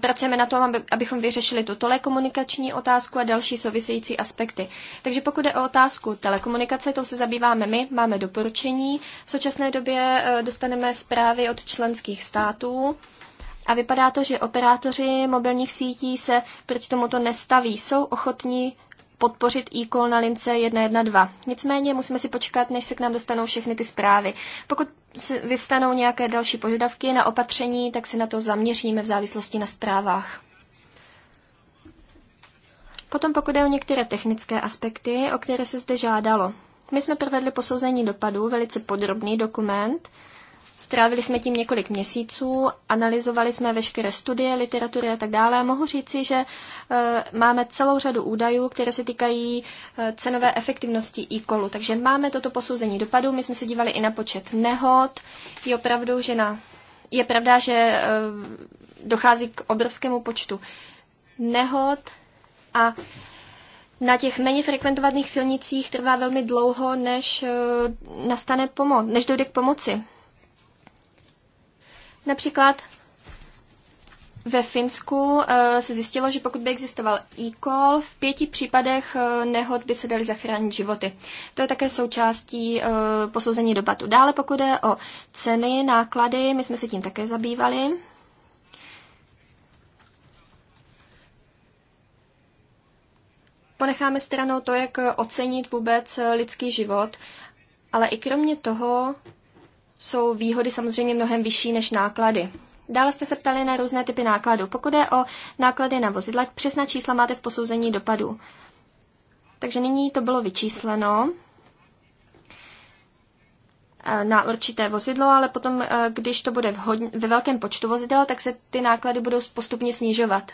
pracujeme na tom, abychom vyřešili tu telekomunikační otázku a další související aspekty. Takže pokud je o otázku telekomunikace, tou se zabýváme my, máme doporučení. V současné době eh, dostaneme zprávy od členských států. A vypadá to, že operátoři mobilních sítí se proti tomuto nestaví, jsou ochotní podpořit e-call na lince 112. Nicméně musíme si počkat, než se k nám dostanou všechny ty zprávy. Pokud vyvstanou nějaké další požadavky na opatření, tak se na to zaměříme v závislosti na zprávách. Potom pokud je o některé technické aspekty, o které se zde žádalo. My jsme provedli posouzení dopadů, velice podrobný dokument, Strávili jsme tím několik měsíců, analyzovali jsme veškeré studie, literatury a tak dále. A mohu říci, že e, máme celou řadu údajů, které se týkají e, cenové efektivnosti e -callu. Takže máme toto posouzení dopadu. My jsme se dívali i na počet nehod. Je opravdu, že na, je pravda, že e, dochází k obrovskému počtu nehod a na těch méně frekventovaných silnicích trvá velmi dlouho, než nastane pomoc, než dojde k pomoci. Například ve Finsku eh, se zjistilo, že pokud by existoval e-call, v pěti případech eh, nehod by se daly zachránit životy. To je také součástí eh, posouzení dopadu. Dále pokud je o ceny, náklady, my jsme se tím také zabývali. Ponecháme stranou to, jak ocenit vůbec lidský život, ale i kromě toho jsou výhody samozřejmě mnohem vyšší než náklady. Dále jste se ptali na různé typy nákladů. Pokud je o náklady na vozidla, přesná čísla máte v posouzení dopadu. Takže nyní to bylo vyčísleno eh, na určité vozidlo, ale potom, eh, když to bude v hodně, ve velkém počtu vozidel, tak se ty náklady budou postupně snižovat.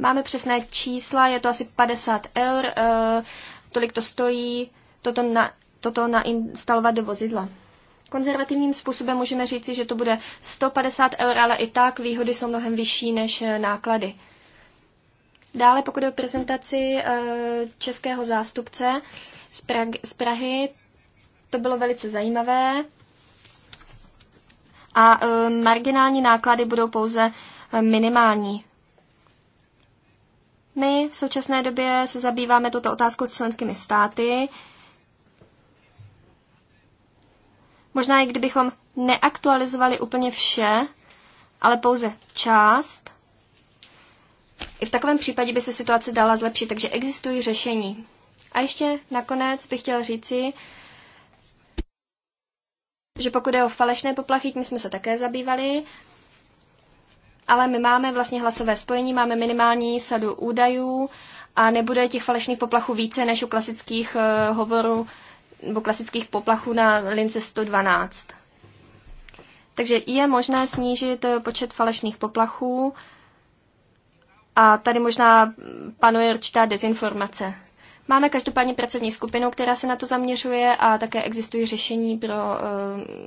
Máme přesné čísla, je to asi 50 eur. Uh, tolik to stojí, toto, na, toto nainstalovat do vozidla. Konzervativním způsobem můžeme říci, že to bude 150 eur, ale i tak výhody jsou mnohem vyšší než eh, náklady. Dále, pokud je o prezentaci eh, českého zástupce z, z Prahy, to bylo velice zajímavé. A eh, marginální náklady budou pouze minimální. My v současné době se zabýváme tuto otázkou s členskými státy. Možná i kdybychom neaktualizovali úplně vše, ale pouze část, i v takovém případě by se situace dala zlepšit, takže existují řešení. A ještě nakonec bych chtěl říci, že pokud je o falešné poplachy, tím jsme se také zabývali ale my máme vlastně hlasové spojení, máme minimální sadu údajů a nebude těch falešných poplachů více než u klasických eh, hovorů nebo klasických poplachů na lince 112. Takže je možné snížit eh, počet falešných poplachů a tady možná panuje určitá dezinformace. Máme každopádně pracovní skupinu, která se na to zaměřuje a také existují řešení pro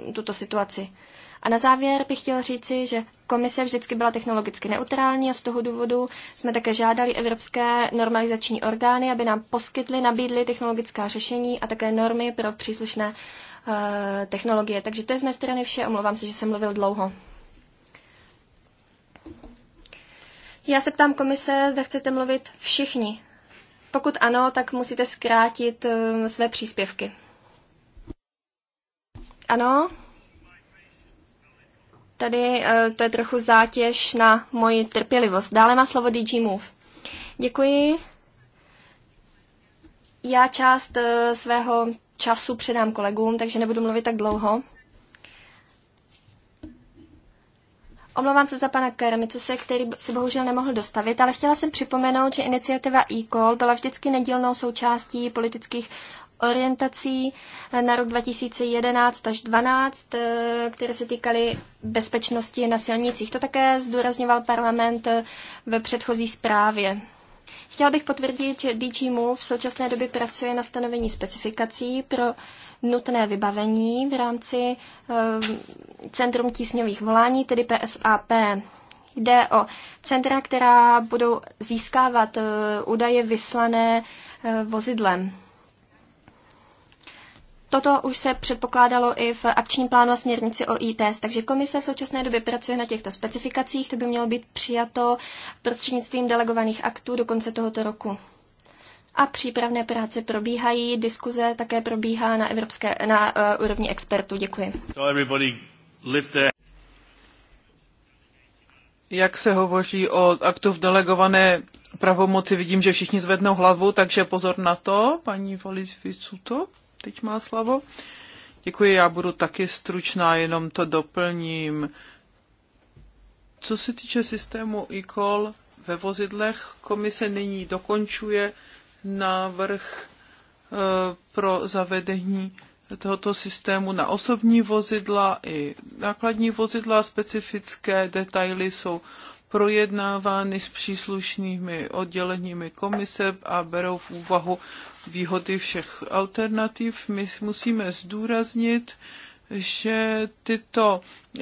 uh, tuto situaci. A na závěr bych chtěl říci, že komise vždycky byla technologicky neutrální a z toho důvodu jsme také žádali evropské normalizační orgány, aby nám poskytly, nabídly technologická řešení a také normy pro příslušné uh, technologie. Takže to je z mé strany vše. Omlouvám se, že jsem mluvil dlouho. Já se ptám komise, zda chcete mluvit všichni. Pokud ano, tak musíte zkrátit uh, své příspěvky. Ano? Tady eh, to je trochu zátěž na moji trpělivost. Dále má slovo DG Move. Děkuji. Já část eh, svého času předám kolegům, takže nebudu mluvit tak dlouho. Omlouvám se za pana Keramicuse, který se bohužel nemohl dostavit, ale chtěla jsem připomenout, že iniciativa e byla vždycky nedílnou součástí politických orientací na rok 2011 až 2012, eh, které se týkaly bezpečnosti na silnicích. To také zdůrazňoval parlament eh, ve předchozí zprávě. Chtěla bych potvrdit, že DG Move v současné době pracuje na stanovení specifikací pro nutné vybavení v rámci eh, Centrum tísňových volání, tedy PSAP. Jde o centra, která budou získávat údaje vyslané vozidlem. Toto už se předpokládalo i v akčním plánu a směrnici o ITS, takže komise v současné době pracuje na těchto specifikacích, to by mělo být přijato prostřednictvím delegovaných aktů do konce tohoto roku. A přípravné práce probíhají, diskuze také probíhá na, evropské, na uh, úrovni expertů. Děkuji. Jak se hovoří o aktu v delegované pravomoci, vidím, že všichni zvednou hlavu, takže pozor na to, paní Valivicuto teď má slovo. Děkuji, já budu taky stručná, jenom to doplním. Co se týče systému e-call ve vozidlech, komise nyní dokončuje návrh e, pro zavedení tohoto systému na osobní vozidla i nákladní vozidla. Specifické detaily jsou projednávány s příslušnými odděleními komise a berou v úvahu výhody všech alternativ. My musíme zdůraznit, že tyto e,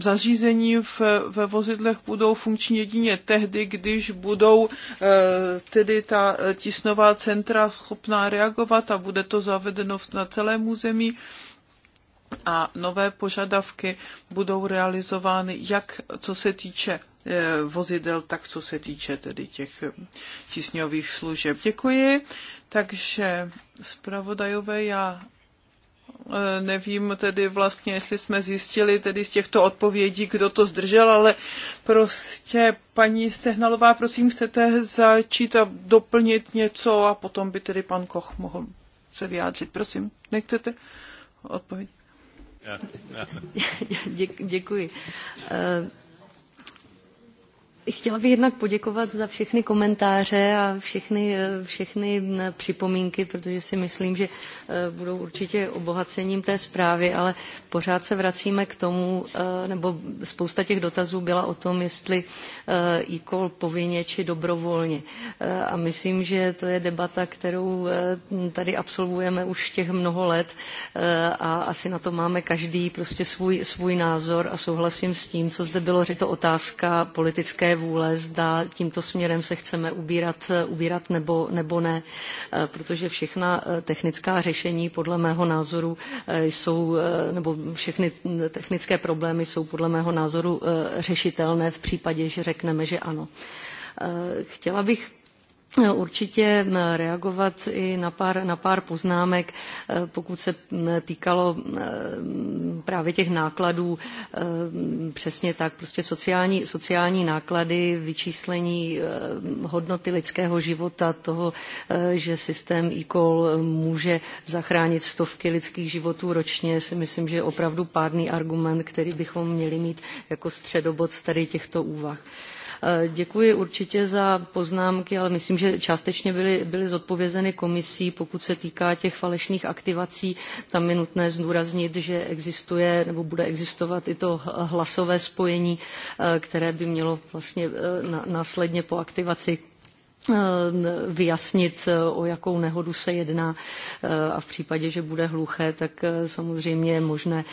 zařízení v, ve vozidlech budou funkční jedině tehdy, když budou e, tedy ta tisnová centra schopná reagovat a bude to zavedeno na celém území a nové požadavky budou realizovány jak co se týče Eh, vozidel, tak co se týče tedy těch eh, tísňových služeb. Děkuji. Takže zpravodajové já eh, nevím tedy vlastně, jestli jsme zjistili tedy z těchto odpovědí, kdo to zdržel, ale prostě paní Sehnalová, prosím, chcete začít a doplnit něco a potom by tedy pan Koch mohl se vyjádřit. Prosím, nechcete odpověď? [LAUGHS] Dě, děkuji. Chtěla bych jednak poděkovat za všechny komentáře a všechny, eh, všechny eh, připomínky, protože si myslím, že eh, budou určitě obohacením té zprávy, ale pořád se vracíme k tomu, nebo spousta těch dotazů byla o tom, jestli e-call povinně či dobrovolně. A myslím, že to je debata, kterou tady absolvujeme už těch mnoho let a asi na to máme každý prostě svůj, svůj názor a souhlasím s tím, co zde bylo řeto otázka politické vůle, zda tímto směrem se chceme ubírat, eh, ubírat nebo, nebo ne, eh, protože všechna eh, technická řešení podle mého názoru jsou, nebo všechny mm, technické problémy jsou podle mého názoru řešitelné v případě, že řekneme, že ano. Chtěla bych určitě reagovat i na pár, na pár poznámek, e, pokud se týkalo právě těch nákladů, e, přesně tak, prostě sociální, sociální náklady, vyčíslení e, hodnoty lidského života, toho, že systém e-call může zachránit stovky lidských životů ročně, si myslím, že je opravdu pádný argument, který bychom měli mít jako středobod tady těchto úvah. Eh, děkuji určitě za poznámky, ale myslím, že částečně byly, byly zodpovězeny komisí. Pokud se týká těch falešných aktivací, tam je nutné zdůraznit, že existuje nebo bude existovat i to hlasové spojení, eh, které by mělo vlastně eh, následně po aktivaci Eh, vyjasnit, eh, o jakou nehodu se jedná eh, a v případě, že bude hluché, tak samozřejmě je možné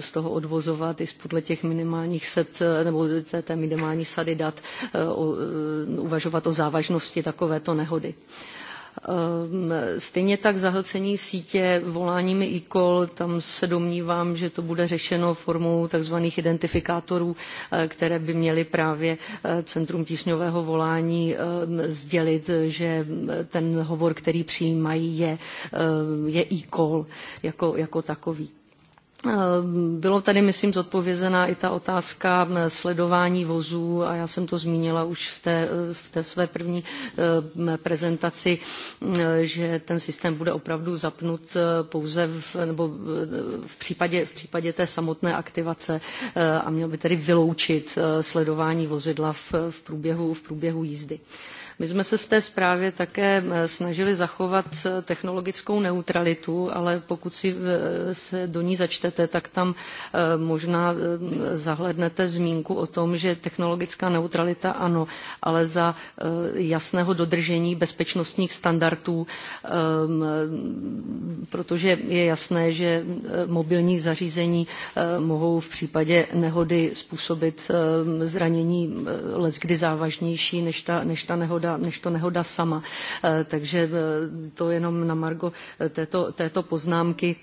z toho odvozovat i podle těch minimálních set nebo té, té minimální sady dat uvažovat o závažnosti takovéto nehody. Ehm, stejně tak zahlcení sítě voláními e-call, tam se domnívám, že to bude řešeno formou tzv. identifikátorů, eh, které by měly právě eh, Centrum tísňového volání ehm, sdělit, že eh, ten hovor, který přijímají, je, ehm, je e-call jako, jako takový. Eh, bylo tady, myslím, zodpovězená i ta otázka sledování vozů a já jsem to zmínila už v té, eh, v té své první eh, prezentaci, že ten systém bude opravdu zapnut pouze v, nebo v, případě, v případě té samotné aktivace a měl by tedy vyloučit sledování vozidla v, v, průběhu, v průběhu jízdy. My jsme se v té zprávě také eh, snažili zachovat eh, technologickou neutralitu, ale pokud si eh, se do ní začtete, tak tam možná zahlednete zmínku o tom, že technologická neutralita ano, ale za jasného dodržení bezpečnostních standardů, ehm, protože je jasné, že mobilní zařízení mohou v případě nehody způsobit ehm, zranění leckdy závažnější než ta, než ta nehoda než to nehoda sama. Eh, takže eh, to jenom na margo eh, této, této poznámky.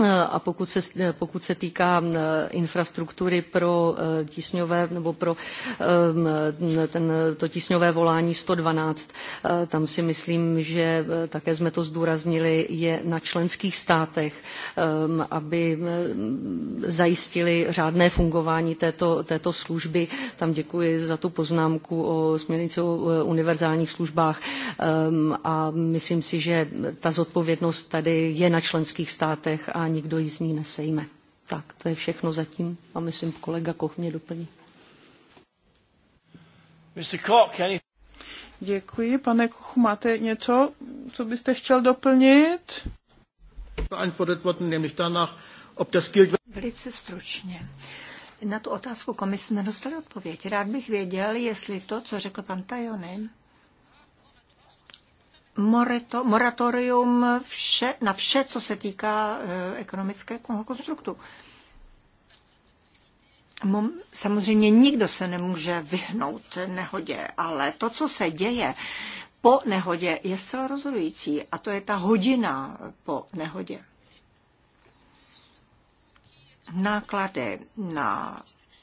Eh, a pokud se, eh, pokud se týká eh, infrastruktury pro tísňové nebo pro ten, to tísňové volání 112, tam si myslím, že také jsme to zdůraznili, je na členských státech, aby zajistili řádné fungování této, této služby. Tam děkuji za tu poznámku o směrnici o univerzálních službách a myslím si, že ta zodpovědnost tady je na členských státech a nikdo ji z ní nesejme. Tak, to je všechno zatím a myslím, kolega Koch mě doplní. Mr. Koch, any... Děkuji. Pane Koch, máte něco, co byste chtěl doplnit? Beantwortet nämlich danach, Velice stručně. Na tu otázku komise nedostali odpověď. Rád bych věděl, jestli to, co řekl pan Tajonen, moreto, moratorium vše, na vše, co se týká e, ekonomického konstruktu. Samozřejmě nikdo se nemůže vyhnout nehodě, ale to, co se děje po nehodě, je zcela rozhodující a to je ta hodina po nehodě. Náklady na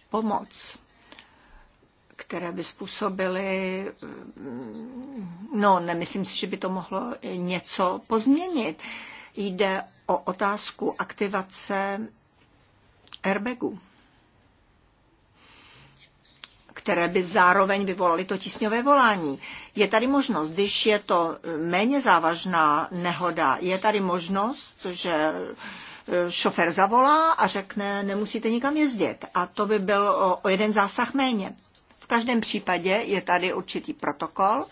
pomoc které by způsobily, mm, no nemyslím si, že by to mohlo něco pozměnit. Jde o otázku aktivace airbagu, které by zároveň vyvolaly to tisňové volání. Je tady možnost, když je to méně závažná nehoda, je tady možnost, že e, šofér zavolá a řekne, nemusíte nikam jezdit. A to by byl o, o jeden zásah méně každém případě je tady určitý protokol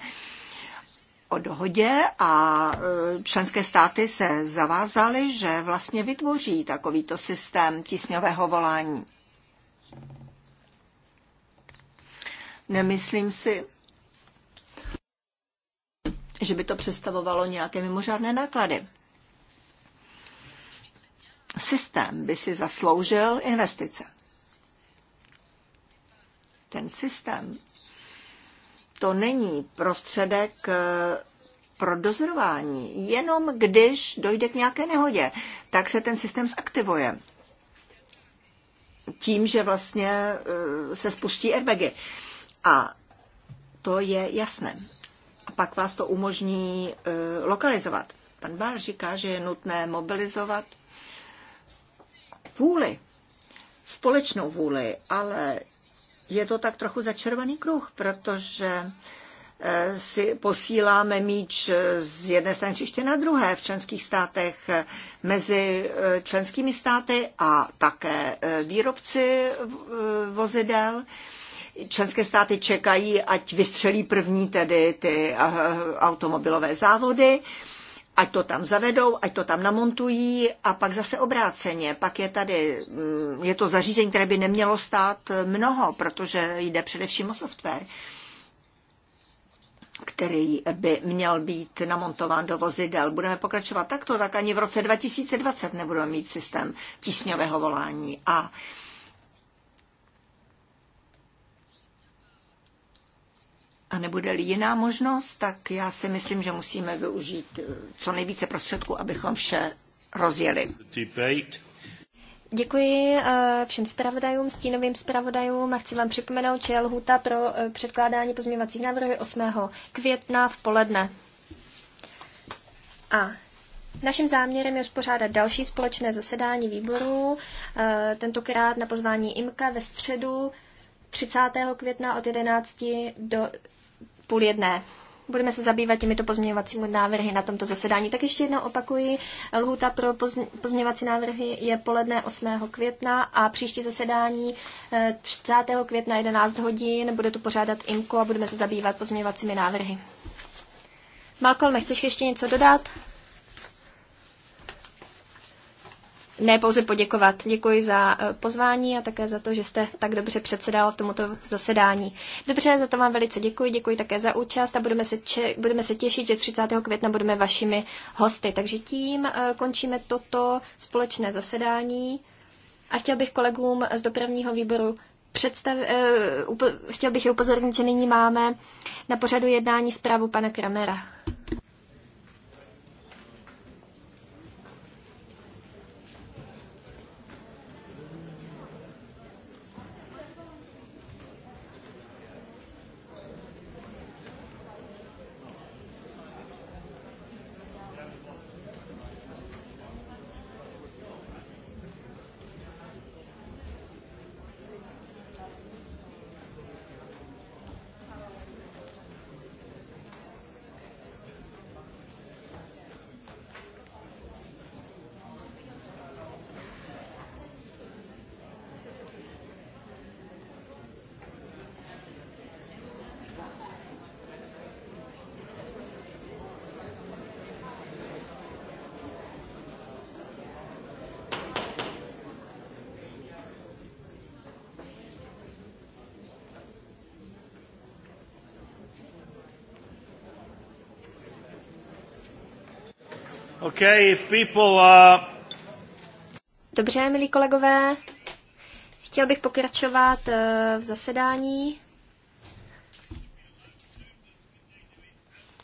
o dohodě a e, členské státy se zavázaly, že vlastně vytvoří takovýto systém tisňového volání. Nemyslím si, že by to představovalo nějaké mimořádné náklady. Systém by si zasloužil investice ten systém, to není prostředek eh, pro dozorování. Jenom když dojde k nějaké nehodě, tak se ten systém zaktivuje. Tím, že vlastně eh, se spustí airbagy. A to je jasné. A pak vás to umožní eh, lokalizovat. Pan Bár říká, že je nutné mobilizovat vůli, společnou vůli, ale je to tak trochu začervený kruh, protože eh, si posíláme míč eh, z jedné strany příště na druhé v členských státech eh, mezi členskými státy a také výrobci vozidel. Členské státy čekají, ať vystřelí první tedy ty automobilové závody ať to tam zavedou, ať to tam namontují a pak zase obráceně. Pak je tady, mm, je to zařízení, které by nemělo stát mnoho, protože jde především o software který by měl být namontován do vozidel. Budeme pokračovat takto, tak ani v roce 2020 nebudeme mít systém tísňového volání. A A nebude-li jiná možnost, tak já si myslím, že musíme využít eh, co nejvíce prostředků, abychom vše rozjeli. Děkuji eh, všem zpravodajům, stínovým zpravodajům a chci vám připomenout, že je lhůta pro eh, předkládání pozměňovacích návrhů 8. května v poledne. A Naším záměrem je uspořádat další společné zasedání výborů, tentokrát na pozvání IMKA ve středu 30. května od 11 do půl jedné. Budeme se zabývat těmito pozměňovacími návrhy na tomto zasedání. Tak ještě jednou opakuji, lhůta pro pozměňovací návrhy je poledne 8. května a příští zasedání 30. Eh, května 11 hodin bude tu pořádat IMKO a budeme se zabývat pozměňovacími návrhy. Malcolm, chceš ještě něco dodat? ne pouze poděkovat. Děkuji za eh, pozvání a také za to, že jste tak dobře předsedal tomuto zasedání. Dobře, za to vám velice děkuji, děkuji také za účast a budeme se, če- budeme se těšit, že 30. května budeme vašimi hosty. Takže tím eh, končíme toto společné zasedání a chtěl bych kolegům z dopravního výboru představ, uh, chtěl bych je upozornit, že nyní máme na pořadu jednání zprávu pana Kramera. Okay, if people are... Dobře, milí kolegové, chtěl bych pokračovat eh, v zasedání.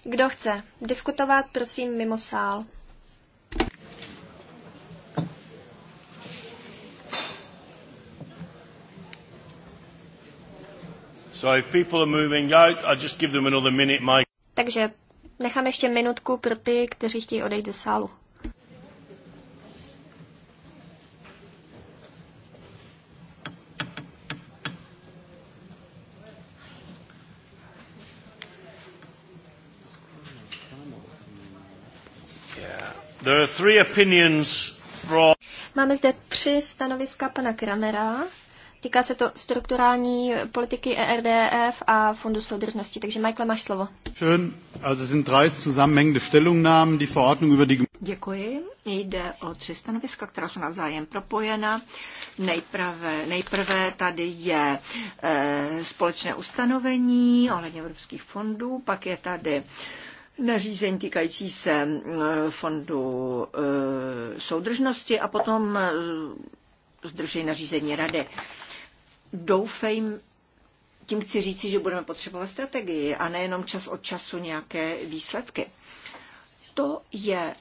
Kdo chce diskutovat, prosím, mimo sál. So if people are moving just give them another minute, Mike. Takže Nechám ještě minutku pro ty, kteří chtějí odejít ze sálu. There are three opinions from... Máme zde tři stanoviska pana Kramera, Týká se to strukturální politiky ERDF a Fondu soudržnosti. Takže Michael, máš slovo. Schön. Also sind drei zusammenhängende Stellungnahmen, die Verordnung über die Děkuji. Jde o tři stanoviska, která jsou navzájem propojena. Nejprve, nejprve tady je e, společné ustanovení ohledně evropských fondů, pak je tady nařízení týkající se eh, fondu e, soudržnosti a potom e, zdrží nařízení rady. E, doufejme, tím chci říci, že budeme potřebovat strategii a nejenom čas od času nějaké výsledky. To je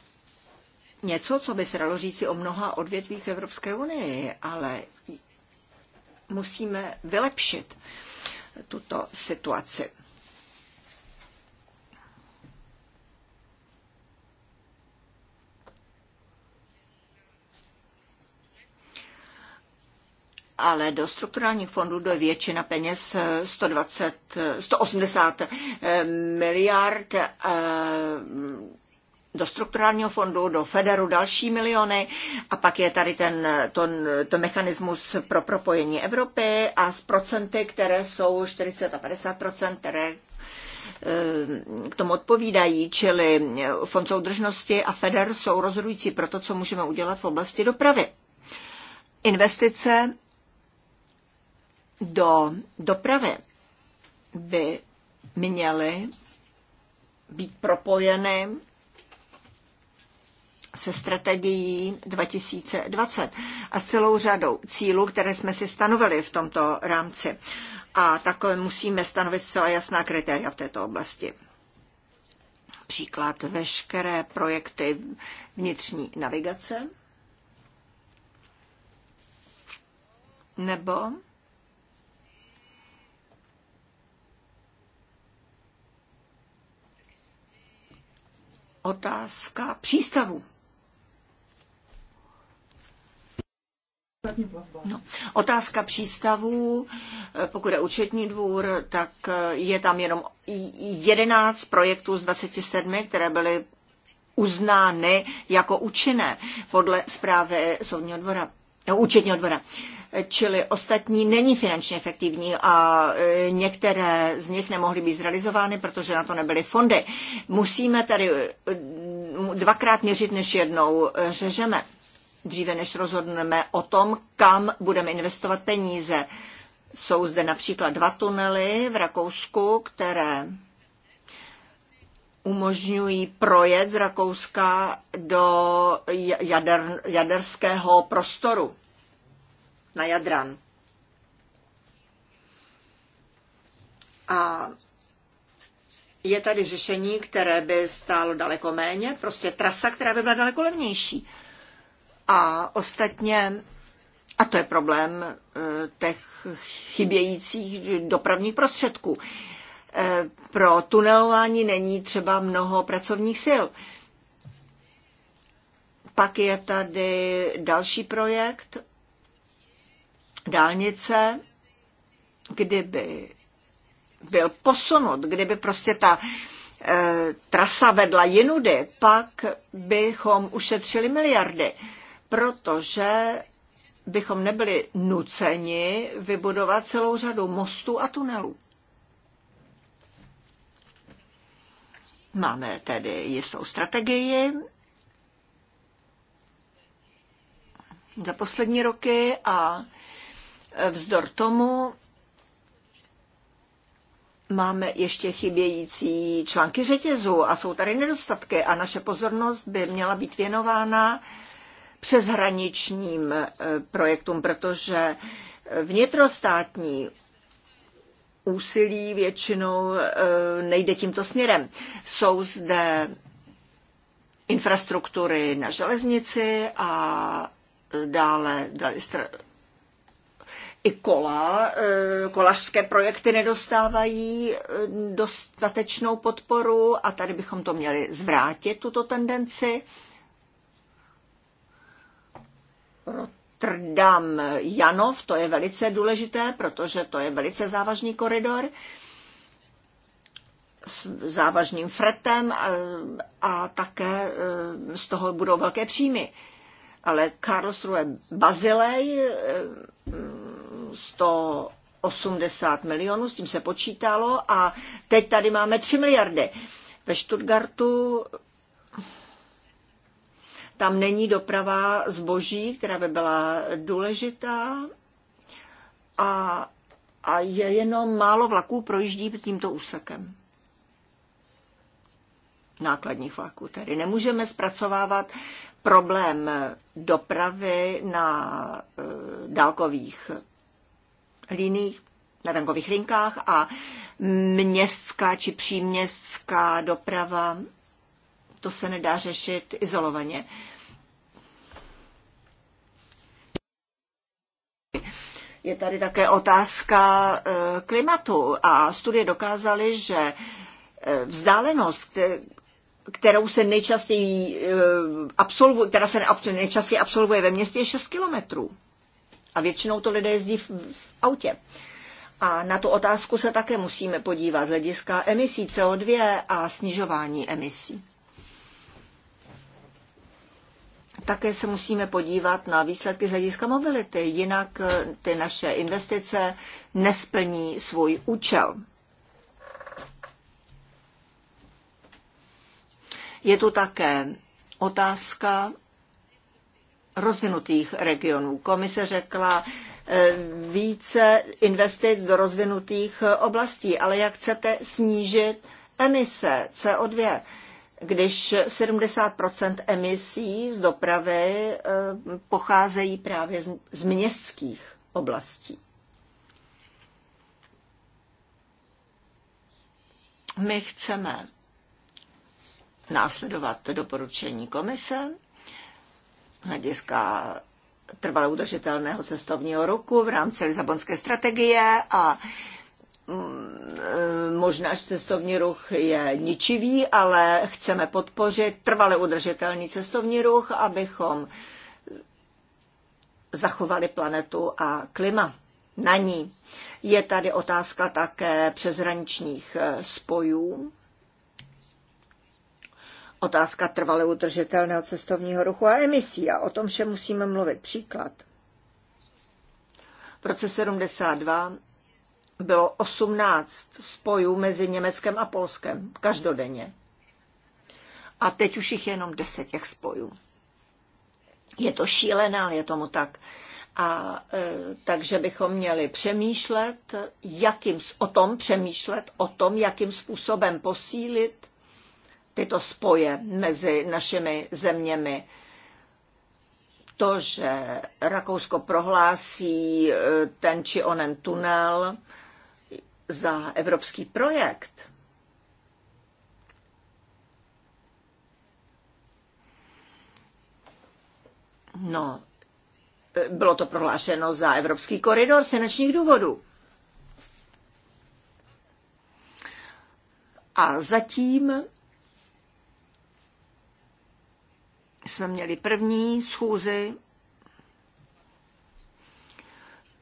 něco, co by se dalo říci o mnoha odvětvích Evropské unii, ale musíme vylepšit tuto situaci. ale do strukturálních fondů do většina peněz 120, eh, 180 eh, eh, miliard do strukturálního fondu, do Federu další miliony a pak je tady ten to, to mechanismus pro propojení Evropy a z procenty, které jsou 40 a 50 které k tomu odpovídají, čili Fond soudržnosti a FEDER jsou rozhodující pro to, co můžeme udělat v oblasti dopravy. Investice do dopravy by měly být propojeny se strategií 2020 a s celou řadou cílů, které jsme si stanovili v tomto rámci. A takové musíme stanovit celá jasná kritéria v této oblasti. Příklad veškeré projekty vnitřní navigace nebo otázka přístavu. No, otázka přístavů, eh, pokud je účetní dvůr, tak eh, je tam jenom 11 projektů z 27, které byly uznány jako účinné podle zprávy soudního dvora, no, účetního dvora. Uh, čili ostatní není finančně efektivní a e, některé z nich nemohly být zrealizovány, protože na to nebyly fondy. Musíme tady e, dvakrát měřit, než jednou e, řežeme, dříve než rozhodneme o tom, kam budeme investovat peníze. Jsou zde například dva tunely v Rakousku, které umožňují projet z Rakouska do jader, jaderského prostoru na Jadran. A je tady řešení, které by stálo daleko méně, prostě trasa, která by byla daleko levnější. A ostatně, a to je problém eh, těch chybějících dopravních prostředků. Eh, pro tunelování není třeba mnoho pracovních sil. Pak je tady další projekt dálnice, kdyby byl posunut, kdyby prostě ta e, trasa vedla jinudy, pak bychom ušetřili miliardy, protože bychom nebyli nuceni vybudovat celou řadu mostů a tunelů. Máme tedy jistou strategii za poslední roky a Vzdor tomu máme ještě chybějící články řetězu a jsou tady nedostatky a naše pozornost by měla být věnována přeshraničním e, projektům, protože vnitrostátní úsilí většinou e, nejde tímto směrem. Jsou zde infrastruktury na železnici a dále, dále i kola, eh, kolařské projekty nedostávají eh, dostatečnou podporu a tady bychom to měli zvrátit, tuto tendenci. Rotterdam Janov, to je velice důležité, protože to je velice závažný koridor s závažným fretem a, eh, a také z toho budou velké příjmy. Ale Karlsruhe Bazilej 180 milionů, s tím se počítalo a teď tady máme 3 miliardy. Ve Stuttgartu tam není doprava zboží, která by byla důležitá a, a je jenom málo vlaků projíždí tímto úsekem nákladních vlaků. Tedy nemůžeme zpracovávat problém dopravy na e, dálkových liních, na venkových linkách a městská či příměstská doprava, to se nedá řešit izolovaně. Je tady také otázka eh, klimatu a studie dokázaly, že eh, vzdálenost, kterou se nejčastěji eh, absolvuje, která se nejčastěji absolvuje ve městě, je 6 kilometrů. A většinou to lidé jezdí v, v autě. A na tu otázku se také musíme podívat z hlediska emisí CO2 a snižování emisí. Také se musíme podívat na výsledky z hlediska mobility, jinak eh, ty naše investice nesplní svůj účel. Je tu také otázka rozvinutých regionů. Komise řekla, eh, více investic do rozvinutých eh, oblastí, ale jak chcete snížit emise CO2, když 70 emisí z dopravy eh, pocházejí právě z městských oblastí. My chceme následovat doporučení komise hlediska trvale udržitelného cestovního roku v rámci Lisabonské strategie a mm, e, možná, že cestovní ruch je ničivý, ale chceme podpořit trvale udržitelný cestovní ruch, abychom zachovali planetu a klima na ní. Je tady otázka také přezraničních e, spojů otázka trvale udržitelného cestovního ruchu a emisí. A o tom vše musíme mluvit. Příklad. V roce 72 bylo 18 spojů mezi Německem a Polskem každodenně. A teď už jich je jenom 10 těch spojů. Je to šílené, ale je tomu tak. A e, takže bychom měli přemýšlet, jakým, o tom přemýšlet, o tom, jakým způsobem posílit tyto spoje mezi našimi zeměmi. To, že Rakousko prohlásí eh, ten či onen tunel za evropský projekt, No, eh, bylo to prohlášeno za Evropský koridor z finančních důvodů. A zatím jsme měli první schůzi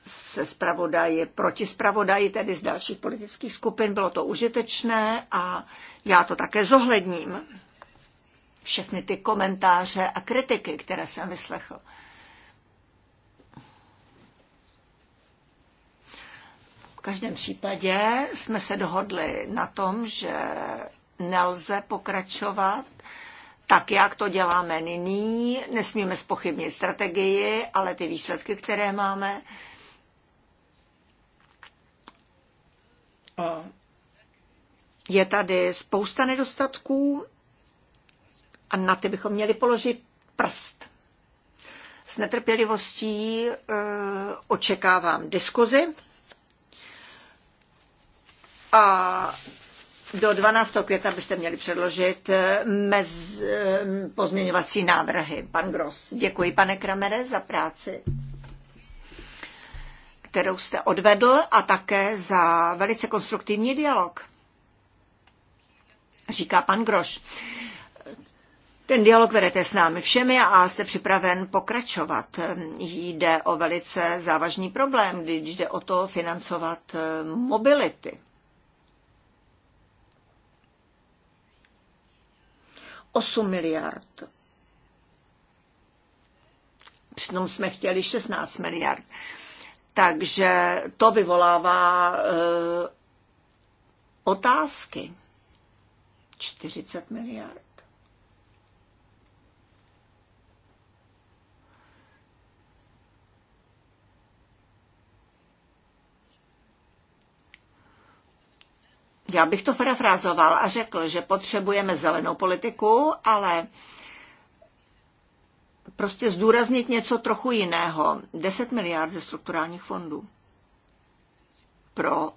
se zpravodaji, proti zpravodaji, tedy z dalších politických skupin. Bylo to užitečné a já to také zohledním. Všechny ty komentáře a kritiky, které jsem vyslechl. V každém případě jsme se dohodli na tom, že nelze pokračovat tak, jak to děláme nyní. Nesmíme spochybnit strategii, ale ty výsledky, které máme, je tady spousta nedostatků a na ty bychom měli položit prst. S netrpělivostí e, očekávám diskuzi a do 12. května byste měli předložit eh, mez eh, pozměňovací návrhy. Pan Gross, děkuji pane Kramere za práci kterou jste odvedl a také za velice konstruktivní dialog. Říká pan Groš. Ten dialog vedete s námi všemi a jste připraven pokračovat. Jde o velice závažný problém, když jde o to financovat eh, mobility. 8 miliard. Přitom jsme chtěli 16 miliard. Takže to vyvolává e, otázky. 40 miliard. Já bych to parafrázoval a řekl, že potřebujeme zelenou politiku, ale prostě zdůraznit něco trochu jiného. 10 miliard ze strukturálních fondů pro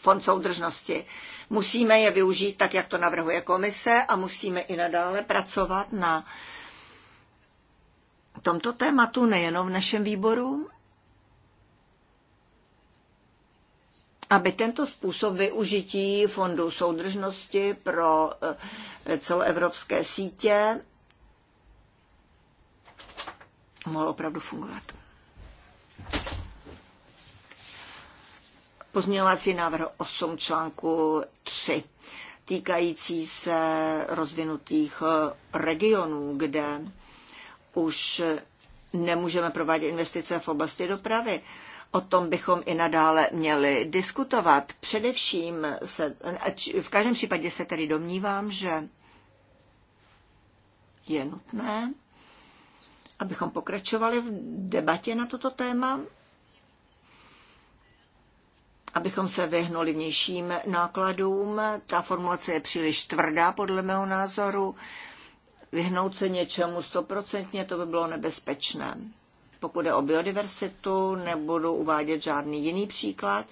fond soudržnosti. Musíme je využít tak, jak to navrhuje komise a musíme i nadále pracovat na tomto tématu nejenom v našem výboru, aby tento způsob využití fondů soudržnosti pro eh, celoevropské sítě mohl opravdu fungovat. Pozměňovací návrh 8 článku 3 týkající se rozvinutých eh, regionů, kde už nemůžeme provádět investice v oblasti dopravy O tom bychom i nadále měli diskutovat. Především se, v každém případě se tedy domnívám, že je nutné, abychom pokračovali v debatě na toto téma, abychom se vyhnuli vnějším nákladům. Ta formulace je příliš tvrdá, podle mého názoru. Vyhnout se něčemu stoprocentně, to by bylo nebezpečné. Pokud je o biodiversitu, nebudu uvádět žádný jiný příklad.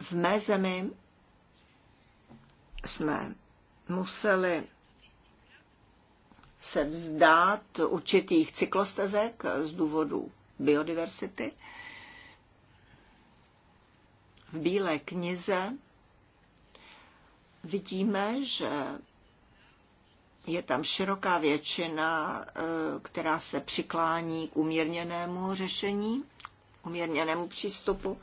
V mé zemi jsme museli se vzdát určitých cyklostezek z důvodu biodiversity. V Bílé knize vidíme, že je tam široká většina, e, která se přiklání k umírněnému řešení, umírněnému přístupu.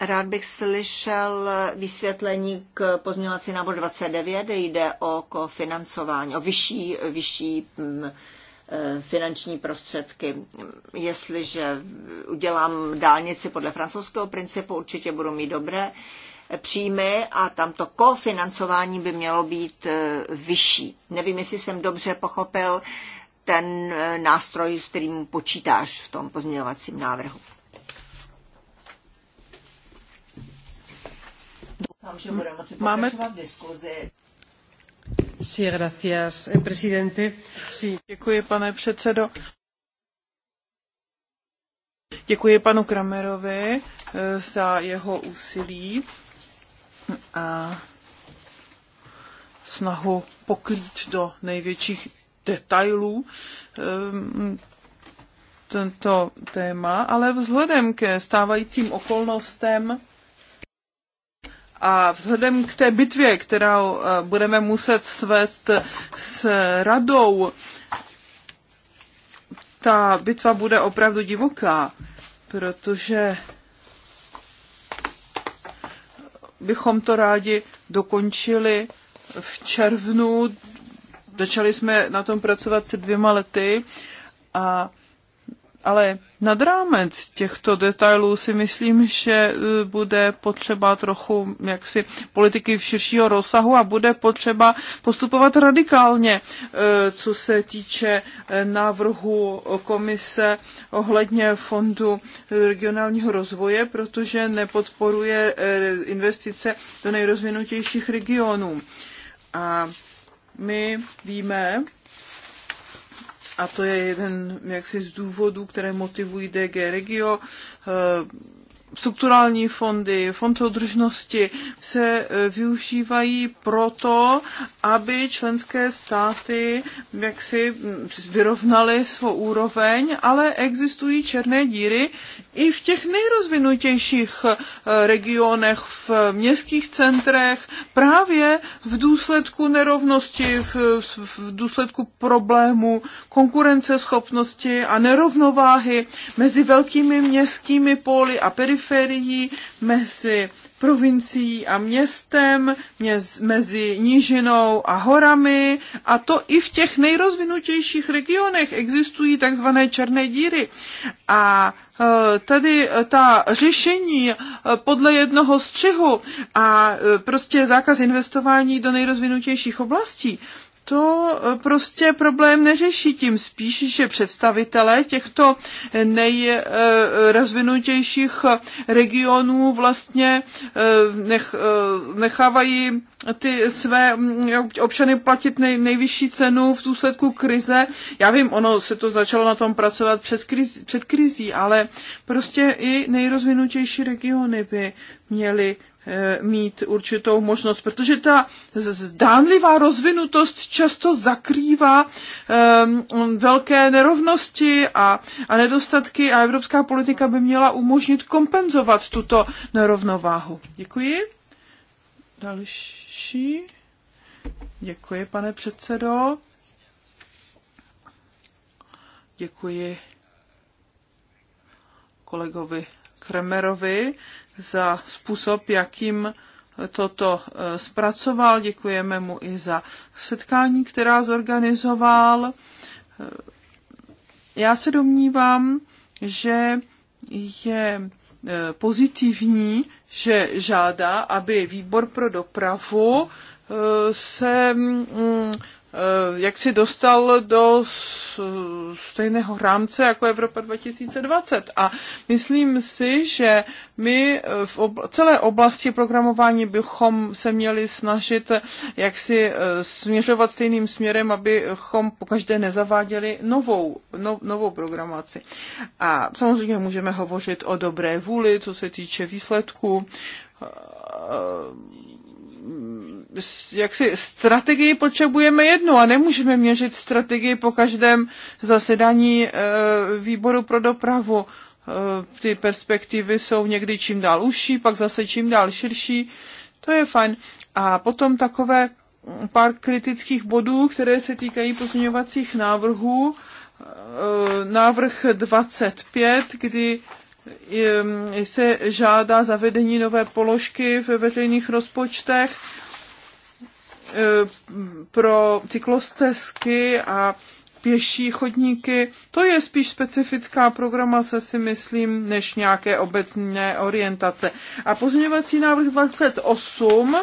Rád bych slyšel vysvětlení k pozměňovací návrhu 29, kde jde o kofinancování, o vyšší, vyšší mm, e, finanční prostředky. Jestliže udělám dálnici podle francouzského principu, určitě budu mít dobré příjmy a tam to kofinancování by mělo být e, vyšší. Nevím, jestli jsem dobře pochopil ten e, nástroj, s kterým počítáš v tom pozměňovacím návrhu. Doufám, že budeme moci pokračovat v diskuzi. Sí, gracias, eh, presidente. Sí. Děkuji, pane předsedo. Děkuji panu Kramerovi eh, za jeho úsilí a snahu pokrýt do největších detailů ehm, tento téma, ale vzhledem ke stávajícím okolnostem a vzhledem k té bitvě, kterou eh, budeme muset svést s radou, ta bitva bude opravdu divoká, protože bychom to rádi dokončili v červnu. Začali jsme na tom pracovat dvěma lety, a, ale nad rámec těchto detailů si myslím, že e, bude potřeba trochu jaksi politiky v širšího rozsahu a bude potřeba postupovat radikálně, e, co se týče e, návrhu komise ohledně fondu regionálního rozvoje, protože nepodporuje investice do nejrozvinutějších regionů. A my víme, a to je jeden jaksi z důvodů, které motivují DG Regio eh, strukturální fondy, fond soudržnosti se e, využívají proto, aby členské státy jaksi vyrovnaly svou úroveň, ale existují černé díry i v těch nejrozvinutějších e, regionech, v městských centrech, právě v důsledku nerovnosti, v, v důsledku problému konkurenceschopnosti a nerovnováhy mezi velkými městskými póly a periferiemi periferií, mezi provincií a městem, mezi nížinou a horami a to i v těch nejrozvinutějších regionech existují takzvané černé díry. A e, tady e, ta řešení e, podle jednoho střihu a prostě zákaz investování do nejrozvinutějších oblastí, to eh, prostě problém neřeší, tím spíš, že představitelé těchto nejrozvinutějších regionů vlastně eh, nech, eh, nechávají ty své mm, občany platit nej, nejvyšší cenu v důsledku krize. Já vím, ono se to začalo na tom pracovat přes kriz, před krizí, ale prostě i nejrozvinutější regiony by měly E, mít určitou možnost, protože ta zdánlivá rozvinutost často zakrývá um, velké nerovnosti a, a nedostatky a evropská politika by měla umožnit kompenzovat tuto nerovnováhu. Děkuji. Další. Děkuji, pane předsedo. Děkuji kolegovi Kremerovi za způsob, jakým toto eh, zpracoval. Děkujeme mu i za setkání, která zorganizoval. Eh, já se domnívám, že je eh, pozitivní, že žádá, aby výbor pro dopravu se mm, Eh, jak si dostal do stejného rámce jako Evropa 2020. A myslím si, že my eh, v celé oblasti programování bychom se měli snažit eh, jak si směřovat stejným směrem, abychom pokaždé nezaváděli novou, no, novou programaci. A samozřejmě můžeme hovořit o dobré vůli, co se týče výsledků jaksi strategii potřebujeme jednu a nemůžeme měřit strategii po každém zasedání e, výboru pro dopravu. E, ty perspektivy jsou někdy čím dál užší, pak zase čím dál širší. To je fajn. A potom takové mm, pár kritických bodů, které se týkají pozměňovacích návrhů. E, návrh 25, kdy se žádá zavedení nové položky ve veřejných rozpočtech E, pro cyklostezky a pěší chodníky. To je spíš specifická programace, si myslím, než nějaké obecné orientace. A pozměňovací návrh 28,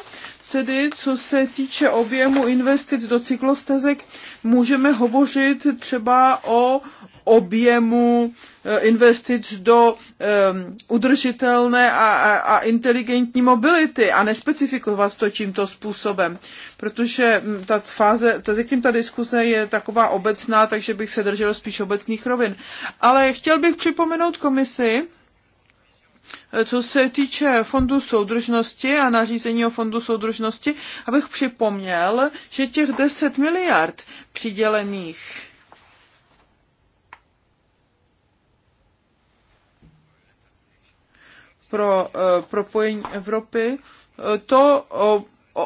tedy co se týče objemu investic do cyklostezek, můžeme hovořit třeba o objemu eh, investic do ehm, udržitelné a, a, a inteligentní mobility a nespecifikovat to tímto způsobem. Protože hm, ta fáze, zatím ta diskuse je taková obecná, takže bych se držel spíš obecných rovin. Ale chtěl bych připomenout komisi, eh, co se týče fondu soudržnosti a nařízení o fondu soudržnosti, abych připomněl, že těch 10 miliard přidělených pro eh, propojení Evropy, eh, to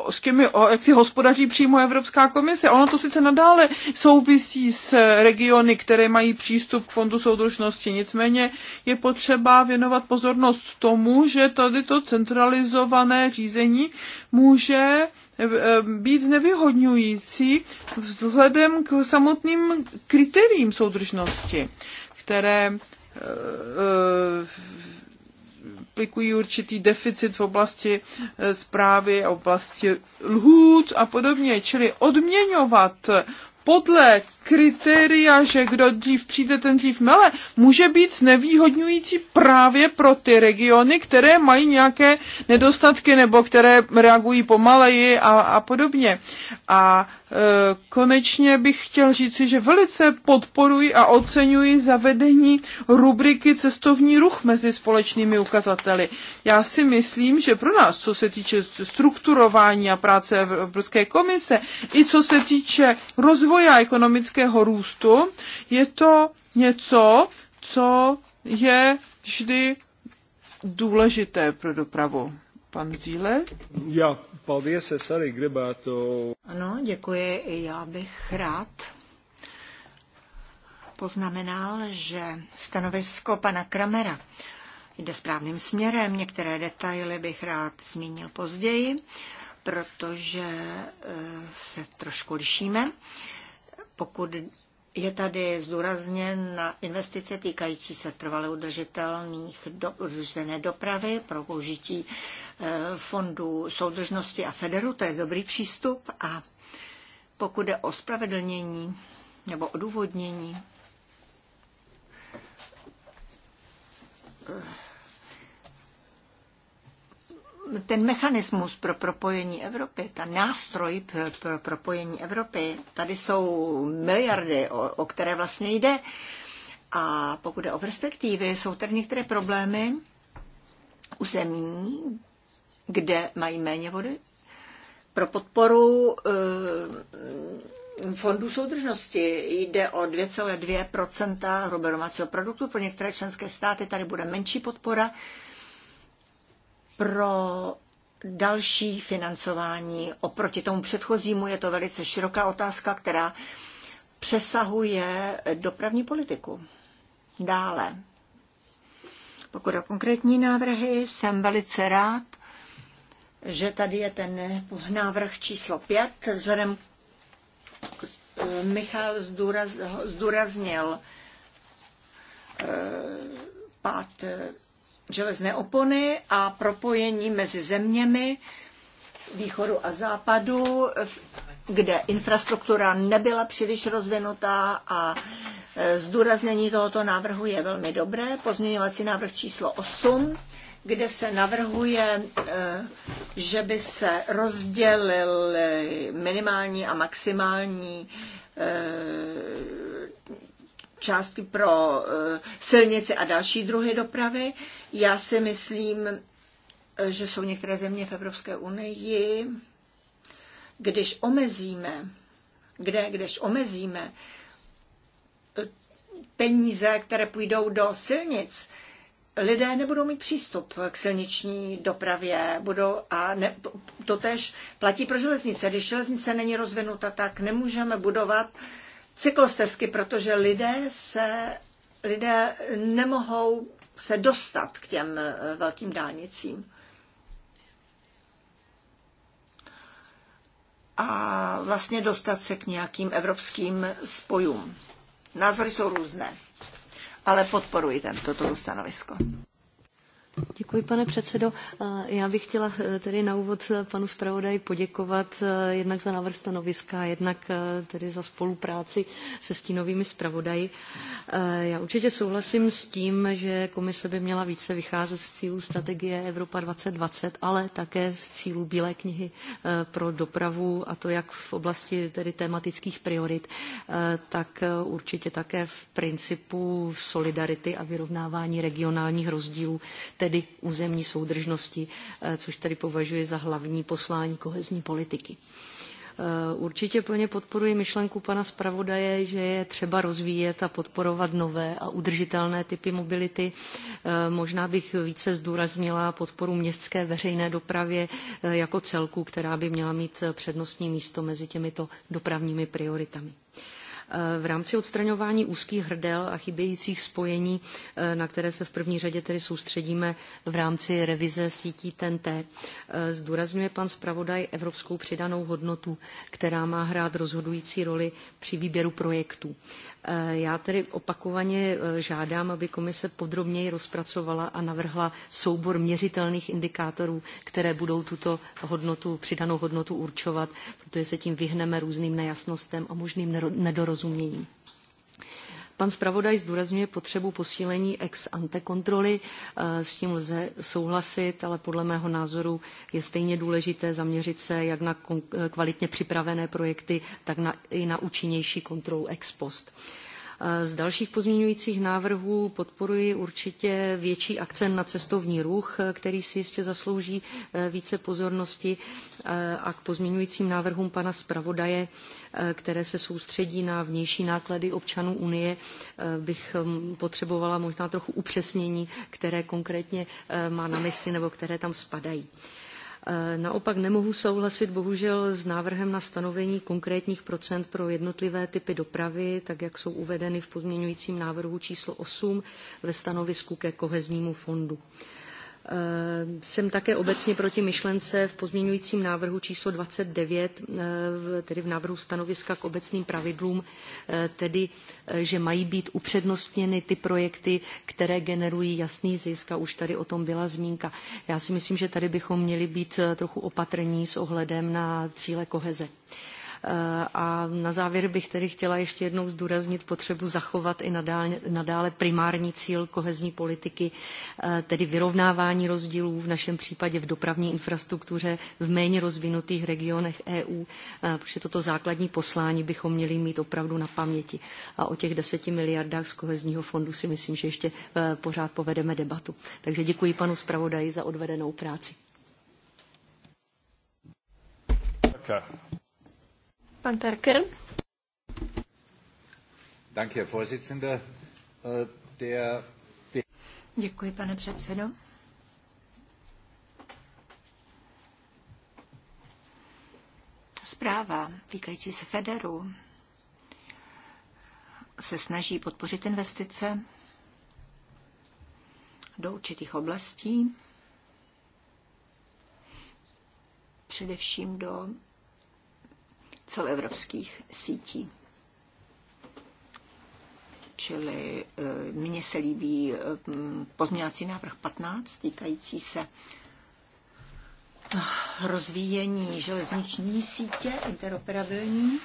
s o, jak si hospodaří přímo Evropská komise. Ono to sice nadále souvisí s regiony, které mají přístup k fondu soudržnosti. Nicméně je potřeba věnovat pozornost tomu, že tady to centralizované řízení může eh, být znevýhodňující vzhledem k samotným kritériím soudržnosti, které implikují určitý deficit v oblasti e, zprávy, oblasti lhůt a podobně, čili odměňovat podle kritéria, že kdo dřív přijde, ten dřív mele, může být znevýhodňující právě pro ty regiony, které mají nějaké nedostatky nebo které reagují pomaleji a, a podobně. A Eh, konečně bych chtěl říci, že velice podporuji a oceňuji zavedení rubriky cestovní ruch mezi společnými ukazateli. Já si myslím, že pro nás, co se týče strukturování a práce Evropské komise, i co se týče rozvoje a ekonomického růstu, je to něco, co je vždy důležité pro dopravu. Pan Zíle? Já, paldies, sari gribētu... Ano, děkuji. Já bych rád poznamenal, že stanovisko pana Kramera jde správným směrem. Některé detaily bych rád zmínil později, protože eh, se trošku lišíme. Pokud je tady zdůrazněn na investice týkající se trvale udržitelných do, udržitelné dopravy pro použití e, fondů soudržnosti a federu. To je dobrý přístup. A pokud je o spravedlnění nebo odůvodnění, ten mechanismus pro propojení Evropy, ta nástroj pro, pro propojení Evropy, tady jsou miliardy, o, o které vlastně jde. A pokud je o perspektivy, jsou tady některé problémy u zemí, kde mají méně vody pro podporu eh, fondů soudržnosti jde o 2,2 hrubého domácího produktu. Pro některé členské státy tady bude menší podpora pro další financování. Oproti tomu předchozímu je to velice široká otázka, která přesahuje dopravní politiku. Dále. Pokud o konkrétní návrhy, jsem velice rád, že tady je ten návrh číslo 5. Vzhledem k, eh, Michal zdůraz, zdůraznil e, eh, pát e, eh, železné opony a propojení mezi zeměmi východu a západu, kde infrastruktura nebyla příliš rozvinutá a e, zdůraznění tohoto návrhu je velmi dobré. Pozměňovací návrh číslo 8 kde se navrhuje, e, že by se rozdělil minimální a maximální e, částky pro eh, silnice a další druhy dopravy. Já si myslím, eh, že jsou některé země v Evropské unii, když omezíme, kde, když omezíme eh, peníze, které půjdou do silnic, lidé nebudou mít přístup k silniční dopravě budou a ne, to tež platí pro železnice. Když železnice není rozvinuta, tak nemůžeme budovat uh, cyklostezky, protože lidé se lidé nemohou se dostat k těm eh, velkým dálnicím. A vlastně dostat se k nějakým evropským spojům. Názory jsou různé, ale podporuji tento toto stanovisko. Děkuji, pane předsedo. Já bych chtěla eh, tedy na úvod eh, panu zpravodaji poděkovat eh, jednak za návrh stanoviska, jednak tedy za spolupráci se stínovými zpravodaji. Já určitě souhlasím s tím, že komise by měla více vycházet z cílů strategie Evropa 2020, ale také z cílů Bílé knihy pro dopravu a to jak v oblasti tedy tematických priorit, tak určitě také v principu solidarity a vyrovnávání regionálních rozdílů, tedy tedy územní soudržnosti, eh, což tady považuji za hlavní poslání kohezní politiky. Eh, určitě plně podporuji myšlenku pana zpravodaje, že je třeba rozvíjet a podporovat nové a udržitelné typy mobility. Eh, možná bych více zdůraznila podporu městské veřejné dopravě jako celku, která by měla mít přednostní místo mezi těmito dopravními prioritami. V rámci odstraňování úzkých hrdel a chybějících spojení, eh, na které se v první řadě tedy soustředíme v rámci revize sítí TNT, eh, zdůrazňuje pan zpravodaj evropskou přidanou hodnotu, která má hrát rozhodující roli při výběru projektů. Eh, já tedy opakovaně eh, žádám, aby komise podrobněji rozpracovala a navrhla soubor měřitelných indikátorů, které budou tuto hodnotu, přidanou hodnotu určovat, protože se tím vyhneme různým nejasnostem a možným nedorozuměním. Pan zpravodaj zdůrazňuje potřebu posílení ex ante kontroly. Eh, s tím lze souhlasit, ale podle mého názoru je stejně důležité zaměřit se jak na eh, kvalitně připravené projekty, tak na, i na účinnější kontrolu ex post. Z dalších pozměňujících návrhů podporuji určitě větší akcent na cestovní ruch, který si jistě zaslouží eh, více pozornosti eh, a k pozměňujícím návrhům pana zpravodaje, eh, které se soustředí na vnější náklady občanů Unie, bych hm, potřebovala možná trochu upřesnění, které konkrétně má na mysli nebo které tam spadají. Eh, naopak nemohu souhlasit bohužel s návrhem na stanovení konkrétních procent pro jednotlivé typy dopravy, tak jak jsou uvedeny v pozměňujícím návrhu číslo 8 ve stanovisku ke koheznímu fondu. Eh, jsem také obecně proti myšlence v pozměňujícím návrhu číslo 29, eh, tedy v návrhu stanoviska k obecným pravidlům, eh, tedy, že mají být upřednostněny ty projekty, které generují jasný zisk a už tady o tom byla zmínka. Já si myslím, že tady bychom měli být trochu opatrní s ohledem na cíle koheze. Eh, a na závěr bych tedy chtěla ještě jednou zdůraznit potřebu zachovat i nadále, nadále primární cíl kohezní politiky, eh, tedy vyrovnávání rozdílů v našem případě v dopravní infrastruktuře v méně rozvinutých regionech EU, eh, protože toto základní poslání bychom měli mít opravdu na paměti. A o těch deseti miliardách z kohezního fondu si myslím, že ještě pořád povedeme debatu. Takže děkuji panu zpravodaji za odvedenou práci. Pan Terker. Äh, Děkuji, pane předsedo. Zpráva týkající se Federu se snaží podpořit investice do určitých oblastí, především do celoevropských sítí. Čili e, mně se líbí e, pozměňovací návrh 15 týkající se rozvíjení železniční sítě interoperabilní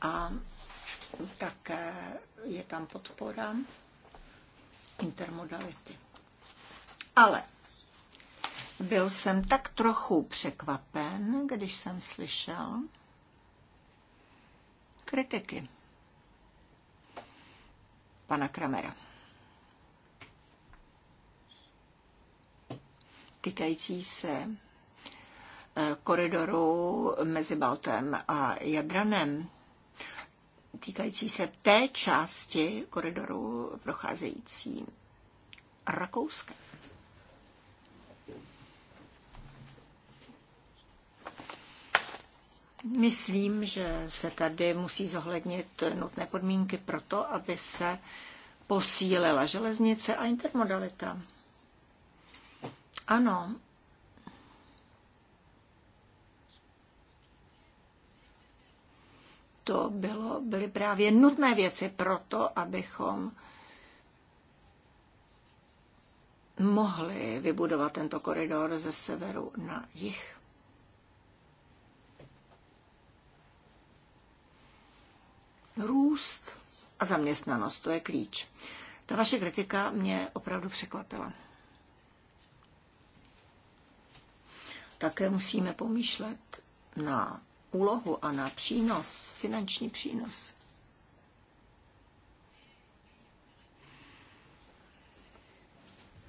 a také je tam podpora intermodality. Ale byl jsem tak trochu překvapen, když jsem slyšel kritiky pana Kramera. Týkající se eh, koridoru mezi Baltem a Jadranem, týkající se té části koridoru procházející Rakouskem. Myslím, že se tady musí zohlednit nutné podmínky pro to, aby se posílila železnice a intermodalita. Ano. To bylo, byly právě nutné věci pro to, abychom mohli vybudovat tento koridor ze severu na jih. růst a zaměstnanost. To je klíč. Ta vaše kritika mě opravdu překvapila. Také musíme pomýšlet na úlohu a na přínos, finanční přínos.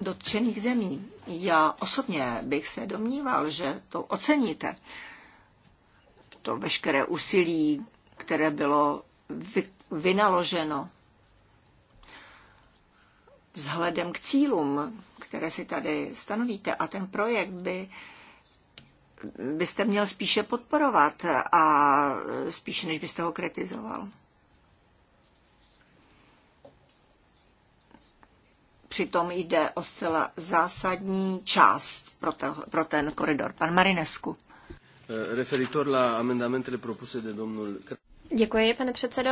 dotčených zemí. Já osobně bych se domníval, že to oceníte. To veškeré úsilí, které bylo vynaloženo vzhledem k cílům, které si tady stanovíte. A ten projekt by byste měl spíše podporovat a spíše, než byste ho kritizoval. Přitom jde o zcela zásadní část pro, to, pro ten koridor. Pan Marinescu. Eh, referitor la amendamentele propuse de domnul Děkuji, pane předsedo.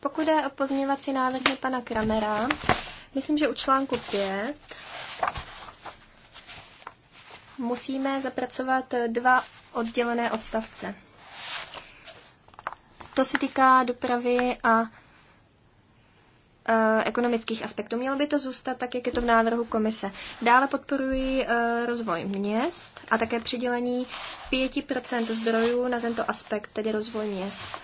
Pokud je o pozměňovací návrhy pana Kramera, myslím, že u článku 5 musíme zapracovat dva oddělené odstavce. To se týká dopravy a e, ekonomických aspektů. Mělo by to zůstat tak, jak je to v návrhu komise. Dále podporuji e, rozvoj měst a také přidělení 5% zdrojů na tento aspekt, tedy rozvoj měst.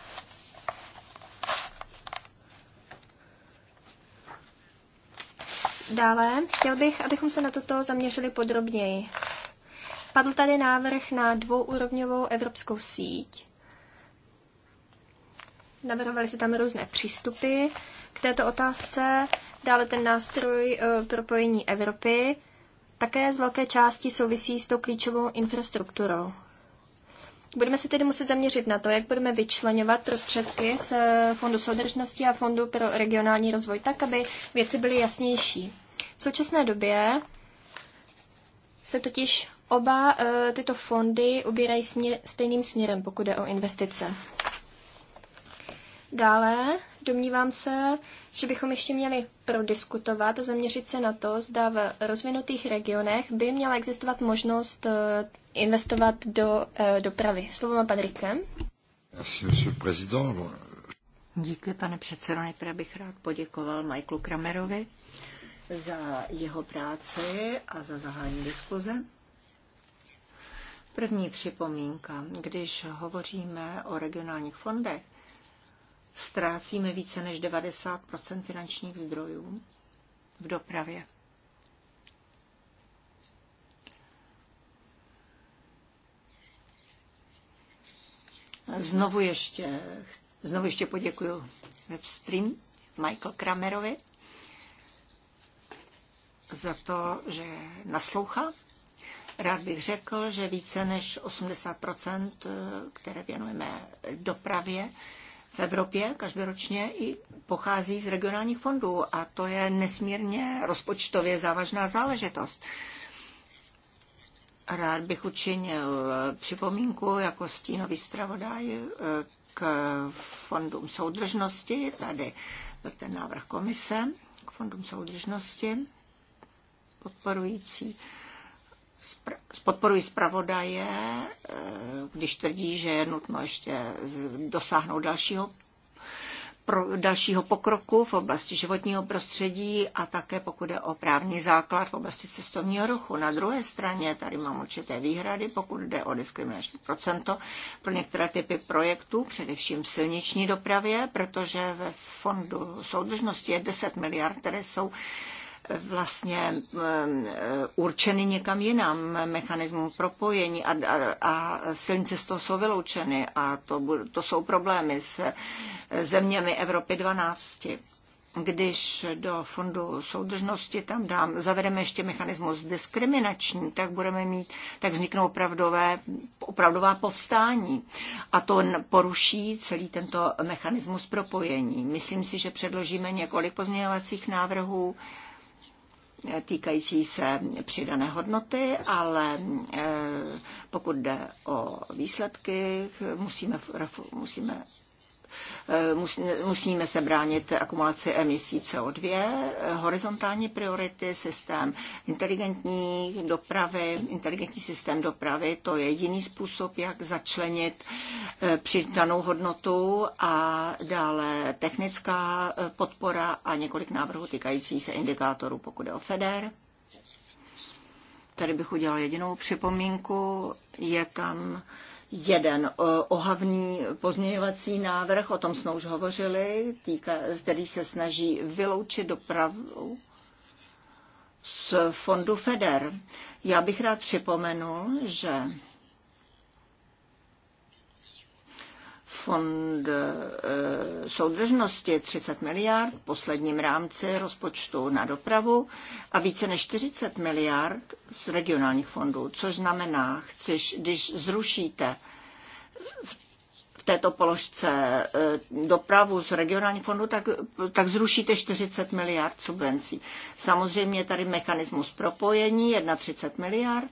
Dále chtěl bych, abychom se na toto zaměřili podrobněji. Padl tady návrh na dvouúrovňovou evropskou síť. Navrhovaly se tam různé přístupy k této otázce. Dále ten nástroj e, propojení Evropy také z velké části souvisí s tou klíčovou infrastrukturou. Budeme se tedy muset zaměřit na to, jak budeme vyčlenovat prostředky z eh, Fondu soudržnosti a Fondu pro regionální rozvoj, tak, aby věci byly jasnější. V současné době se totiž oba eh, tyto fondy ubírají směr, stejným směrem, pokud jde o investice. Dále Domnívám se, že bychom ještě měli prodiskutovat a zaměřit se na to, zda v rozvinutých regionech by měla existovat možnost eh, investovat do eh, dopravy. Slovo má pan Rikem. Díky pane předsedo. Nejprve bych rád poděkoval Michaelu Kramerovi za jeho práci a za zahání diskuze. První připomínka, když hovoříme o regionálních fondech, ztrácíme více než 90 finančních zdrojů v dopravě. Znovu ještě, znovu ještě poděkuji webstream Michael Kramerovi za to, že naslouchá. Rád bych řekl, že více než 80 které věnujeme dopravě, v Evropě každoročně i pochází z regionálních fondů a to je nesmírně rozpočtově závažná záležitost. Rád bych učinil připomínku jako stínový zpravodaj eh, k fondům soudržnosti, tady ten návrh komise k fondům soudržnosti podporující podporuji zpravodaje, eh, když tvrdí, že je nutno ještě dosáhnout dalšího pro dalšího pokroku v oblasti životního prostředí a také pokud je o právní základ v oblasti cestovního ruchu. Na druhé straně tady mám určité výhrady, pokud jde o diskriminační procento pro některé typy projektů, především v silniční dopravě, protože ve fondu soudržnosti je 10 miliard, které jsou vlastně eh, určeny někam jinam, mechanismu propojení a, a, a silnice z toho jsou vyloučeny a to, to jsou problémy s eh, zeměmi Evropy 12 když do fondu soudržnosti tam dám, zavedeme ještě mechanismus diskriminační, tak budeme mít, tak vzniknou opravdové, opravdová povstání. A to poruší celý tento mechanismus propojení. Myslím si, že předložíme několik pozměňovacích návrhů, týkající se přidané hodnoty, ale eh, pokud jde o výsledky, musíme, musíme Eh, musíme se bránit akumulaci emisí CO2, eh, horizontální priority, systém inteligentní dopravy, inteligentní systém dopravy, to je jediný způsob, jak začlenit eh, přidanou hodnotu a dále technická podpora a několik návrhů týkající se indikátorů, pokud je o FEDER. Tady bych udělal jedinou připomínku, je tam jeden eh, ohavný pozměňovací návrh, o tom jsme už hovořili, týka, který se snaží vyloučit dopravu z fondu FEDER. Já bych rád připomenul, že fond e, soudržnosti 30 miliard v posledním rámci rozpočtu na dopravu a více než 40 miliard z regionálních fondů, což znamená, chceš, když zrušíte v, v této položce e, dopravu z regionálních fondů, tak, tak zrušíte 40 miliard subvencí. Samozřejmě tady mechanismus propojení 31 miliard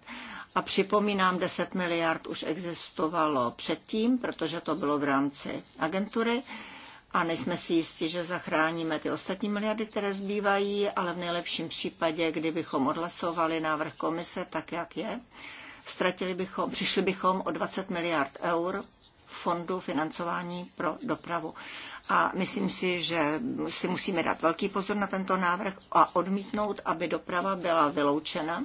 a připomínám, 10 miliard už existovalo předtím, protože to bylo v rámci agentury a nejsme si jistí, že zachráníme ty ostatní miliardy, které zbývají, ale v nejlepším případě, kdybychom odhlasovali návrh komise tak, jak je, ztratili bychom, přišli bychom o 20 miliard eur fondu financování pro dopravu. A myslím si, že si musíme dát velký pozor na tento návrh a odmítnout, aby doprava byla vyloučena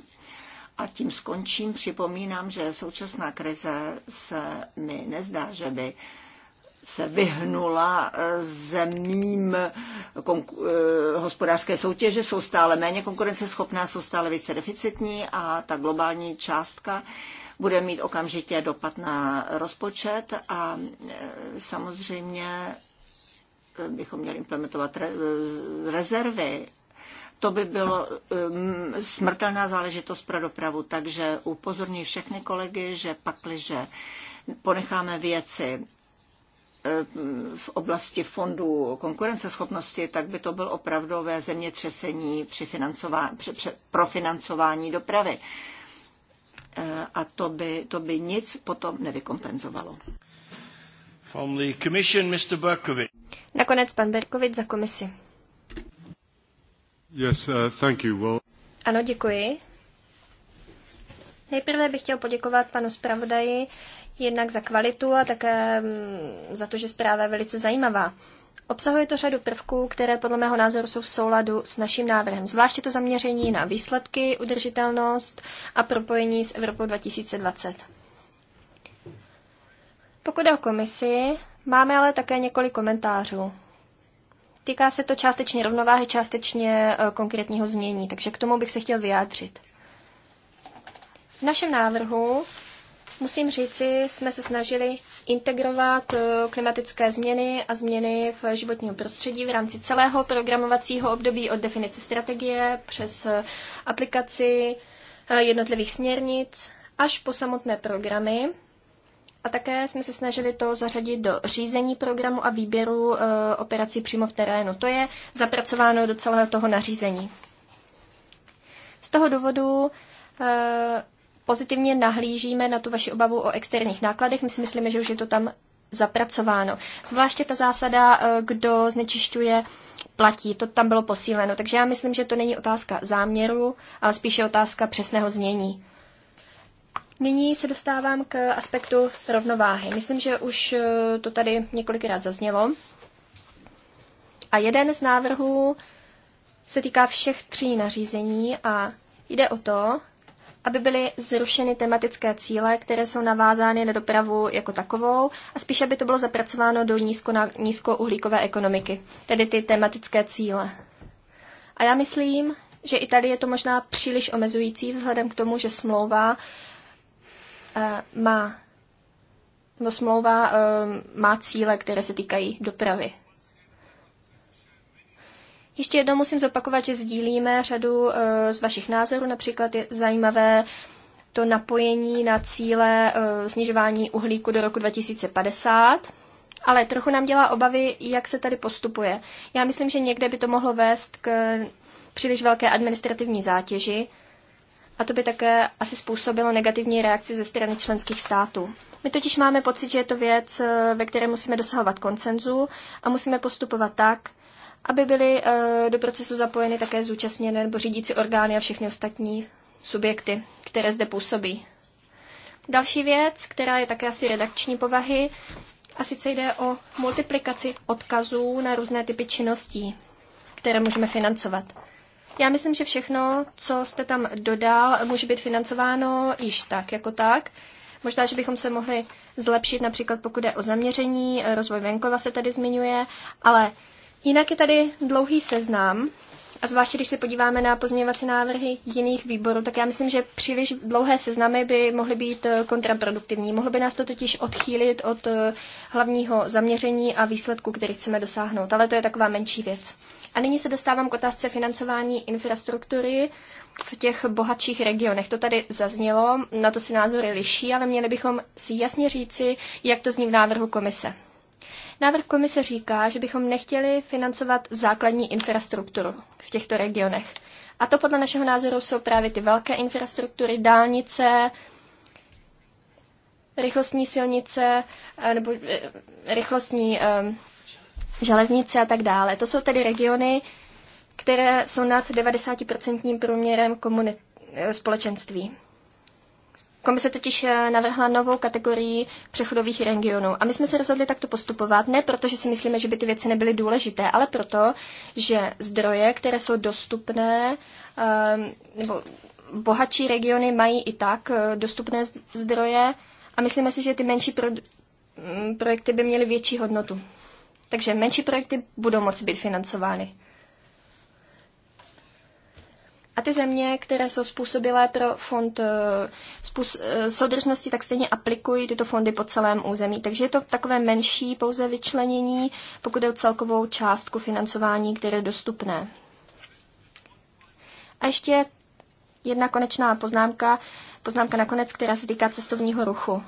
a tím skončím. Připomínám, že současná krize se mi nezdá, že by se vyhnula eh, zemím eh, konku- eh, hospodářské soutěže, jsou stále méně konkurenceschopná, jsou stále více deficitní a ta globální částka bude mít okamžitě dopad na rozpočet a samozřejmě bychom měli implementovat re- rezervy to by bylo um, smrtelná záležitost pro dopravu. Takže upozorní všechny kolegy, že pakliže ponecháme věci um, v oblasti fondů konkurenceschopnosti, tak by to byl opravdové zemětřesení při financování, při, při, pro financování dopravy. Uh, a to by, to by nic potom nevykompenzovalo. From the commission, Mr. Nakonec pan Berkovic za komisi. Yes, uh, thank you. Well... Ano, děkuji. Nejprve bych chtěl poděkovat panu zpravodaji jednak za kvalitu a také mm, za to, že zpráva je velice zajímavá. Obsahuje to řadu prvků, které podle mého názoru jsou v souladu s naším návrhem, zvláště to zaměření na výsledky, udržitelnost a propojení s Evropou 2020. Pokud je o komisi, máme ale také několik komentářů. Týká se to částečně rovnováhy, částečně eh, konkrétního změní, takže k tomu bych se chtěl vyjádřit. V našem návrhu, musím říci, jsme se snažili integrovat eh, klimatické změny a změny v životním prostředí v rámci celého programovacího období od definice strategie přes eh, aplikaci jednotlivých směrnic až po samotné programy a také jsme se snažili to zařadit do řízení programu a výběru e, operací přímo v terénu. To je zapracováno do celého toho nařízení. Z toho důvodu e, pozitivně nahlížíme na tu vaši obavu o externích nákladech. My si myslíme, že už je to tam zapracováno. Zvláště ta zásada, e, kdo znečišťuje, platí. To tam bylo posíleno. Takže já myslím, že to není otázka záměru, ale spíše otázka přesného znění. Nyní se dostávám k aspektu rovnováhy. Myslím, že už eh, to tady několikrát zaznělo. A jeden z návrhů se týká všech tří nařízení a jde o to, aby byly zrušeny tematické cíle, které jsou navázány na dopravu jako takovou a spíš aby to bylo zapracováno do nízko, na, nízkouhlíkové ekonomiky, tedy ty tematické cíle. A já myslím, že i tady je to možná příliš omezující vzhledem k tomu, že smlouva Eh, má, nebo smlouva eh, má cíle, které se týkají dopravy. Ještě jednou musím zopakovat, že sdílíme řadu eh, z vašich názorů. Například je zajímavé to napojení na cíle snižování uhlíku do roku 2050. Ale trochu nám dělá obavy, jak se tady postupuje. Já myslím, že někde by to mohlo vést k příliš velké administrativní zátěži a to by také asi způsobilo negativní reakci ze strany členských států. My totiž máme pocit, že je to věc, eh, ve které musíme dosahovat koncenzu a musíme postupovat tak, aby byly eh, do procesu zapojeny také zúčastněné nebo řídící orgány a všechny ostatní subjekty, které zde působí. Další věc, která je také asi redakční povahy, a sice jde o multiplikaci odkazů na různé typy činností, které můžeme financovat. Já myslím, že všechno, co jste tam dodal, může být financováno již tak, jako tak. Možná, že bychom se mohli zlepšit, například pokud je o zaměření, rozvoj venkova se tady zmiňuje, ale jinak je tady dlouhý seznam a zvláště když se podíváme na pozměňovací návrhy jiných výborů, tak já myslím, že příliš dlouhé seznamy by mohly být eh, kontraproduktivní. Mohlo by nás to totiž odchýlit od eh, hlavního zaměření a výsledku, který chceme dosáhnout, ale to je taková menší věc. A nyní se dostávám k otázce financování infrastruktury v těch bohatších regionech. To tady zaznělo, na to si názory liší, ale měli bychom si jasně říci, jak to zní v návrhu komise. Návrh komise říká, že bychom nechtěli financovat základní infrastrukturu v těchto regionech. A to podle našeho názoru jsou právě ty velké infrastruktury, dálnice, rychlostní silnice eh, nebo eh, rychlostní eh, železnice a tak dále. To jsou tedy regiony, které jsou nad 90% průměrem komuni- eh, společenství. Komise totiž eh, navrhla novou kategorii přechodových regionů. A my jsme se rozhodli takto postupovat, ne proto, že si myslíme, že by ty věci nebyly důležité, ale proto, že zdroje, které jsou dostupné, ehm, nebo bohatší regiony mají i tak eh, dostupné zdroje a myslíme si, že ty menší pro- projekty by měly větší hodnotu. Takže menší projekty budou moci být financovány. A ty země, které jsou způsobilé pro fond eh, způs- eh, soudržnosti, tak stejně aplikují tyto fondy po celém území. Takže je to takové menší pouze vyčlenění, pokud je o celkovou částku financování, které je dostupné. A ještě jedna konečná poznámka, poznámka nakonec, která se týká cestovního ruchu.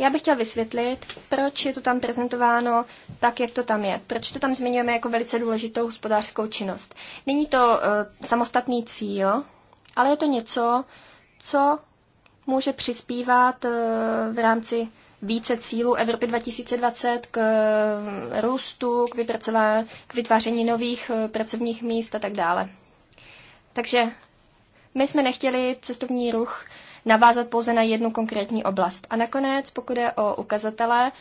Já bych chtěl vysvětlit, proč je to tam prezentováno tak, jak to tam je. Proč to tam zmiňujeme jako velice důležitou hospodářskou činnost. Není to uh, samostatný cíl, ale je to něco, co může přispívat uh, v rámci více cílů Evropy 2020 k uh, růstu, k, k vytváření nových uh, pracovních míst a tak dále. Takže my jsme nechtěli cestovní ruch navázat pouze na jednu konkrétní oblast. A nakonec, pokud je o ukazatele,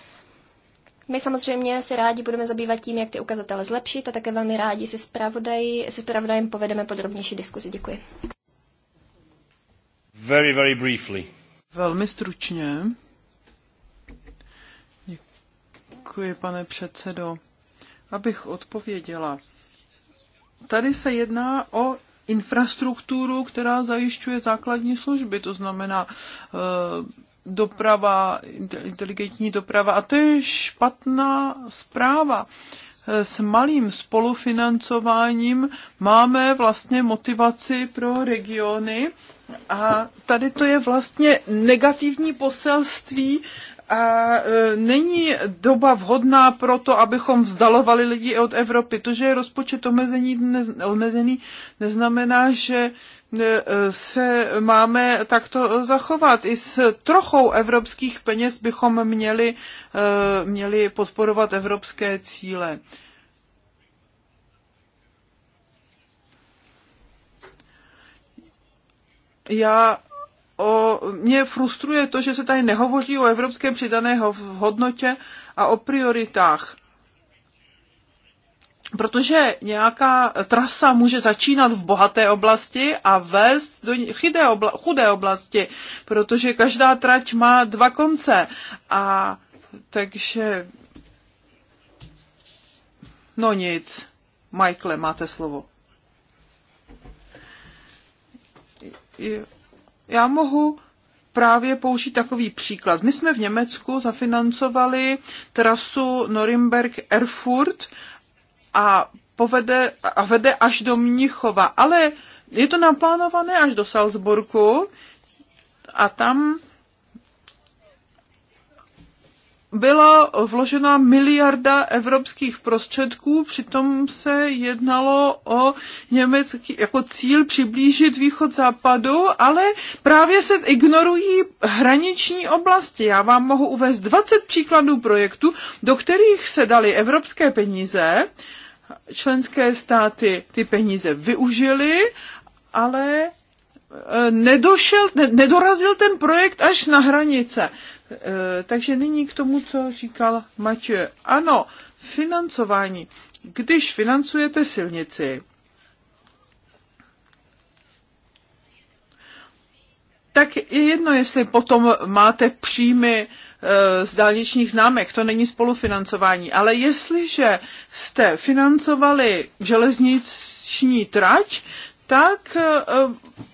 my samozřejmě si rádi budeme zabývat tím, jak ty ukazatele zlepšit a také velmi rádi se, spravodaj, se spravodajem povedeme podrobnější diskuzi. Děkuji. Very, very briefly. Velmi stručně. Děkuji, pane předsedo. Abych odpověděla. Tady se jedná o infrastrukturu, která zajišťuje základní služby, to znamená eh, doprava, inteligentní doprava. A to je špatná zpráva. Eh, s malým spolufinancováním máme vlastně motivaci pro regiony, a tady to je vlastně negativní poselství a e, není doba vhodná pro to, abychom vzdalovali lidi od Evropy. To, že je rozpočet omezený omezený, neznamená, že e, se máme takto zachovat. I s trochou evropských peněz bychom měli, e, měli podporovat evropské cíle. Já o, mě frustruje to, že se tady nehovoří o evropském přidané hodnotě a o prioritách. Protože nějaká trasa může začínat v bohaté oblasti a vést do chudé, obla, chudé oblasti, protože každá trať má dva konce. A takže... No nic. Michael máte slovo. Jo já mohu právě použít takový příklad. My jsme v Německu zafinancovali trasu Norimberg-Erfurt a povede a vede až do Mnichova, ale je to naplánované až do Salzburku a tam byla vložena miliarda evropských prostředků, přitom se jednalo o německý, jako cíl přiblížit východ západu, ale právě se ignorují hraniční oblasti. Já vám mohu uvést 20 příkladů projektů, do kterých se daly evropské peníze, členské státy ty peníze využily, ale eh, nedošel, nedorazil ten projekt až na hranice. Eh, takže nyní k tomu, co říkal Matěj. Ano, financování. Když financujete silnici, tak je jedno, jestli potom máte příjmy eh, z dálničních známek, to není spolufinancování, ale jestliže jste financovali železniční trať, tak eh,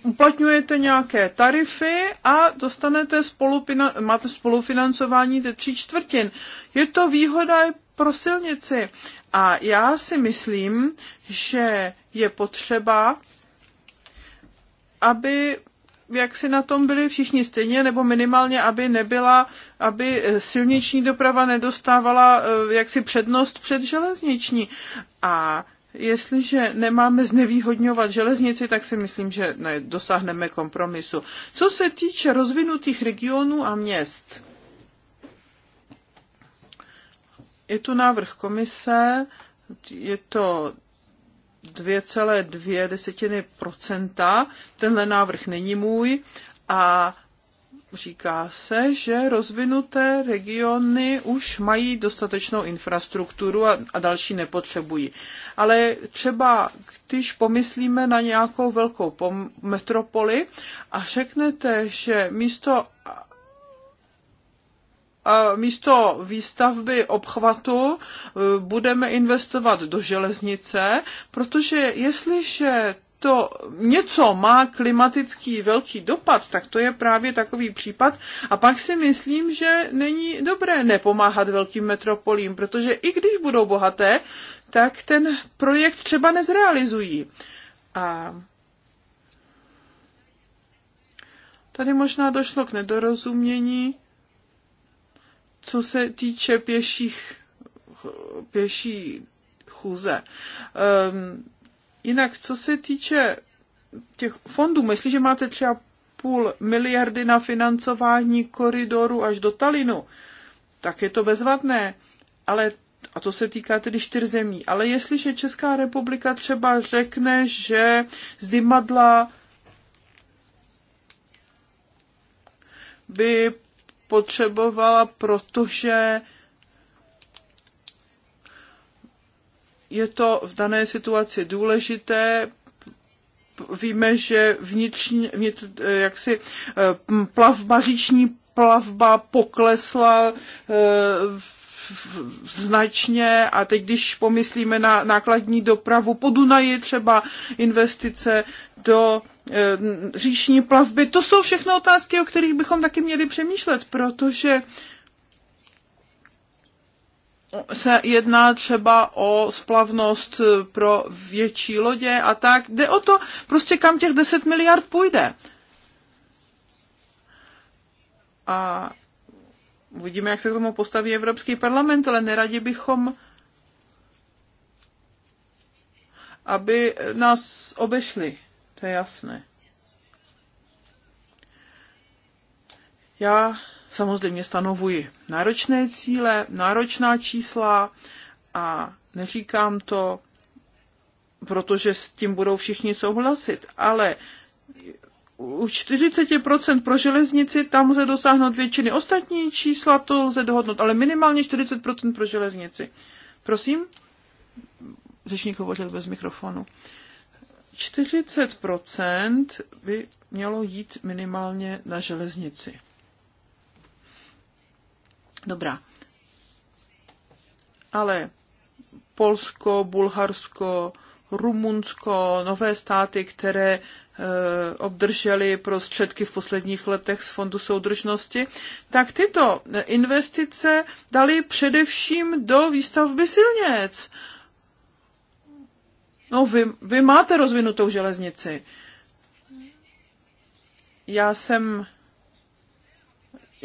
uplatňujete nějaké tarify a dostanete spolupina, máte spolufinancování ze tří čtvrtin. Je to výhoda pro silnici. A já si myslím, že je potřeba, aby jak si na tom byli všichni stejně, nebo minimálně, aby nebyla, aby silniční doprava nedostávala eh, jaksi přednost před železniční. A jestliže nemáme znevýhodňovat železnici, tak si myslím, že ne, dosáhneme kompromisu. Co se týče rozvinutých regionů a měst, je tu návrh komise, je to 2,2%, tenhle návrh není můj a Říká se, že rozvinuté regiony už mají dostatečnou infrastrukturu a, a další nepotřebují. Ale třeba když pomyslíme na nějakou velkou pom- metropoli a řeknete, že místo místo výstavby obchvatu e, budeme investovat do železnice, protože jestliže to něco má klimatický velký dopad, tak to je právě takový případ. A pak si myslím, že není dobré nepomáhat velkým metropolím, protože i když budou bohaté, tak ten projekt třeba nezrealizují. A tady možná došlo k nedorozumění, co se týče pěších, pěší chůze. Um, Jinak, co se týče těch fondů, myslím, že máte třeba půl miliardy na financování koridoru až do Talinu, tak je to bezvadné, ale a to se týká tedy čtyř zemí. Ale jestliže Česká republika třeba řekne, že z Dymadla by potřebovala, protože je to v dané situaci důležité, víme, že vnitřní, vnitř, eh, jaksi eh, plavba, říční plavba poklesla eh, značně a teď, když pomyslíme na nákladní dopravu po Dunaji, třeba investice do říční plavby, to jsou všechno otázky, o kterých bychom taky měli přemýšlet, protože se jedná třeba o splavnost eh, pro větší lodě a tak. Jde o to, prostě kam těch 10 miliard půjde. A uvidíme, jak se k tomu postaví Evropský parlament, ale neradi bychom, aby nás obešli. To je jasné. Já samozřejmě stanovuji náročné cíle, náročná čísla a neříkám to, protože s tím budou všichni souhlasit, ale u 40% pro železnici tam lze dosáhnout většiny. Ostatní čísla to lze dohodnout, ale minimálně 40% pro železnici. Prosím? Řečník hovořil bez mikrofonu. 40% by mělo jít minimálně na železnici dobrá. Ale Polsko, Bulharsko, Rumunsko, nové státy, které e, obdrželi prostředky v posledních letech z Fondu soudržnosti, tak tyto e, investice dali především do výstavby silnic. No, vy, vy máte rozvinutou železnici. Já jsem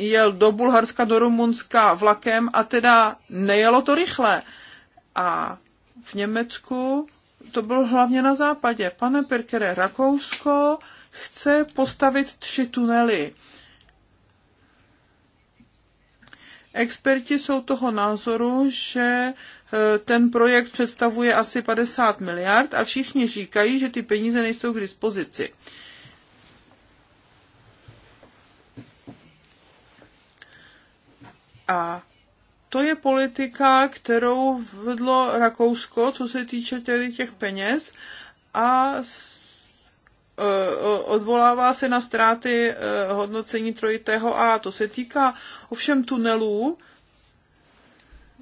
jel do Bulharska, do Rumunska vlakem a teda nejelo to rychle. A v Německu to bylo hlavně na západě. Pane Pirkere, Rakousko chce postavit tři tunely. Experti jsou toho názoru, že eh, ten projekt představuje asi 50 miliard a všichni říkají, že ty peníze nejsou k dispozici. Uh, A to je politika, kterou vedlo Rakousko, co se týče tedy těch peněz a e, odvolává se na ztráty e, hodnocení trojitého A. To se týká ovšem tunelů,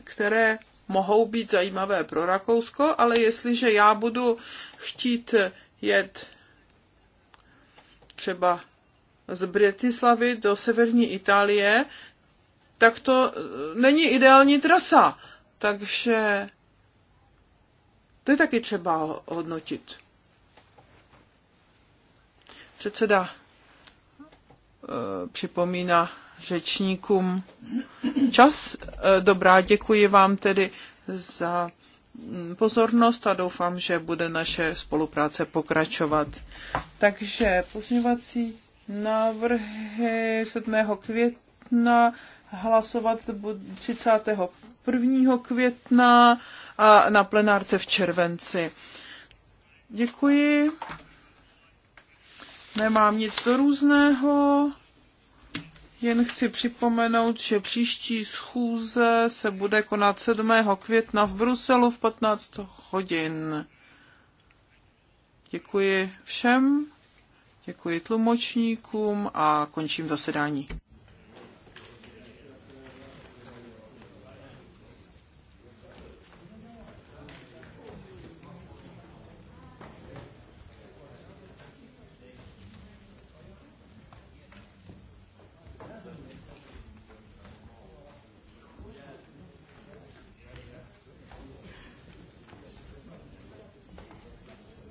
které mohou být zajímavé pro Rakousko, ale jestliže já budu chtít jet třeba z Bratislavy do severní Itálie, tak to eh, není ideální trasa. Takže to je taky třeba hodnotit. Předseda eh, připomíná řečníkům čas. Eh, dobrá, děkuji vám tedy za mm, pozornost a doufám, že bude naše spolupráce pokračovat. Takže pozměňovací návrhy 7. května hlasovat 31. května a na plenárce v červenci. Děkuji. Nemám nic do různého. Jen chci připomenout, že příští schůze se bude konat 7. května v Bruselu v 15 hodin. Děkuji všem, děkuji tlumočníkům a končím zasedání.